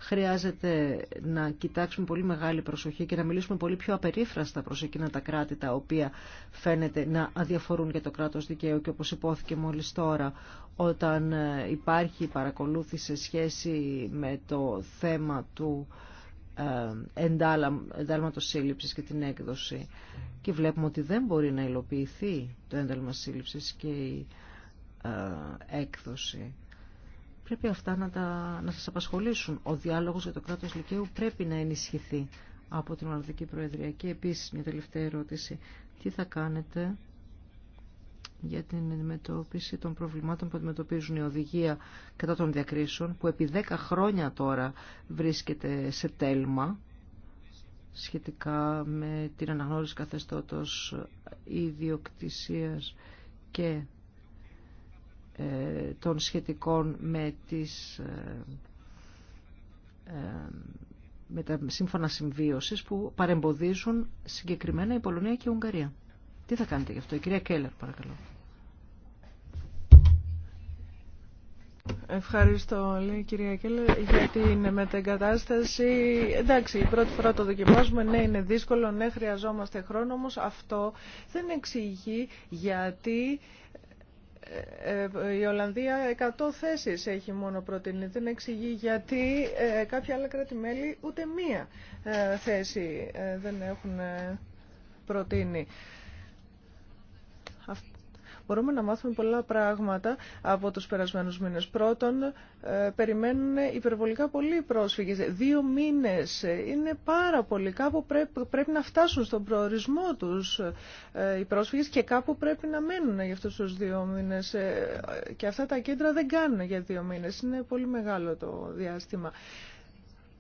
χρειάζεται να κοιτάξουμε πολύ μεγάλη προσοχή και να μιλήσουμε πολύ πιο απερίφραστα προς εκείνα τα κράτη τα οποία φαίνεται να αδιαφορούν για το κράτος δικαίου και όπως υπόθηκε μόλις τώρα όταν ε, υπάρχει παρακολούθηση σε σχέση με το θέμα του ε, εντάλματος σύλληψης και την έκδοση και βλέπουμε ότι δεν μπορεί να υλοποιηθεί το ένταλμα σύλληψης και η ε, έκδοση Πρέπει αυτά να, τα, να σας απασχολήσουν. Ο διάλογος για το κράτος δικαίου πρέπει να ενισχυθεί από την Ολλανδική Προεδρία. Και επίσης μια τελευταία ερώτηση. Τι θα κάνετε για την αντιμετώπιση των προβλημάτων που αντιμετωπίζουν η οδηγία κατά των διακρίσεων, που επί 10 χρόνια τώρα βρίσκεται σε τέλμα σχετικά με την αναγνώριση καθεστώτος ιδιοκτησίας και ε, των σχετικών με, τις, ε, ε, με τα σύμφωνα συμβίωση που παρεμποδίζουν συγκεκριμένα η Πολωνία και η Ουγγαρία. Τι θα κάνετε γι' αυτό, η κυρία Κέλλερ παρακαλώ. Ευχαριστώ, λέει κυρία Κέλλερ, για την μετεγκατάσταση. Εντάξει, η πρώτη φορά το δοκιμάζουμε, ναι, είναι δύσκολο, ναι, χρειαζόμαστε χρόνο, όμως αυτό δεν εξηγεί γιατί ε, ε, η Ολλανδία 100 θέσεις έχει μόνο προτείνει. Δεν εξηγεί γιατί ε, κάποια άλλα κράτη-μέλη ούτε μία θέση δεν έχουν προτείνει. Μπορούμε να μάθουμε πολλά πράγματα από τους περασμένους μήνες. Πρώτον, ε, περιμένουν υπερβολικά πολλοί πρόσφυγες. Δύο μήνες ε, είναι πάρα πολύ. Κάπου πρέπει, να φτάσουν στον προορισμό τους ε, οι πρόσφυγες και κάπου πρέπει να μένουν για αυτούς τους δύο μήνες. Και αυτά τα κέντρα δεν κάνουν για δύο μήνες. Είναι πολύ μεγάλο το διάστημα.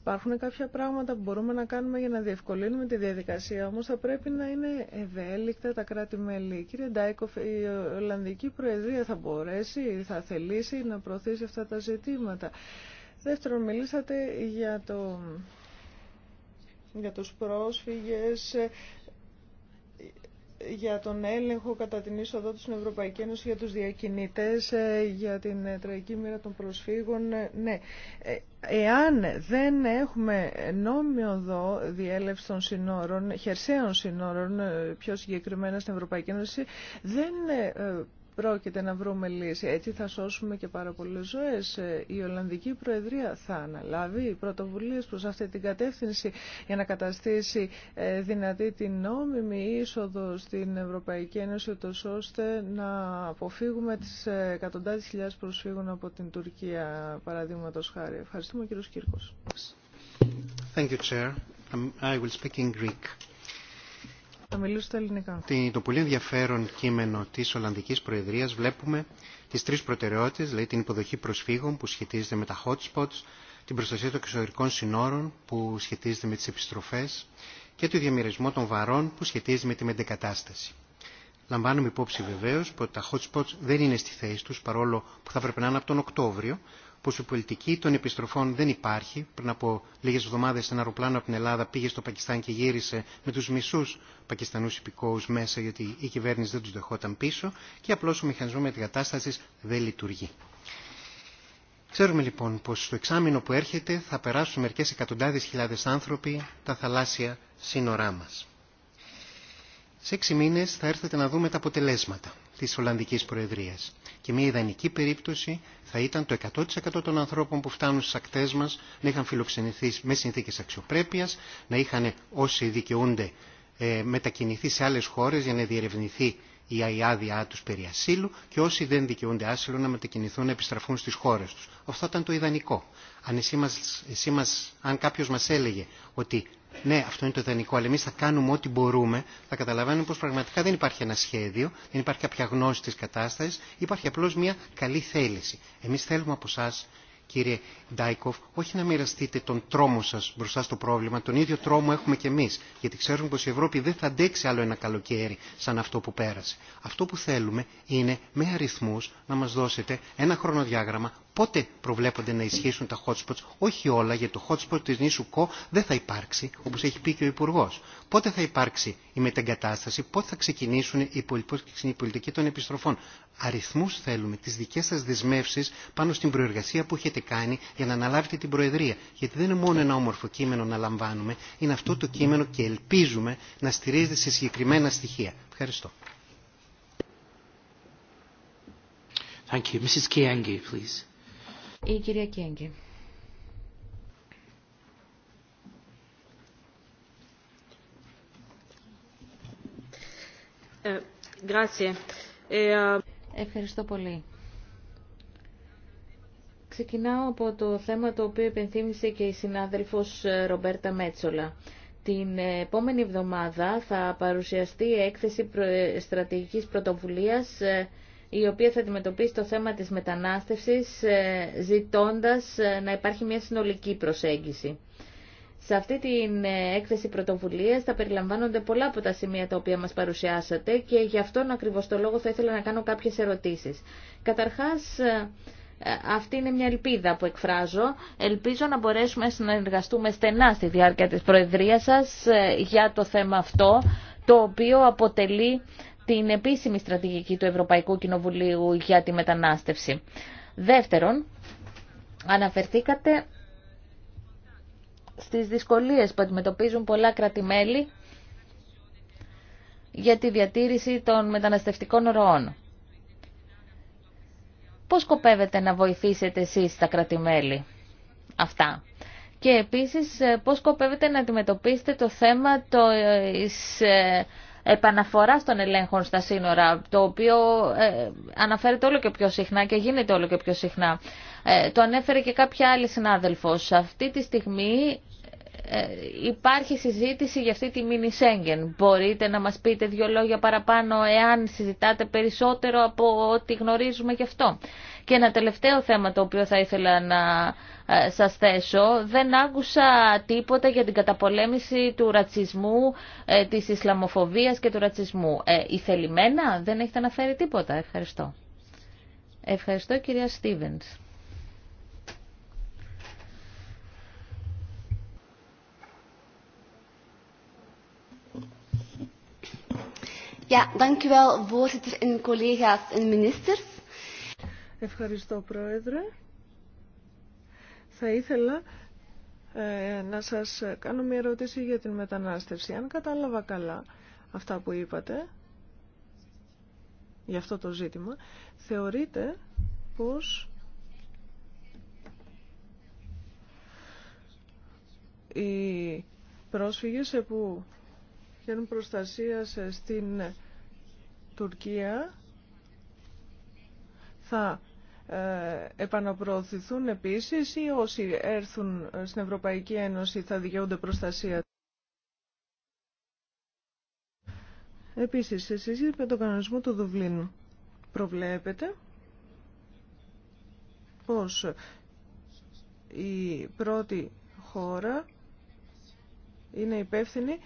Υπάρχουν κάποια πράγματα που μπορούμε να κάνουμε για να διευκολύνουμε τη διαδικασία, όμως θα πρέπει να είναι ευέλικτα τα κράτη-μέλη. Κύριε Ντάικοφ, η Ολλανδική Προεδρία θα μπορέσει, θα θελήσει να προωθήσει αυτά τα ζητήματα. Δεύτερον, μιλήσατε για το για τους πρόσφυγες, για τον έλεγχο κατά την είσοδό του στην Ευρωπαϊκή Ένωση για τους διακινητές, ε, για την ε, τραγική μοίρα των προσφύγων. Ε, ναι, εάν δεν έχουμε νόμιο εδώ διέλευση των συνόρων, χερσαίων συνόρων, πιο συγκεκριμένα στην Ευρωπαϊκή Ένωση, δεν πρόκειται να βρούμε λύση. Έτσι θα σώσουμε και πάρα πολλέ ζωέ. Ε, η Ολλανδική Προεδρία θα αναλάβει πρωτοβουλίε προ αυτή την κατεύθυνση για να καταστήσει ε, δυνατή την νόμιμη είσοδο στην Ευρωπαϊκή Ένωση ώστε να αποφύγουμε τις ε, εκατοντάδες χιλιάδε προσφύγων από την Τουρκία παραδείγματο χάρη. Ευχαριστούμε κύριο Κύρκο. Thank you, Chair. Um, το πολύ ενδιαφέρον κείμενο της Ολλανδικής Προεδρίας βλέπουμε τις τρεις προτεραιότητες, δηλαδή την υποδοχή προσφύγων που σχετίζεται με τα hot spots, την προστασία των εξωτερικών συνόρων που σχετίζεται με τις επιστροφές και το διαμοιρασμό των βαρών που σχετίζεται με τη μετεγκατάσταση. Λαμβάνουμε υπόψη βεβαίω ότι τα hot spots δεν είναι στη θέση του παρόλο που θα έπρεπε να είναι από τον Οκτώβριο πως η πολιτική των επιστροφών δεν υπάρχει. Πριν από λίγες εβδομάδες ένα αεροπλάνο από την Ελλάδα πήγε στο Πακιστάν και γύρισε με τους μισούς Πακιστανούς υπηκόους μέσα γιατί η κυβέρνηση δεν τους δεχόταν πίσω και απλώς ο μηχανισμός κατάσταση δεν λειτουργεί. Ξέρουμε λοιπόν πως στο εξάμεινο που έρχεται θα περάσουν μερικές εκατοντάδες χιλιάδες άνθρωποι τα θαλάσσια σύνορά μας. Σε έξι μήνες θα έρθετε να δούμε τα αποτελέσματα της Ολλανδικής Προεδρίας. Και μια ιδανική περίπτωση θα ήταν το 100% των ανθρώπων που φτάνουν στις ακτές μας να είχαν φιλοξενηθεί με συνθήκες αξιοπρέπειας, να είχαν όσοι δικαιούνται ε, μετακινηθεί σε άλλες χώρες για να διερευνηθεί η άδειά του περί ασύλου και όσοι δεν δικαιούνται άσυλο να μετακινηθούν να επιστραφούν στι χώρε του. Αυτό ήταν το ιδανικό. Αν, μας, αν κάποιο μα έλεγε ότι ναι, αυτό είναι το ιδανικό, αλλά εμεί θα κάνουμε ό,τι μπορούμε, θα καταλαβαίνουμε πω πραγματικά δεν υπάρχει ένα σχέδιο, δεν υπάρχει κάποια γνώση τη κατάσταση, υπάρχει απλώ μια καλή θέληση. Εμεί θέλουμε από εσά, κύριε Ντάικοφ, όχι να μοιραστείτε τον τρόμο σα μπροστά στο πρόβλημα, τον ίδιο τρόμο έχουμε κι εμεί, γιατί ξέρουμε πω η Ευρώπη δεν θα αντέξει άλλο ένα καλοκαίρι σαν αυτό που πέρασε. Αυτό που θέλουμε είναι με αριθμού να μα δώσετε ένα χρονοδιάγραμμα πότε προβλέπονται να ισχύσουν τα hotspots. Όχι όλα, γιατί το hotspot της νήσου ΚΟ δεν θα υπάρξει, όπως έχει πει και ο Υπουργό. Πότε θα υπάρξει η μετεγκατάσταση, πότε θα ξεκινήσουν οι πολιτική των επιστροφών. Αριθμούς θέλουμε, τις δικές σας δεσμεύσεις πάνω στην προεργασία που έχετε κάνει για να αναλάβετε την Προεδρία. Γιατί δεν είναι μόνο ένα όμορφο κείμενο να λαμβάνουμε, είναι αυτό το κείμενο και ελπίζουμε να στηρίζεται σε συγκεκριμένα στοιχεία. Ευχαριστώ. Thank you. Mrs. Kiangi, please. Η κυρία Κέγκη. Ε, ε, Ευχαριστώ πολύ. Ξεκινάω από το θέμα το οποίο επενθύμησε και η συνάδελφος ε, Ρομπέρτα Μέτσολα. Την επόμενη εβδομάδα θα παρουσιαστεί η έκθεση στρατηγικής πρωτοβουλίας η οποία θα αντιμετωπίσει το θέμα της μετανάστευσης ε, ζητώντας ε, να υπάρχει μια συνολική προσέγγιση. Σε αυτή την ε, έκθεση πρωτοβουλία θα περιλαμβάνονται πολλά από τα σημεία τα οποία μα παρουσιάσατε και γι' αυτόν ακριβώ το λόγο θα ήθελα να κάνω κάποιε ερωτήσει. Καταρχά, αυτή είναι μια ελπίδα που εκφράζω. Ελπίζω να μπορέσουμε να συνεργαστούμε στενά στη διάρκεια της Προεδρίας σας για το θέμα αυτό, το οποίο αποτελεί την επίσημη στρατηγική του Ευρωπαϊκού Κοινοβουλίου για τη μετανάστευση. Δεύτερον, αναφερθήκατε στις δυσκολίες που αντιμετωπίζουν κρατημέλη για τη διατήρηση των μεταναστευτικών ροών. Πώς σκοπεύετε να βοηθήσετε εσείς τα κρατημέλη; μελη αυτά. Και επίσης πώς σκοπεύετε να αντιμετωπίσετε το θέμα της ε, Επαναφορά των ελέγχων στα σύνορα, το οποίο ε, αναφέρεται όλο και πιο συχνά και γίνεται όλο και πιο συχνά. Ε, το ανέφερε και κάποια άλλη συνάδελφος. Αυτή τη στιγμή ε, υπάρχει συζήτηση για αυτή τη μίνι Σέγγεν. Μπορείτε να μας πείτε δύο λόγια παραπάνω εάν συζητάτε περισσότερο από ό,τι γνωρίζουμε γι' αυτό. Και ένα τελευταίο θέμα το οποίο θα ήθελα να ε, σας θέσω. Δεν άκουσα τίποτα για την καταπολέμηση του ρατσισμού, ε, της Ισλαμοφοβίας και του ρατσισμού. Ε, ηθελημένα δεν έχετε αναφέρει τίποτα. Ευχαριστώ. Ευχαριστώ κυρία Στίβενς. voorzitter en collega's en Ευχαριστώ, Πρόεδρε. Θα ήθελα ε, να σας κάνω μια ερώτηση για την μετανάστευση. Αν κατάλαβα καλά αυτά που είπατε για αυτό το ζήτημα, θεωρείτε πως οι πρόσφυγες που πηγαίνουν προστασίας στην Τουρκία θα ε, επαναπροωθηθούν επίσης ή όσοι έρθουν ε, στην Ευρωπαϊκή Ένωση θα δικαιούνται προστασία. Επίσης, σε συζήτηση με τον κανονισμό του Δουβλίνου προβλέπετε πως η πρώτη χώρα είναι υπεύθυνη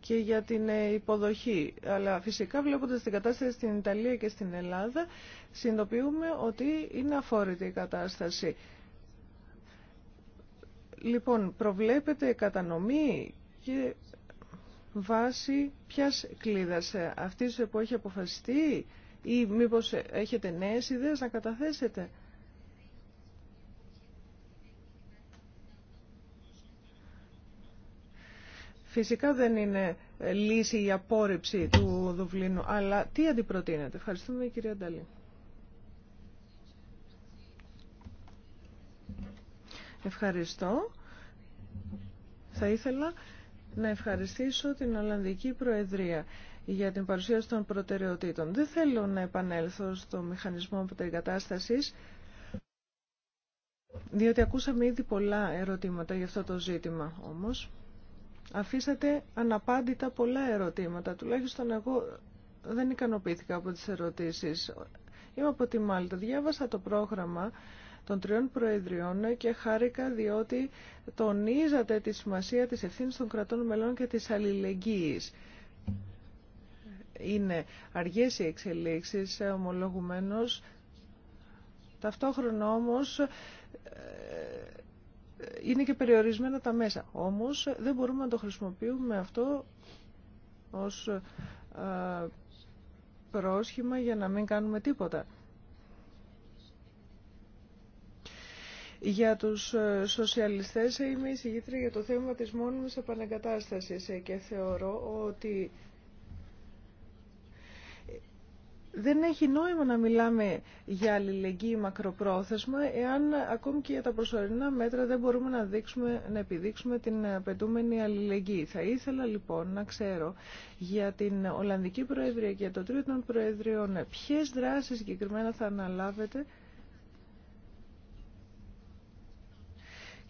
και για την ε, υποδοχή. Αλλά φυσικά βλέποντας την κατάσταση στην Ιταλία και στην Ελλάδα, συνειδητοποιούμε ότι είναι αφόρητη η κατάσταση. Λοιπόν, προβλέπεται κατανομή και βάση ποιας κλίδας ε, αυτής που έχει αποφασιστεί ή μήπως έχετε νέες ιδέες να καταθέσετε. Φυσικά δεν είναι ε, λύση η απόρριψη του Δουβλίνου, αλλά τι αντιπροτείνεται. Ευχαριστούμε κυρία Νταλή. Ευχαριστώ. Θα ήθελα να ευχαριστήσω την Ολλανδική Προεδρία για την παρουσίαση των προτεραιοτήτων. Δεν θέλω να επανέλθω στο μηχανισμό κατάστασης, διότι ακούσαμε ήδη πολλά ερωτήματα για αυτό το ζήτημα όμως αφήσατε αναπάντητα πολλά ερωτήματα. Τουλάχιστον εγώ δεν ικανοποιήθηκα από τις ερωτήσεις. Είμαι από τη Μάλτα. Διάβασα το πρόγραμμα των τριών προεδριών και χάρηκα διότι τονίζατε τη σημασία της ευθύνης των κρατών μελών και της αλληλεγγύης. Είναι αργές οι εξελίξεις, ομολογουμένως. Ταυτόχρονα όμως ε, είναι και περιορισμένα τα μέσα. Όμως δεν μπορούμε να το χρησιμοποιούμε αυτό ως ε, πρόσχημα για να μην κάνουμε τίποτα. Για τους ε, σοσιαλιστές είμαι εισηγήτρια για το θέμα της μόνιμης επανεγκατάστασης και θεωρώ ότι δεν έχει νόημα να μιλάμε για αλληλεγγύη μακροπρόθεσμα εάν ακόμη και για τα προσωρινά μέτρα δεν μπορούμε να, δείξουμε, να επιδείξουμε την απαιτούμενη αλληλεγγύη. Θα ήθελα λοιπόν να ξέρω για την Ολλανδική Προεδρία και το Τρίτο των Προεδριών ναι, ποιες δράσεις συγκεκριμένα θα αναλάβετε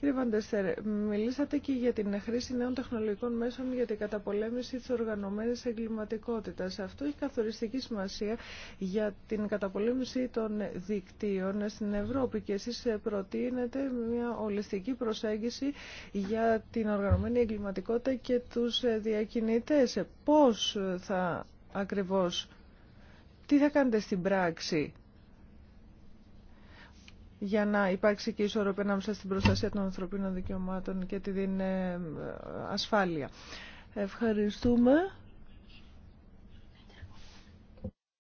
Κύριε Βαντεστέρ, μιλήσατε και για την χρήση νέων τεχνολογικών μέσων για την καταπολέμηση της οργανωμένης εγκληματικότητας. Αυτό έχει καθοριστική σημασία για την καταπολέμηση των δικτύων στην Ευρώπη και εσείς προτείνετε μια ολιστική προσέγγιση για την οργανωμένη εγκληματικότητα και τους διακινητές. Πώς θα ακριβώς, τι θα κάνετε στην πράξη για να υπάρξει και ισορροπία ανάμεσα στην προστασία των ανθρωπίνων δικαιωμάτων και την ε, ασφάλεια. Ευχαριστούμε.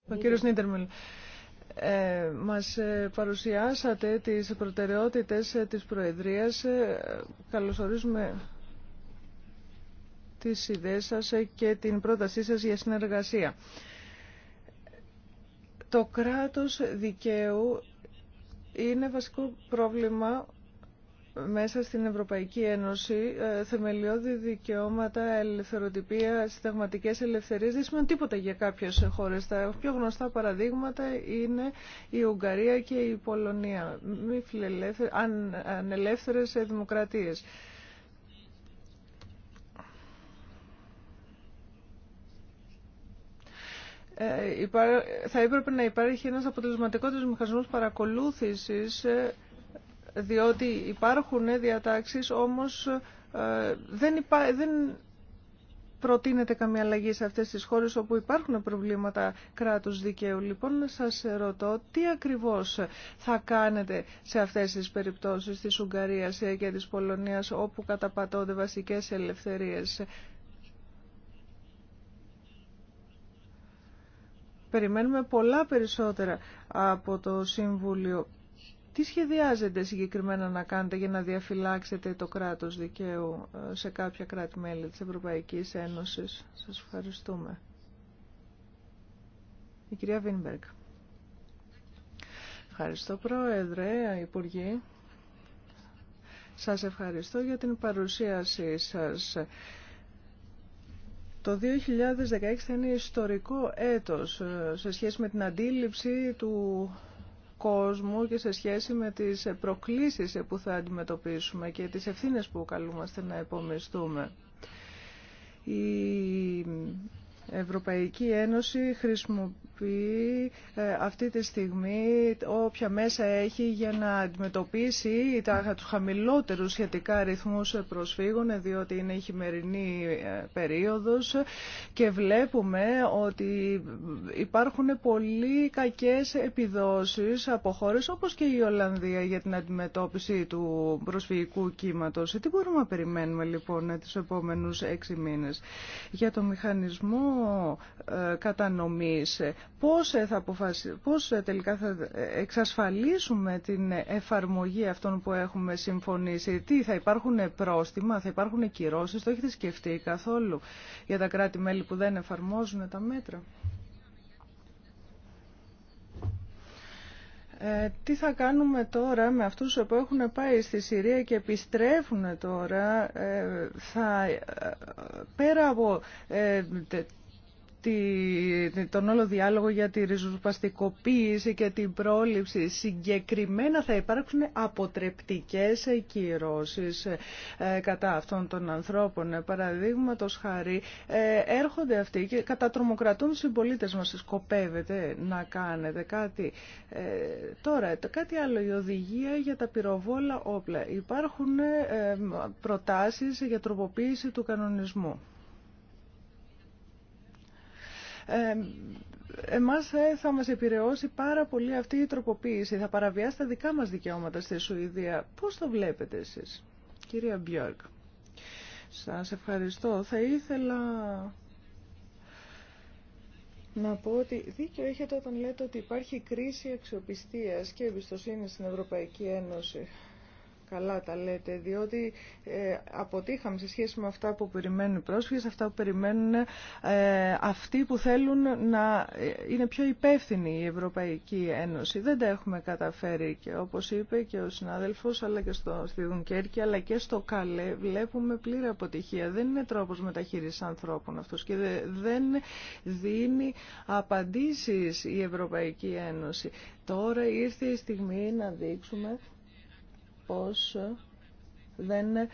Ο κύριος Νίτερμελ. Ε, μας ε, παρουσιάσατε τις προτεραιότητες ε, της Προεδρίας. Καλωσορίζουμε τις ιδέες σας και την πρότασή σας για συνεργασία. Το κράτος δικαίου είναι βασικό πρόβλημα μέσα στην Ευρωπαϊκή Ένωση ε, θεμελιώδη δικαιώματα, ελευθεροτυπία, συνταγματικές ελευθερίες δεν τίποτα για κάποιες χώρες. Τα πιο γνωστά παραδείγματα είναι η Ουγγαρία και η Πολωνία, μη φιλελεύθερες, ανελεύθερες δημοκρατίες. Ε, θα έπρεπε να υπάρχει ένας αποτελεσματικότερος μηχανισμός παρακολούθησης ε, διότι υπάρχουν διατάξεις όμως ε, δεν, υπά, δεν προτείνεται καμία αλλαγή σε αυτές τις χώρες όπου υπάρχουν προβλήματα κράτους δικαίου. Λοιπόν, σας ρωτώ τι ακριβώς θα κάνετε σε αυτές τις περιπτώσεις της Ουγγαρίας και της Πολωνίας όπου καταπατώνται βασικές ελευθερίες. Περιμένουμε πολλά περισσότερα από το Συμβούλιο. Τι σχεδιάζετε συγκεκριμένα να κάνετε για να διαφυλάξετε το κράτος δικαίου ε, σε κάποια κράτη-μέλη της Ευρωπαϊκής Ένωσης. Σας ευχαριστούμε. Η κυρία Βίνμπεργκ. Ευχαριστώ Πρόεδρε, Υπουργή. Σας ευχαριστώ για την παρουσίασή σας. Το 2016 θα είναι ιστορικό έτος ε, σε σχέση με την αντίληψη του κόσμου και σε σχέση με τις προκλήσεις που θα αντιμετωπίσουμε και τις ευθύνες που καλούμαστε να υπομειστούμε. Ευρωπαϊκή Ένωση χρησιμοποιεί ε, αυτή τη στιγμή όποια μέσα έχει για να αντιμετωπίσει τα, τους χαμηλότερους σχετικά ρυθμούς προσφύγων διότι είναι η χειμερινή ε, περίοδος και βλέπουμε ότι υπάρχουν πολύ κακές επιδόσεις από χώρες όπως και η Ολλανδία για την αντιμετώπιση του προσφυγικού κύματος. Τι μπορούμε να περιμένουμε λοιπόν τις επόμενους έξι μήνες για το μηχανισμό κατανομής. Πώς, θα Πώς τελικά θα εξασφαλίσουμε την εφαρμογή αυτών που έχουμε συμφωνήσει. Τι, θα υπάρχουν πρόστιμα, θα υπάρχουν κυρώσεις, το έχετε σκεφτεί καθόλου για τα κράτη-μέλη που δεν εφαρμόζουν τα μέτρα. Ε, τι θα κάνουμε τώρα με αυτούς που έχουν πάει στη Συρία και επιστρέφουν τώρα, ε, θα, ε, πέρα από ε, τον όλο διάλογο για τη ριζοσπαστικοποίηση και την πρόληψη. Συγκεκριμένα θα υπάρξουν αποτρεπτικές κυρώσεις ε, κατά αυτών των ανθρώπων. Παραδείγματο χάρη ε, έρχονται αυτοί και κατατρομοκρατούν συμπολίτε μας. Σκοπεύετε να κάνετε κάτι. Ε, τώρα, το κάτι άλλο, η οδηγία για τα πυροβόλα όπλα. Υπάρχουν προτάσεις για τροποποίηση του κανονισμού εμάς ε, θα μας επηρεώσει πάρα πολύ αυτή η τροποποίηση. Θα παραβιάσει τα δικά μας δικαιώματα στη Σουηδία. Πώς το βλέπετε εσείς, κυρία Μπιόρκ. Σας ευχαριστώ. Θα ήθελα να πω ότι δίκιο έχετε όταν λέτε ότι υπάρχει κρίση αξιοπιστίας και εμπιστοσύνη στην Ευρωπαϊκή Ένωση καλά τα λέτε, διότι ε, αποτύχαμε σε σχέση με αυτά που περιμένουν οι πρόσφυγες, αυτά που περιμένουν ε, αυτοί που θέλουν να ε, είναι πιο υπεύθυνοι η Ευρωπαϊκή Ένωση. Δεν τα έχουμε καταφέρει και όπως είπε και ο συνάδελφος, αλλά και στο, στη Δουνκέρκη, αλλά και στο Καλέ, βλέπουμε πλήρη αποτυχία. Δεν είναι τρόπος μεταχείρισης ανθρώπων αυτός και δεν δίνει απαντήσεις η Ευρωπαϊκή Ένωση. Τώρα ήρθε η στιγμή να δείξουμε πως δεν ε,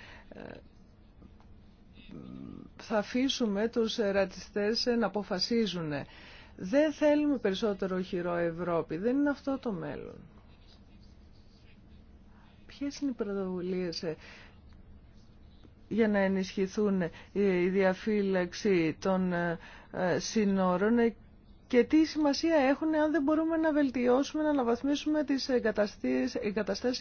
θα αφήσουμε τους ρατσιστές να αποφασίζουν. Δεν θέλουμε περισσότερο χειρό Ευρώπη. Δεν είναι αυτό το μέλλον. Ποιες είναι οι πρωτοβουλίες ε, για να ενισχυθούν η διαφύλαξη των ε, σύνορων και τι σημασία έχουν αν δεν μπορούμε να βελτιώσουμε, να αναβαθμίσουμε τις εγκαταστάσεις,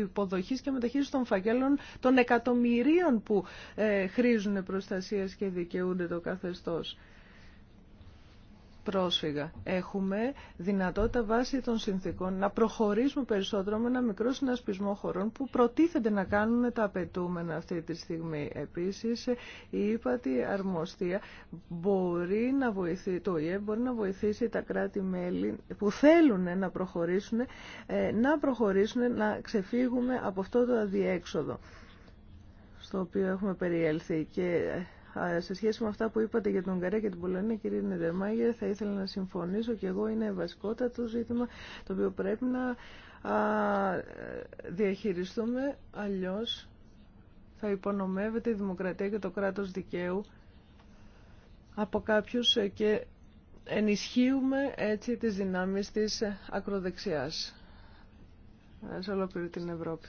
υποδοχή και μεταχείριση των φακέλων των εκατομμυρίων που ε, χρήζουν προστασία και δικαιούνται το καθεστώ. Έχουμε δυνατότητα βάσει των συνθήκων να προχωρήσουμε περισσότερο με ένα μικρό συνασπισμό χωρών που προτίθεται να κάνουν τα απαιτούμενα αυτή τη στιγμή. Επίσης, η ύπατη αρμοστία μπορεί να βοηθήσει, το ΙΕ μπορεί να βοηθήσει τα κράτη-μέλη που θέλουν να προχωρήσουν, ε, να προχωρήσουν, να ξεφύγουμε από αυτό το αδιέξοδο στο οποίο έχουμε περιέλθει και ε, σε σχέση με αυτά που είπατε για την Ουγγαρία και την Πολωνία, κύριε Νιντερμάγερ, θα ήθελα να συμφωνήσω και εγώ. Είναι βασικότατο ζήτημα το οποίο πρέπει να διαχειριστούμε. Αλλιώς θα υπονομεύεται η δημοκρατία και το κράτος δικαίου από κάποιους και ενισχύουμε έτσι τις δυνάμεις της ακροδεξιάς σε ολόκληρη την Ευρώπη.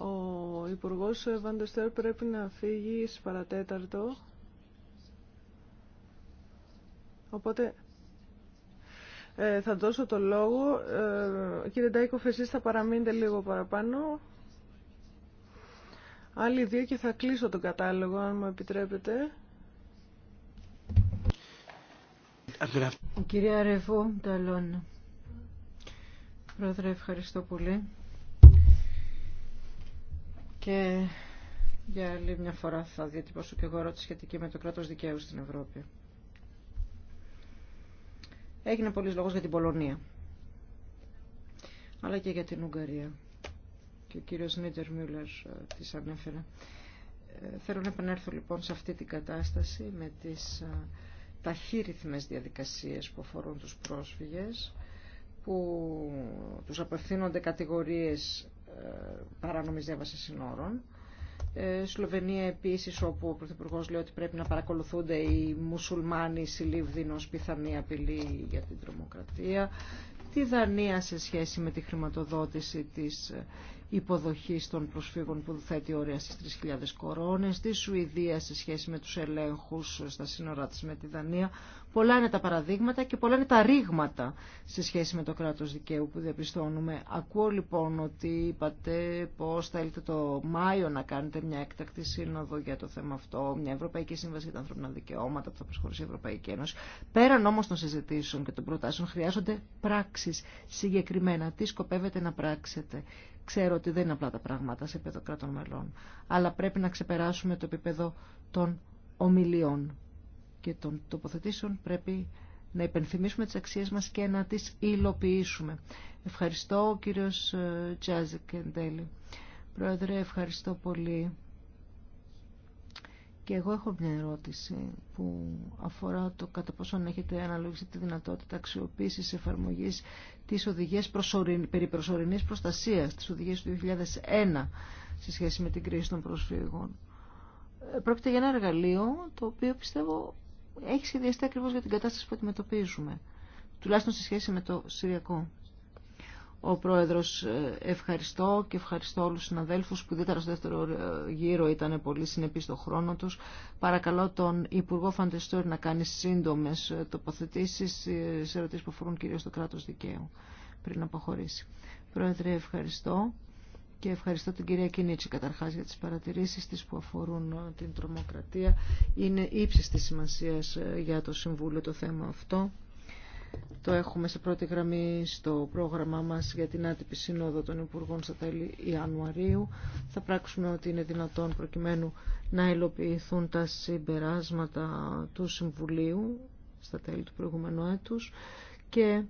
Ο Υπουργός Βαντεστέρ πρέπει να φύγει στις παρατέταρτο. Οπότε ε, θα δώσω το λόγο. Ε, κύριε Ντάικοφ, εσείς θα παραμείνετε λίγο παραπάνω. Άλλοι δύο και θα κλείσω τον κατάλογο, αν μου επιτρέπετε. Κυρία Ρεβού, Νταλόν. Πρόεδρε, ευχαριστώ πολύ. Και για άλλη μια φορά θα διατυπώσω και εγώ ερώτηση σχετική με το κράτος δικαίου στην Ευρώπη. Έγινε πολλής λόγος για την Πολωνία, αλλά και για την Ουγγαρία. Και ο κύριος Νίτερ Μιούλερ ε, της ανέφερε. Ε, θέλω να επανέλθω λοιπόν σε αυτή την κατάσταση με τις ε, ταχύρυθμες διαδικασίες που αφορούν τους πρόσφυγες, που τους απευθύνονται κατηγορίες Παράνομη ζέβαση συνόρων. Ε, Σλοβενία επίσης όπου ο Πρωθυπουργό λέει ότι πρέπει να παρακολουθούνται οι μουσουλμάνοι συλλήβδινο πιθανή απειλή για την τρομοκρατία. Τη Δανία σε σχέση με τη χρηματοδότηση της ε, υποδοχής των προσφύγων που θέτει όρια στι 3.000 κορώνες. Τη Σουηδία σε σχέση με τους ελέγχου ε, στα σύνορά τη με τη Δανία Πολλά είναι τα παραδείγματα και πολλά είναι τα ρήγματα σε σχέση με το κράτος δικαίου που διαπιστώνουμε. Ακούω λοιπόν ότι είπατε πώς θέλετε το Μάιο να κάνετε μια έκτακτη σύνοδο για το θέμα αυτό, μια Ευρωπαϊκή Σύμβαση για τα Ανθρώπινα Δικαιώματα που θα προσχωρήσει η Ευρωπαϊκή Ένωση. Πέραν όμως των συζητήσεων και των προτάσεων χρειάζονται πράξεις συγκεκριμένα. Τι σκοπεύετε να πράξετε. Ξέρω ότι δεν είναι απλά τα πράγματα σε επίπεδο κρατών μελών, αλλά πρέπει να ξεπεράσουμε το επίπεδο των ομιλιών και των τοποθετήσεων πρέπει να υπενθυμίσουμε τις αξίες μας και να τις υλοποιήσουμε. Ευχαριστώ ο κύριος ε, Τζάζικ εν τέλει. Πρόεδρε, ευχαριστώ πολύ. Και εγώ έχω μια ερώτηση που αφορά το κατά πόσον έχετε αναλογίσει τη δυνατότητα αξιοποίηση εφαρμογή τη οδηγίας προσωριν, περί προσωρινή προστασίας, τη οδηγία του 2001 σε σχέση με την κρίση των προσφύγων. Ε, πρόκειται για ένα εργαλείο το οποίο πιστεύω έχει σχεδιαστεί ακριβώς για την κατάσταση που αντιμετωπίζουμε, τουλάχιστον σε σχέση με το Συριακό. Ο Πρόεδρος ε, ευχαριστώ και ευχαριστώ όλους τους συναδέλφους που ιδιαίτερα στο δεύτερο γύρο ήταν πολύ συνεπείς στο χρόνο τους. Παρακαλώ τον Υπουργό Φαντεστόρ να κάνει σύντομες ε, τοποθετήσεις ε, σε ερωτήσεις που αφορούν κυρίως το κράτος δικαίου πριν αποχωρήσει. Πρόεδρε ευχαριστώ και ευχαριστώ την κυρία Κινίτση καταρχάς για τις παρατηρήσεις της που αφορούν ε, την τρομοκρατία. Είναι ύψης της σημασίας ε, για το Συμβούλιο το θέμα αυτό. Το έχουμε σε πρώτη γραμμή στο πρόγραμμά μας για την άτυπη σύνοδο των Υπουργών στα τέλη Ιανουαρίου. Θα πράξουμε ότι είναι δυνατόν προκειμένου να υλοποιηθούν τα συμπεράσματα του Συμβουλίου στα τέλη του προηγούμενου έτους και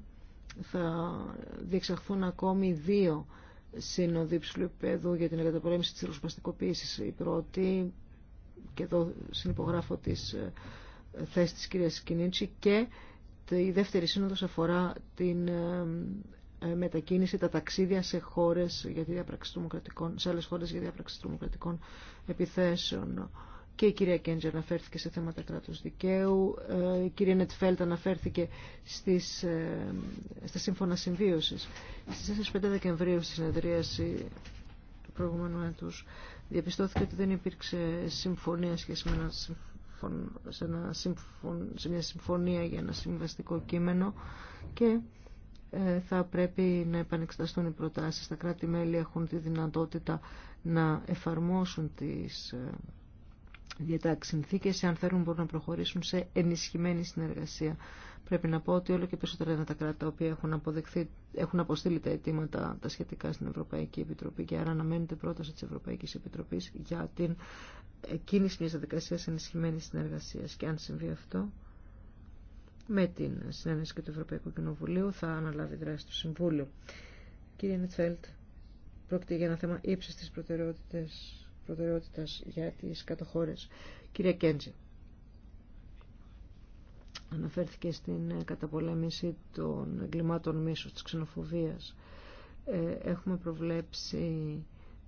θα διεξαχθούν ακόμη δύο σύνοδοι υψηλού επίπεδου για την εγκαταπολέμηση της ρουσπαστικοποίησης. Η πρώτη, και εδώ συνυπογράφω τις ε, θέσεις της κυρίας Κινίτσι και η δεύτερη σύνοδος αφορά την ε, ε, μετακίνηση, τα ταξίδια σε χώρες για σε άλλες χώρες για διαπράξη τρομοκρατικών επιθέσεων και η κυρία Κέντζε αναφέρθηκε σε θέματα κράτους δικαίου, ε, η κυρία Νετφέλτ αναφέρθηκε στις, ε, στα σύμφωνα συμβίωσης. Στις 4-5 Δεκεμβρίου στη συνεδρίαση του προηγούμενου έτους διαπιστώθηκε ότι δεν υπήρξε συμφωνία σχέση με σε, μια συμφωνία για ένα συμβαστικό κείμενο και ε, θα πρέπει να επανεξεταστούν οι προτάσεις. Τα κράτη-μέλη έχουν τη δυνατότητα να εφαρμόσουν τις διατάξει συνθήκες, αν θέλουν μπορούν να προχωρήσουν σε ενισχυμένη συνεργασία. Πρέπει να πω ότι όλο και περισσότερα είναι τα κράτη τα οποία έχουν, αποδεχθεί, έχουν αποστείλει τα αιτήματα τα σχετικά στην Ευρωπαϊκή Επιτροπή και άρα αναμένεται πρόταση τη Ευρωπαϊκή Επιτροπή για την κίνηση μια διαδικασία ενισχυμένη συνεργασία. Και αν συμβεί αυτό, με την συνένεση και του Ευρωπαϊκού Κοινοβουλίου θα αναλάβει δράση το Συμβούλιο. Κύριε Νετφέλτ, πρόκειται για ένα θέμα ύψης της προτεραιότητας προτεραιότητας για τις κατοχώρες. Κυρία Κέντζη, αναφέρθηκε στην ε, καταπολέμηση των εγκλημάτων μίσους, της ξενοφοβίας. Ε, έχουμε προβλέψει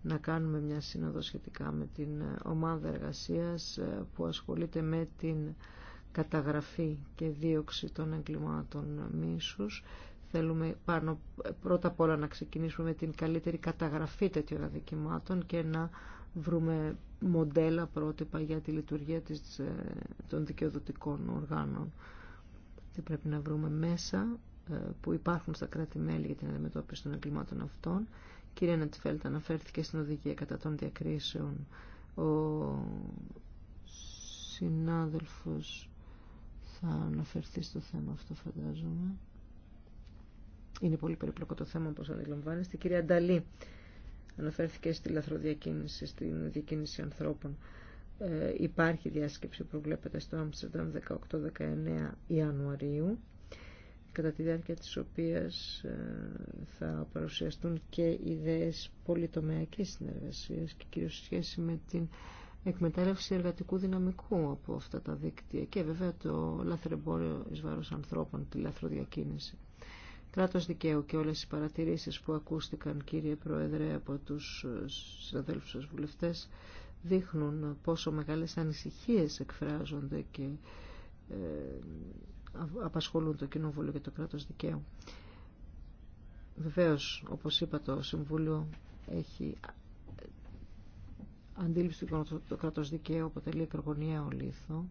να κάνουμε μια σύνοδο σχετικά με την ε, ομάδα εργασίας που ασχολείται με την καταγραφή και δίωξη των εγκλημάτων μίσους. Θέλουμε πάνω, πρώτα απ' όλα να ξεκινήσουμε με την καλύτερη καταγραφή τέτοιων αδικημάτων και να βρούμε μοντέλα πρότυπα για τη λειτουργία της, ε, των δικαιοδοτικών οργάνων. Θα πρέπει να βρούμε μέσα ε, που υπάρχουν στα κράτη-μέλη για την αντιμετώπιση των εγκλημάτων αυτών. Κυρία Νετφέλτ αναφέρθηκε στην οδηγία κατά των διακρίσεων ο συνάδελφος θα αναφερθεί στο θέμα αυτό φαντάζομαι. Είναι πολύ περίπλοκο το θέμα όπως αντιλαμβάνεστε. Κυρία Ανταλή αναφέρθηκε στη λαθροδιακίνηση, στην διακίνηση ανθρώπων. Ε, υπάρχει διάσκεψη που βλέπετε στο Άμστερνταμ 18-19 Ιανουαρίου κατά τη διάρκεια της οποίας ε, θα παρουσιαστούν και ιδέες πολυτομεακής συνεργασίας και κυρίως σχέση με την εκμετάλλευση εργατικού δυναμικού από αυτά τα δίκτυα και βέβαια το λαθρεμπόριο εις βάρος ανθρώπων, τη λαθροδιακίνηση κράτος δικαίου και όλες οι παρατηρήσεις που ακούστηκαν κύριε Πρόεδρε από τους ε, συναδέλφους βουλευτές δείχνουν πόσο μεγάλες ανησυχίες εκφράζονται και ε, απασχολούν το Κοινοβούλιο και το κράτος δικαίου. Βεβαίως, όπως είπα, το Συμβούλιο έχει ε, αντίληψη του το κράτος δικαίου αποτελεί υπεργονιαίο λίθο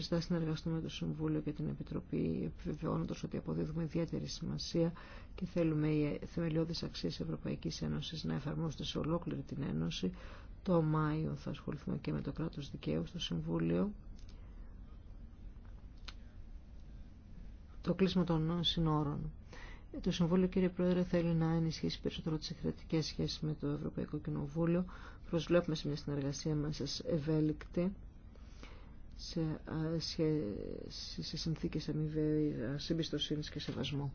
θα συνεργαστούμε με το Συμβούλιο και την Επιτροπή επιβεβαιώνοντας ότι αποδίδουμε ιδιαίτερη σημασία και θέλουμε οι θεμελιώδεις αξίες Ευρωπαϊκής Ένωσης να εφαρμόζονται σε ολόκληρη την Ένωση. Το Μάιο θα ασχοληθούμε και με το κράτος δικαίου στο Συμβούλιο. Το κλείσμα των συνόρων. Το Συμβούλιο, κύριε Πρόεδρε, θέλει να ενισχύσει περισσότερο τι εκθετικέ σχέσει με το Ευρωπαϊκό Κοινοβούλιο. Προσβλέπουμε σε μια συνεργασία μέσα ευέλικτη σε, συνθήκε σε συνθήκες αμοιβαίας εμπιστοσύνη και σεβασμού.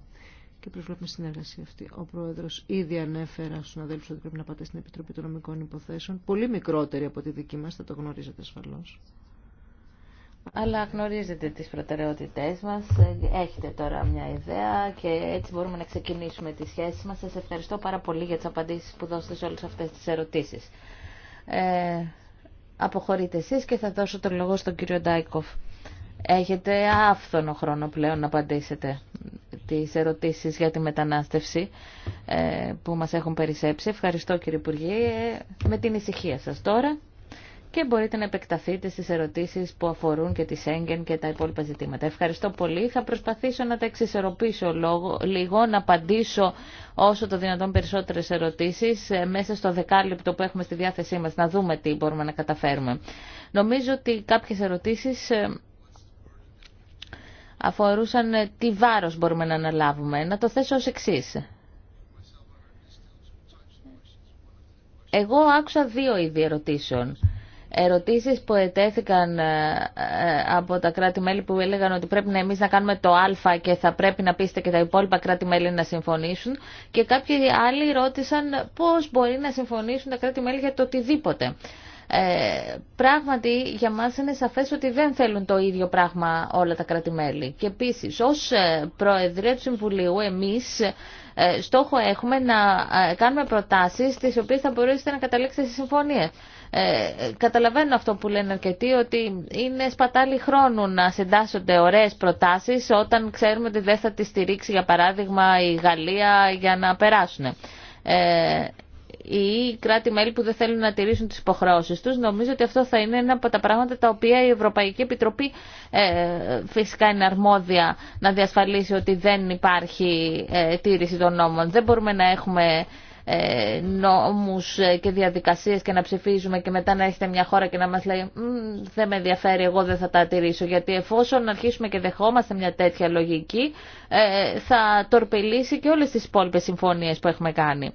Και προσβλέπουμε εργασία αυτή. Ο πρόεδρο ήδη ανέφερα στου αδέλφου ότι πρέπει να πάτε στην Επιτροπή των Νομικών Υποθέσεων, πολύ μικρότερη από τη δική μα, θα το γνωρίζετε ασφαλώ. Αλλά γνωρίζετε τι προτεραιότητές μα. έχετε τώρα μια ιδέα και έτσι μπορούμε να ξεκινήσουμε τη σχέση μα. Σα ευχαριστώ πάρα πολύ για τι απαντήσει που δώσατε σε όλε αυτέ τι ερωτήσει. Ε, αποχωρείτε εσείς και θα δώσω τον λόγο στον κύριο Ντάικοφ. Έχετε άφθονο χρόνο πλέον να απαντήσετε τις ερωτήσεις για τη μετανάστευση ε, που μας έχουν περισσέψει. Ευχαριστώ κύριε Υπουργέ ε, με την ησυχία σας τώρα και μπορείτε να επεκταθείτε στις ερωτήσεις που αφορούν και τη Σέγγεν και τα υπόλοιπα ζητήματα. Ευχαριστώ πολύ. Θα προσπαθήσω να τα εξισορροπήσω λίγο, να απαντήσω όσο το δυνατόν περισσότερες ερωτήσεις ε, μέσα στο δεκάλεπτο που έχουμε στη διάθεσή μας, να δούμε τι μπορούμε να καταφέρουμε. Νομίζω ότι κάποιες ερωτήσεις ε, αφορούσαν ε, τι βάρος μπορούμε να αναλάβουμε. Να το θέσω ως εξής. Εγώ άκουσα δύο είδη ερωτήσεων ερωτήσεις που ετέθηκαν ε, ε, από τα κράτη-μέλη που έλεγαν ότι πρέπει να εμείς να κάνουμε το α και θα πρέπει να πείστε και τα υπόλοιπα κράτη-μέλη να συμφωνήσουν και κάποιοι άλλοι ρώτησαν πώς μπορεί να συμφωνήσουν τα κράτη-μέλη για το οτιδήποτε. Ε, πράγματι, για μας είναι σαφές ότι δεν θέλουν το ίδιο πράγμα όλα τα κρατημέλη. Και επίσης, ως ε, Προεδρία του Συμβουλίου, εμείς ε, στόχο έχουμε να ε, κάνουμε προτάσεις τις οποίες θα μπορούσατε να καταλήξετε σε συμφωνία. Ε, καταλαβαίνω αυτό που λένε αρκετοί ότι είναι σπατάλη χρόνου να συντάσσονται ωραίες προτάσεις όταν ξέρουμε ότι δεν θα τις στηρίξει για παράδειγμα η Γαλλία για να περάσουν ή κράτη-μέλη που δεν θέλουν να τηρήσουν τις υποχρεώσεις τους. Νομίζω ότι αυτό θα είναι ένα από τα πράγματα τα οποία η Ευρωπαϊκή Επιτροπή ε, φυσικά είναι αρμόδια να διασφαλίσει ότι δεν υπάρχει ε, τήρηση των νόμων. Δεν μπορούμε να έχουμε ε, νόμους και διαδικασίες και να ψηφίζουμε και μετά να έρχεται μια χώρα και να μας λέει δεν με ενδιαφέρει, εγώ δεν θα τα τηρήσω γιατί εφόσον αρχίσουμε και δεχόμαστε μια τέτοια λογική θα τορπιλήσει και όλες τις υπόλοιπε συμφωνίε που έχουμε κάνει.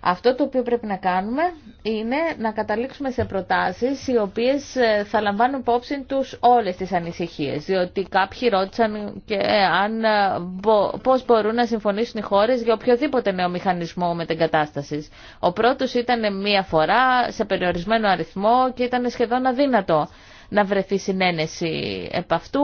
Αυτό το οποίο πρέπει να κάνουμε είναι να καταλήξουμε σε προτάσεις οι οποίες ε, θα λαμβάνουν υπόψη τους όλες τις ανησυχίες. Διότι κάποιοι ρώτησαν και ε, αν, ε, πώς μπορούν να συμφωνήσουν οι χώρες για οποιοδήποτε νέο μηχανισμό μετεγκατάστασης. Ο πρώτος ήταν μία φορά σε περιορισμένο αριθμό και ήταν σχεδόν αδύνατο να βρεθεί συνένεση επ' αυτού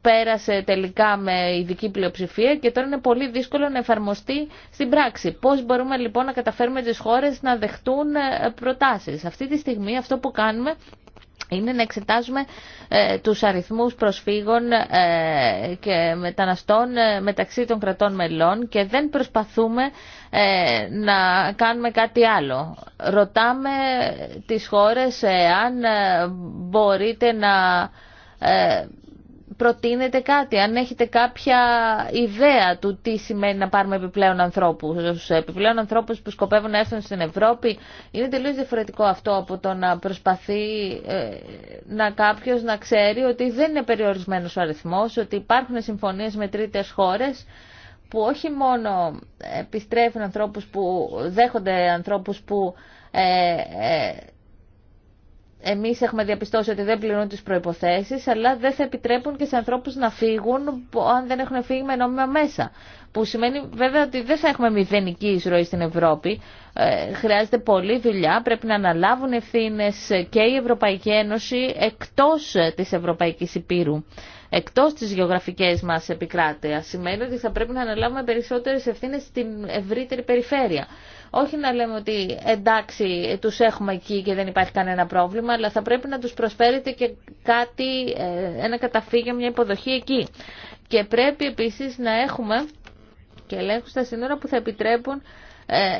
πέρασε τελικά με ειδική πλειοψηφία και τώρα είναι πολύ δύσκολο να εφαρμοστεί στην πράξη. Πώς μπορούμε λοιπόν να καταφέρουμε τις χώρες να δεχτούν ε, προτάσεις. Αυτή τη στιγμή αυτό που κάνουμε είναι να εξετάζουμε ε, τους αριθμούς προσφύγων ε, και μεταναστών ε, μεταξύ των κρατών μελών και δεν προσπαθούμε να κάνουμε κάτι άλλο. Ρωτάμε τις χώρες αν μπορείτε να προτείνετε κάτι, αν έχετε κάποια ιδέα του τι σημαίνει να πάρουμε επιπλέον ανθρώπους, επιπλέον ανθρώπους που σκοπεύουν να έρθουν στην Ευρώπη, είναι τελείως διαφορετικό αυτό από το να προσπαθεί ε, να κάποιος να ξέρει ότι δεν είναι περιορισμένος ο αριθμός, ότι υπάρχουν συμφωνίες με τρίτες χώρες, που όχι μόνο επιστρέφουν ανθρώπους που δέχονται ανθρώπους που ε, ε, εμείς έχουμε διαπιστώσει ότι δεν πληρούν τις προϋποθέσεις, αλλά δεν θα επιτρέπουν και σε ανθρώπους να φύγουν αν δεν έχουν φύγει με νόμιμα μέσα. Που σημαίνει βέβαια ότι δεν θα έχουμε μηδενική εισρωή στην Ευρώπη. Ε, χρειάζεται πολλή δουλειά, πρέπει να αναλάβουν ευθύνε και η Ευρωπαϊκή Ένωση εκτός ε, της Ευρωπαϊκής Υπήρου. εκτό της γεωγραφική μα επικράτειας σημαίνει ότι θα πρέπει να αναλάβουμε περισσότερε ευθύνε στην ευρύτερη περιφέρεια όχι να λέμε ότι εντάξει τους έχουμε εκεί και δεν υπάρχει κανένα πρόβλημα, αλλά θα πρέπει να τους προσφέρετε και κάτι, ε, ένα καταφύγιο, μια υποδοχή εκεί. Και πρέπει επίσης να έχουμε και ελέγχου στα σύνορα που θα επιτρέπουν ε,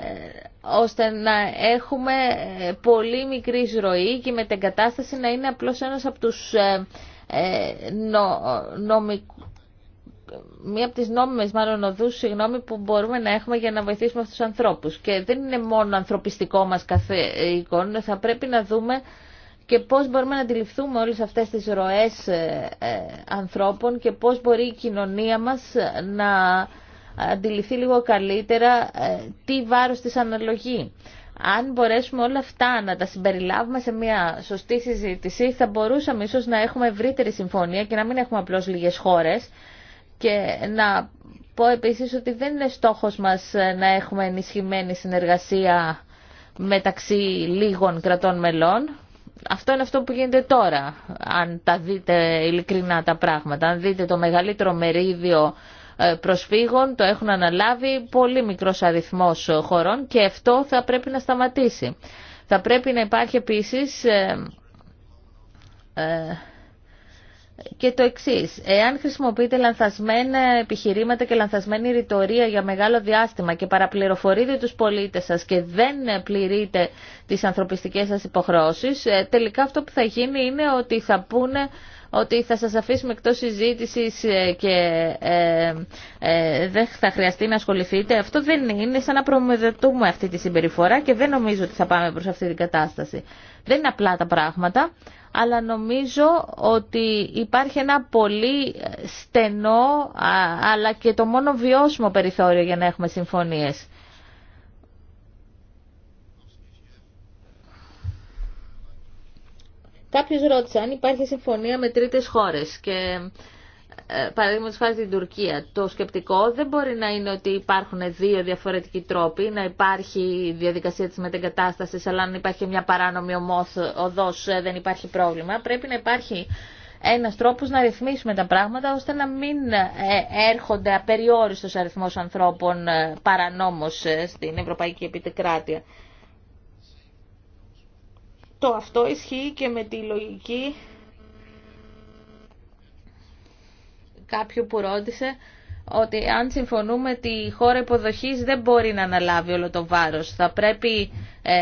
ώστε να έχουμε ε, πολύ μικρή ροή και με την κατάσταση να είναι απλώς ένας από τους ε, μία από τις νόμιμες μάλλον οδούς συγγνώμη, που μπορούμε να έχουμε για να βοηθήσουμε αυτούς τους ανθρώπους. Και δεν είναι μόνο ανθρωπιστικό μας καθήκον, θα πρέπει να δούμε και πώς μπορούμε να αντιληφθούμε όλες αυτές τις ροές ε, ε ανθρώπων και πώς μπορεί η κοινωνία μας να αντιληφθεί λίγο καλύτερα ε, τι βάρος της αναλογεί. Αν μπορέσουμε όλα αυτά να τα συμπεριλάβουμε σε μια σωστή συζήτηση, θα μπορούσαμε ίσως να έχουμε ευρύτερη συμφωνία και να μην έχουμε απλώς λίγες χώρες, και να πω επίσης ότι δεν είναι στόχος μας να έχουμε ενισχυμένη συνεργασία μεταξύ λίγων κρατών μελών. Αυτό είναι αυτό που γίνεται τώρα, αν τα δείτε ειλικρινά τα πράγματα. Αν δείτε το μεγαλύτερο μερίδιο ε, προσφύγων, το έχουν αναλάβει πολύ μικρός αριθμός χωρών και αυτό θα πρέπει να σταματήσει. Θα πρέπει να υπάρχει επίσης ε, ε, και το εξή. Εάν χρησιμοποιείτε λανθασμένα επιχειρήματα και λανθασμένη ρητορία για μεγάλο διάστημα και παραπληροφορείτε του πολίτε σα και δεν πληρείτε τι ανθρωπιστικέ σα υποχρεώσει, ε, τελικά αυτό που θα γίνει είναι ότι θα πούνε ότι θα σας αφήσουμε εκτός συζήτηση ε, και ε, ε, δεν θα χρειαστεί να ασχοληθείτε. Αυτό δεν είναι σαν να προμεδετούμε αυτή τη συμπεριφορά και δεν νομίζω ότι θα πάμε προς αυτή την κατάσταση. Δεν είναι απλά τα πράγματα αλλά νομίζω ότι υπάρχει ένα πολύ στενό αλλά και το μόνο βιώσιμο περιθώριο για να έχουμε συμφωνίες. Κάποιος ρώτησε αν υπάρχει συμφωνία με τρίτες χώρες και παραδείγματο χάρη την Τουρκία. Το σκεπτικό δεν μπορεί να είναι ότι υπάρχουν δύο διαφορετικοί τρόποι, να υπάρχει διαδικασία τη μετεγκατάσταση, αλλά αν υπάρχει μια παράνομη οδό ε, δεν υπάρχει πρόβλημα. Πρέπει να υπάρχει ένας τρόπος να ρυθμίσουμε τα πράγματα ώστε να μην ε, έρχονται απεριόριστο αριθμό ανθρώπων ε, παράνόμω στην Ευρωπαϊκή Επιτεκράτεια. Το αυτό ισχύει και με τη λογική κάποιου που ρώτησε ότι αν συμφωνούμε ότι η χώρα υποδοχής δεν μπορεί να αναλάβει όλο το βάρος. Θα πρέπει ε,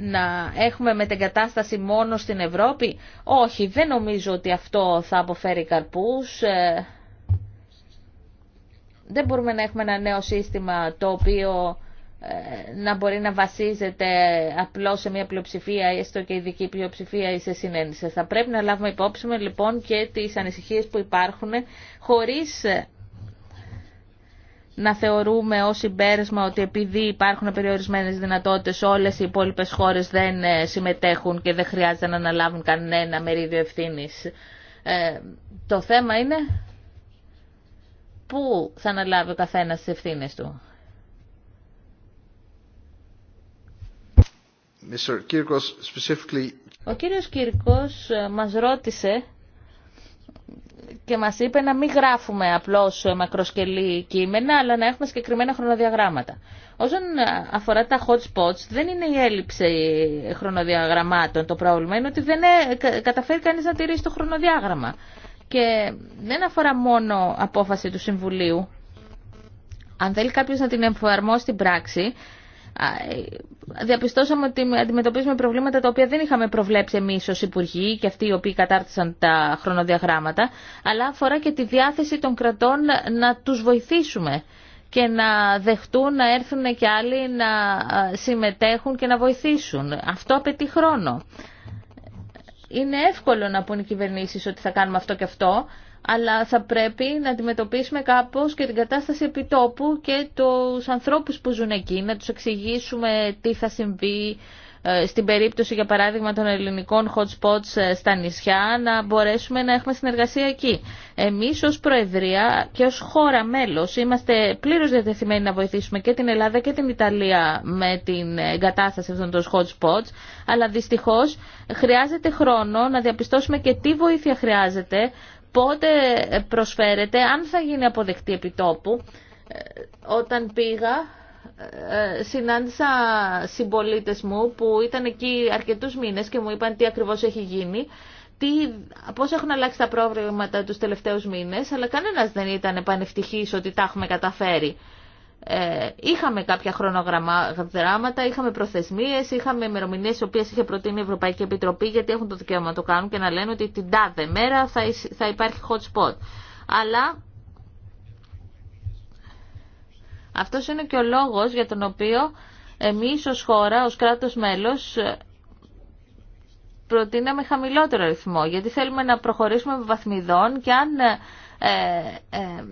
να έχουμε μετεγκατάσταση μόνο στην Ευρώπη. Όχι, δεν νομίζω ότι αυτό θα αποφέρει καρπούς. Ε. δεν μπορούμε να έχουμε ένα νέο σύστημα το οποίο ε, να μπορεί να βασίζεται απλώς σε μια πλειοψηφία, έστω και ειδική πλειοψηφία ή σε συνένεση. Θα πρέπει να λάβουμε υπόψη με, λοιπόν και τις ανησυχίες που υπάρχουν χωρίς να θεωρούμε ως συμπέρασμα ότι επειδή υπάρχουν περιορισμένες δυνατότητες όλες οι υπόλοιπες χώρες δεν ε, συμμετέχουν και δεν χρειάζεται να αναλάβουν κανένα μερίδιο ευθύνης. Ε, το θέμα είναι πού θα αναλάβει ο καθένας τις ευθύνες του. Ο κύριος Κυρκός ε, μας ρώτησε και μας είπε να μην γράφουμε απλώς μακροσκελή κείμενα, αλλά να έχουμε συγκεκριμένα χρονοδιαγράμματα. Όσον ε, αφορά τα hot spots, δεν είναι η έλλειψη χρονοδιαγραμμάτων το πρόβλημα, είναι ότι δεν ε, καταφέρει κανείς να τηρήσει το χρονοδιάγραμμα. Και δεν αφορά μόνο απόφαση του Συμβουλίου. Αν θέλει κάποιος να την εφαρμόσει στην πράξη, ε, διαπιστώσαμε ότι αντιμετωπίζουμε προβλήματα τα οποία δεν είχαμε προβλέψει εμεί ω Υπουργοί και αυτοί οι οποίοι κατάρτισαν τα χρονοδιαγράμματα, αλλά αφορά και τη διάθεση των κρατών να τους βοηθήσουμε και να δεχτούν να έρθουν και άλλοι να συμμετέχουν και να βοηθήσουν. Αυτό απαιτεί χρόνο. Είναι εύκολο να πούν οι κυβερνήσει ότι θα κάνουμε αυτό και αυτό, αλλά θα πρέπει να αντιμετωπίσουμε κάπως και την κατάσταση επιτόπου και τους ανθρώπους που ζουν εκεί, να τους εξηγήσουμε τι θα συμβεί ε, στην περίπτωση, για παράδειγμα, των ελληνικών hot spots ε, στα νησιά, να μπορέσουμε να έχουμε συνεργασία εκεί. Εμείς ως Προεδρία και ως χώρα μέλος είμαστε πλήρως διατεθειμένοι να βοηθήσουμε και την Ελλάδα και την Ιταλία με την εγκατάσταση αυτών των hot spots, αλλά δυστυχώς χρειάζεται χρόνο να διαπιστώσουμε και τι βοήθεια χρειάζεται, πότε ε, προσφέρεται, αν θα γίνει αποδεκτή επιτόπου. Ε, όταν πήγα, ε, συνάντησα συμπολίτε μου που ήταν εκεί αρκετούς μήνες και μου είπαν τι ακριβώς έχει γίνει, τι, πώς έχουν αλλάξει τα πρόβληματα τους τελευταίους μήνες, αλλά κανένας δεν ήταν επανευτυχής ότι τα έχουμε καταφέρει. Ε, είχαμε κάποια χρονογραμμάτα, είχαμε προθεσμίε, είχαμε ημερομηνίε οι οποίε είχε προτείνει η Ευρωπαϊκή Επιτροπή γιατί έχουν το δικαίωμα να το κάνουν και να λένε ότι την τάδε μέρα θα, θα υπάρχει hot spot. Αλλά αυτό είναι και ο λόγο για τον οποίο εμεί ω χώρα, ω κράτο μέλο, προτείναμε χαμηλότερο αριθμό γιατί θέλουμε να προχωρήσουμε βαθμιδών και αν. Ε, ε,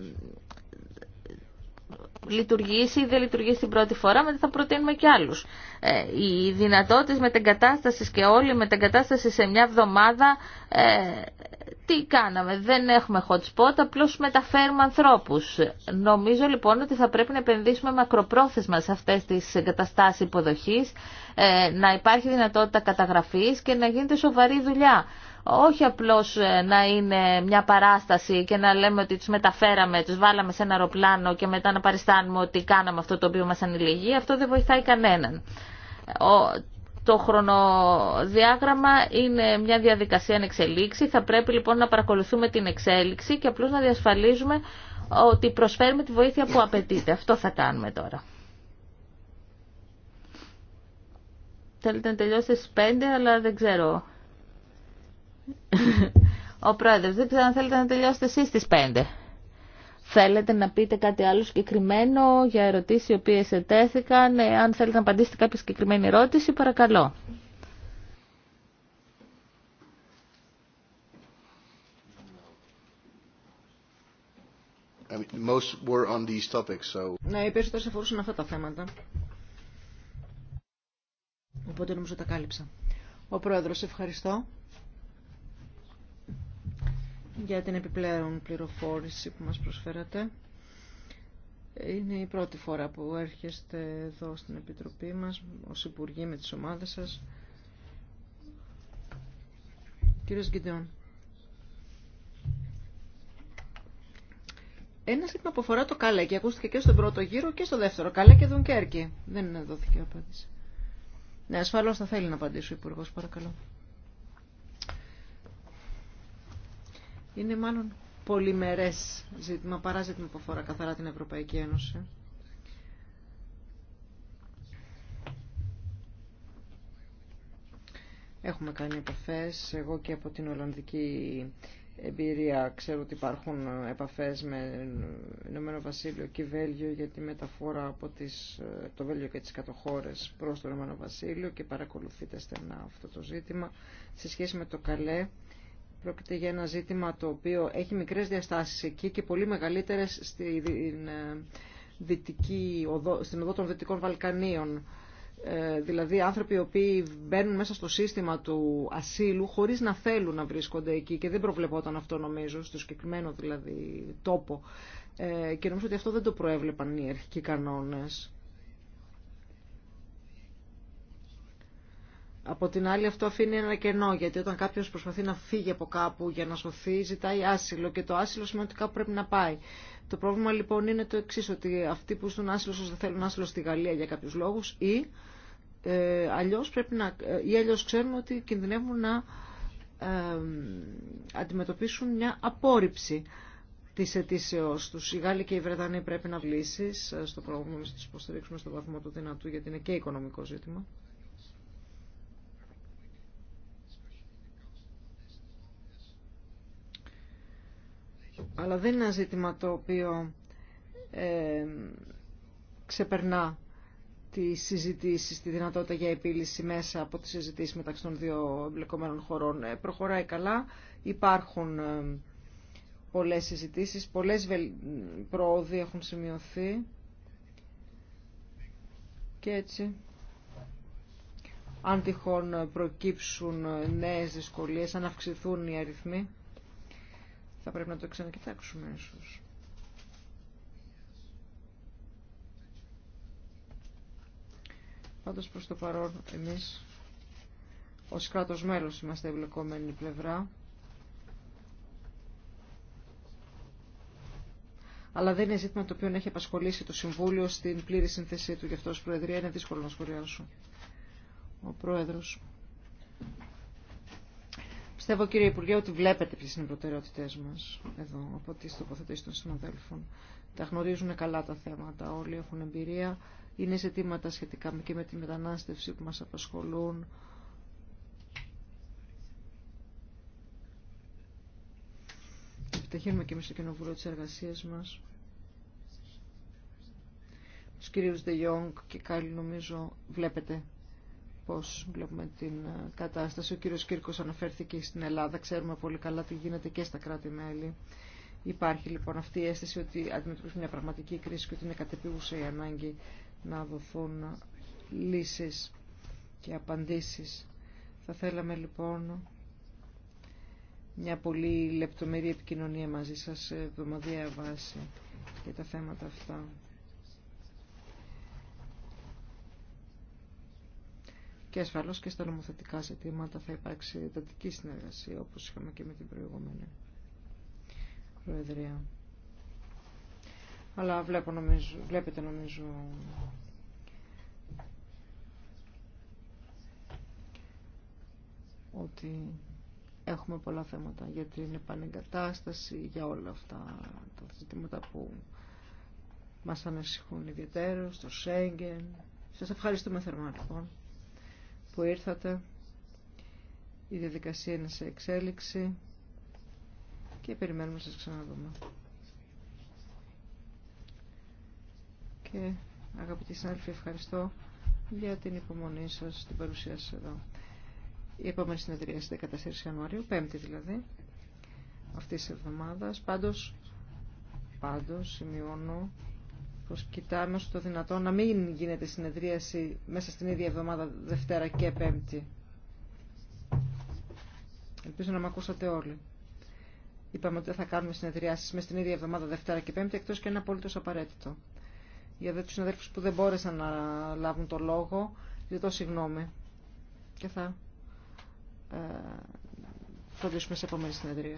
λειτουργήσει ή δεν λειτουργήσει την πρώτη φορά, μετά θα προτείνουμε και άλλους. Ε, οι δυνατότητες μετεγκατάσταση και όλη μετεγκατάσταση σε μια εβδομάδα, ε, τι κάναμε, δεν έχουμε hot spot, απλώς μεταφέρουμε ανθρώπους. Νομίζω λοιπόν ότι θα πρέπει να επενδύσουμε μακροπρόθεσμα σε αυτές τις εγκαταστάσεις υποδοχής, ε, να υπάρχει δυνατότητα καταγραφής και να γίνεται σοβαρή δουλειά όχι απλώς ε, να είναι μια παράσταση και να λέμε ότι τους μεταφέραμε, τους βάλαμε σε ένα αεροπλάνο και μετά να παριστάνουμε ότι κάναμε αυτό το οποίο μας ανηλυγεί, αυτό δεν βοηθάει κανέναν. Το χρονοδιάγραμμα είναι μια διαδικασία εν εξελίξη. Θα πρέπει λοιπόν να παρακολουθούμε την εξέλιξη και απλώς να διασφαλίζουμε ότι προσφέρουμε τη βοήθεια που απαιτείται. Αυτό θα κάνουμε τώρα. Θέλετε να τελειώσετε στις 5, αλλά δεν ξέρω ο πρόεδρος, δεν ξέρω αν θέλετε να τελειώσετε εσείς τι 5. Θέλετε να πείτε κάτι άλλο συγκεκριμένο για ερωτήσεις οι οποίες ετέθηκαν. Ε, αν θέλετε να απαντήσετε κάποια συγκεκριμένη ερώτηση, παρακαλώ. Ναι, οι περισσότερες αφορούσαν αυτά τα θέματα. Οπότε νομίζω τα κάλυψα. Ο Πρόεδρος, ευχαριστώ για την επιπλέον πληροφόρηση που μας προσφέρατε. Είναι η πρώτη φορά που έρχεστε εδώ στην Επιτροπή μας ως Υπουργοί με τις ομάδες σας. Κύριος Γκιντεόν. Ένα ζήτημα που αφορά το καλέ και ακούστηκε και στον πρώτο γύρο και στο δεύτερο. Καλέ και Δουνκέρκη. Δεν δόθηκε απάντηση. Ναι, ασφαλώς θα θέλει να απαντήσει ο Υπουργός, παρακαλώ. είναι μάλλον πολυμερές ζήτημα, παρά ζήτημα που αφορά καθαρά την Ευρωπαϊκή Ένωση. Έχουμε κάνει επαφές, εγώ και από την Ολλανδική εμπειρία ξέρω ότι υπάρχουν επαφές με Ηνωμένο Βασίλειο και Βέλγιο για τη μεταφορά από το Βέλγιο και τις κατοχώρες προς το Ηνωμένο Βασίλειο και παρακολουθείτε στενά αυτό το ζήτημα. Σε σχέση με το Καλέ Πρόκειται για ένα ζήτημα το οποίο έχει μικρές διαστάσεις εκεί και πολύ μεγαλύτερες στην, ε, δυτική, στην οδό των Δυτικών Βαλκανίων. Ε, δηλαδή άνθρωποι οι οποίοι μπαίνουν μέσα στο σύστημα του ασύλου χωρίς να θέλουν να βρίσκονται εκεί και δεν προβλεπόταν αυτό νομίζω, στο συγκεκριμένο δηλαδή τόπο. Ε, και νομίζω ότι αυτό δεν το προέβλεπαν οι αρχικοί κανόνες. Από την άλλη αυτό αφήνει ένα κενό, γιατί όταν κάποιος προσπαθεί να φύγει από κάπου για να σωθεί, ζητάει άσυλο και το άσυλο σημαίνει ότι κάπου πρέπει να πάει. Το πρόβλημα λοιπόν είναι το εξή ότι αυτοί που ζουν άσυλο, όσοι δεν θέλουν άσυλο στη Γαλλία για κάποιους λόγους, ή, ε, αλλιώς, πρέπει να, ε, ή αλλιώς ξέρουμε ότι κινδυνεύουν να ε, αντιμετωπίσουν μια απόρριψη της αιτήσεώς τους. Οι Γάλλοι και οι Βρετανοί πρέπει να βλύσεις ε, στο πρόβλημα, να τις υποστηρίξουμε στο βαθμό του δυνατού γιατί είναι και οικονομικό ζήτημα. αλλά δεν είναι ένα ζήτημα το οποίο ε, ξεπερνά τη συζητήσει, τη δυνατότητα για επίλυση μέσα από τις συζητήσεις μεταξύ των δύο εμπλεκομένων χωρών. Ε, προχωράει καλά, υπάρχουν ε, πολλές συζητήσεις, πολλές προόδοι έχουν σημειωθεί και έτσι αν τυχόν προκύψουν ε, νέες δυσκολίες, αν αυξηθούν οι αριθμοί, θα πρέπει να το ξανακοιτάξουμε ίσως. Πάντως προς το παρόν εμείς ως κράτος μέλος είμαστε εμπλεκόμενη πλευρά. Αλλά δεν είναι ζήτημα το οποίο έχει απασχολήσει το Συμβούλιο στην πλήρη σύνθεσή του. Γι' αυτό ως Προεδρία είναι δύσκολο να σχολιάσω. Ο Πρόεδρος. Πιστεύω κύριε Υπουργέ ότι βλέπετε ποιε είναι οι προτεραιότητες μας εδώ από τι τοποθετήσει των συναδέλφων. Τα γνωρίζουν καλά τα θέματα, όλοι έχουν εμπειρία. Είναι ζητήματα σχετικά και με τη μετανάστευση που μας απασχολούν. Επιταχύνουμε και εμεί στο κοινοβούλιο τη εργασία μας. του κυρίους Δε Ιόγκ και Κάλλη νομίζω βλέπετε πώς βλέπουμε την ε, κατάσταση. Ο κύριος Κύρκος αναφέρθηκε στην Ελλάδα. Ξέρουμε πολύ καλά τι γίνεται και στα κράτη-μέλη. Υπάρχει λοιπόν αυτή η αίσθηση ότι αντιμετωπίζουμε μια πραγματική κρίση και ότι είναι κατεπίγουσα η ανάγκη να δοθούν λύσεις και απαντήσεις. Θα θέλαμε λοιπόν μια πολύ λεπτομερή επικοινωνία μαζί σας ε, εβδομαδιαία βάση για τα θέματα αυτά. Και ασφαλώς και στα νομοθετικά ζητήματα θα υπάρξει εντατική συνεργασία όπως είχαμε και με την προηγούμενη Προεδρία. Αλλά βλέπω, νομίζω, βλέπετε νομίζω ότι έχουμε πολλά θέματα για την επανεγκατάσταση, για όλα αυτά τα ζητήματα που μας ανησυχούν ιδιαίτερα στο Σέγγεν. Σας ευχαριστούμε θερμά λοιπόν που ήρθατε. Η διαδικασία είναι σε εξέλιξη και περιμένουμε να σας ξαναδούμε. Και αγαπητοί συνάδελφοι, ευχαριστώ για την υπομονή σας, την παρουσία σας εδώ. Η επόμενη συνεδρία στις 14 Ιανουαρίου, πέμπτη δηλαδή, αυτής της εβδομάδας. Πάντως, πάντως σημειώνω πως κοιτάμε στο δυνατόν να μην γίνεται συνεδρίαση μέσα στην ίδια εβδομάδα Δευτέρα και Πέμπτη. Ελπίζω να με ακούσατε όλοι. Είπαμε ότι δεν θα κάνουμε συνεδριάσεις μέσα στην ίδια εβδομάδα Δευτέρα και Πέμπτη, εκτός και ένα απολύτως απαραίτητο. Για δε τους συναδέλφους που δεν μπόρεσαν να λάβουν το λόγο, ζητώ συγγνώμη. Και θα ε, φροντίσουμε σε επόμενη συνεδρία.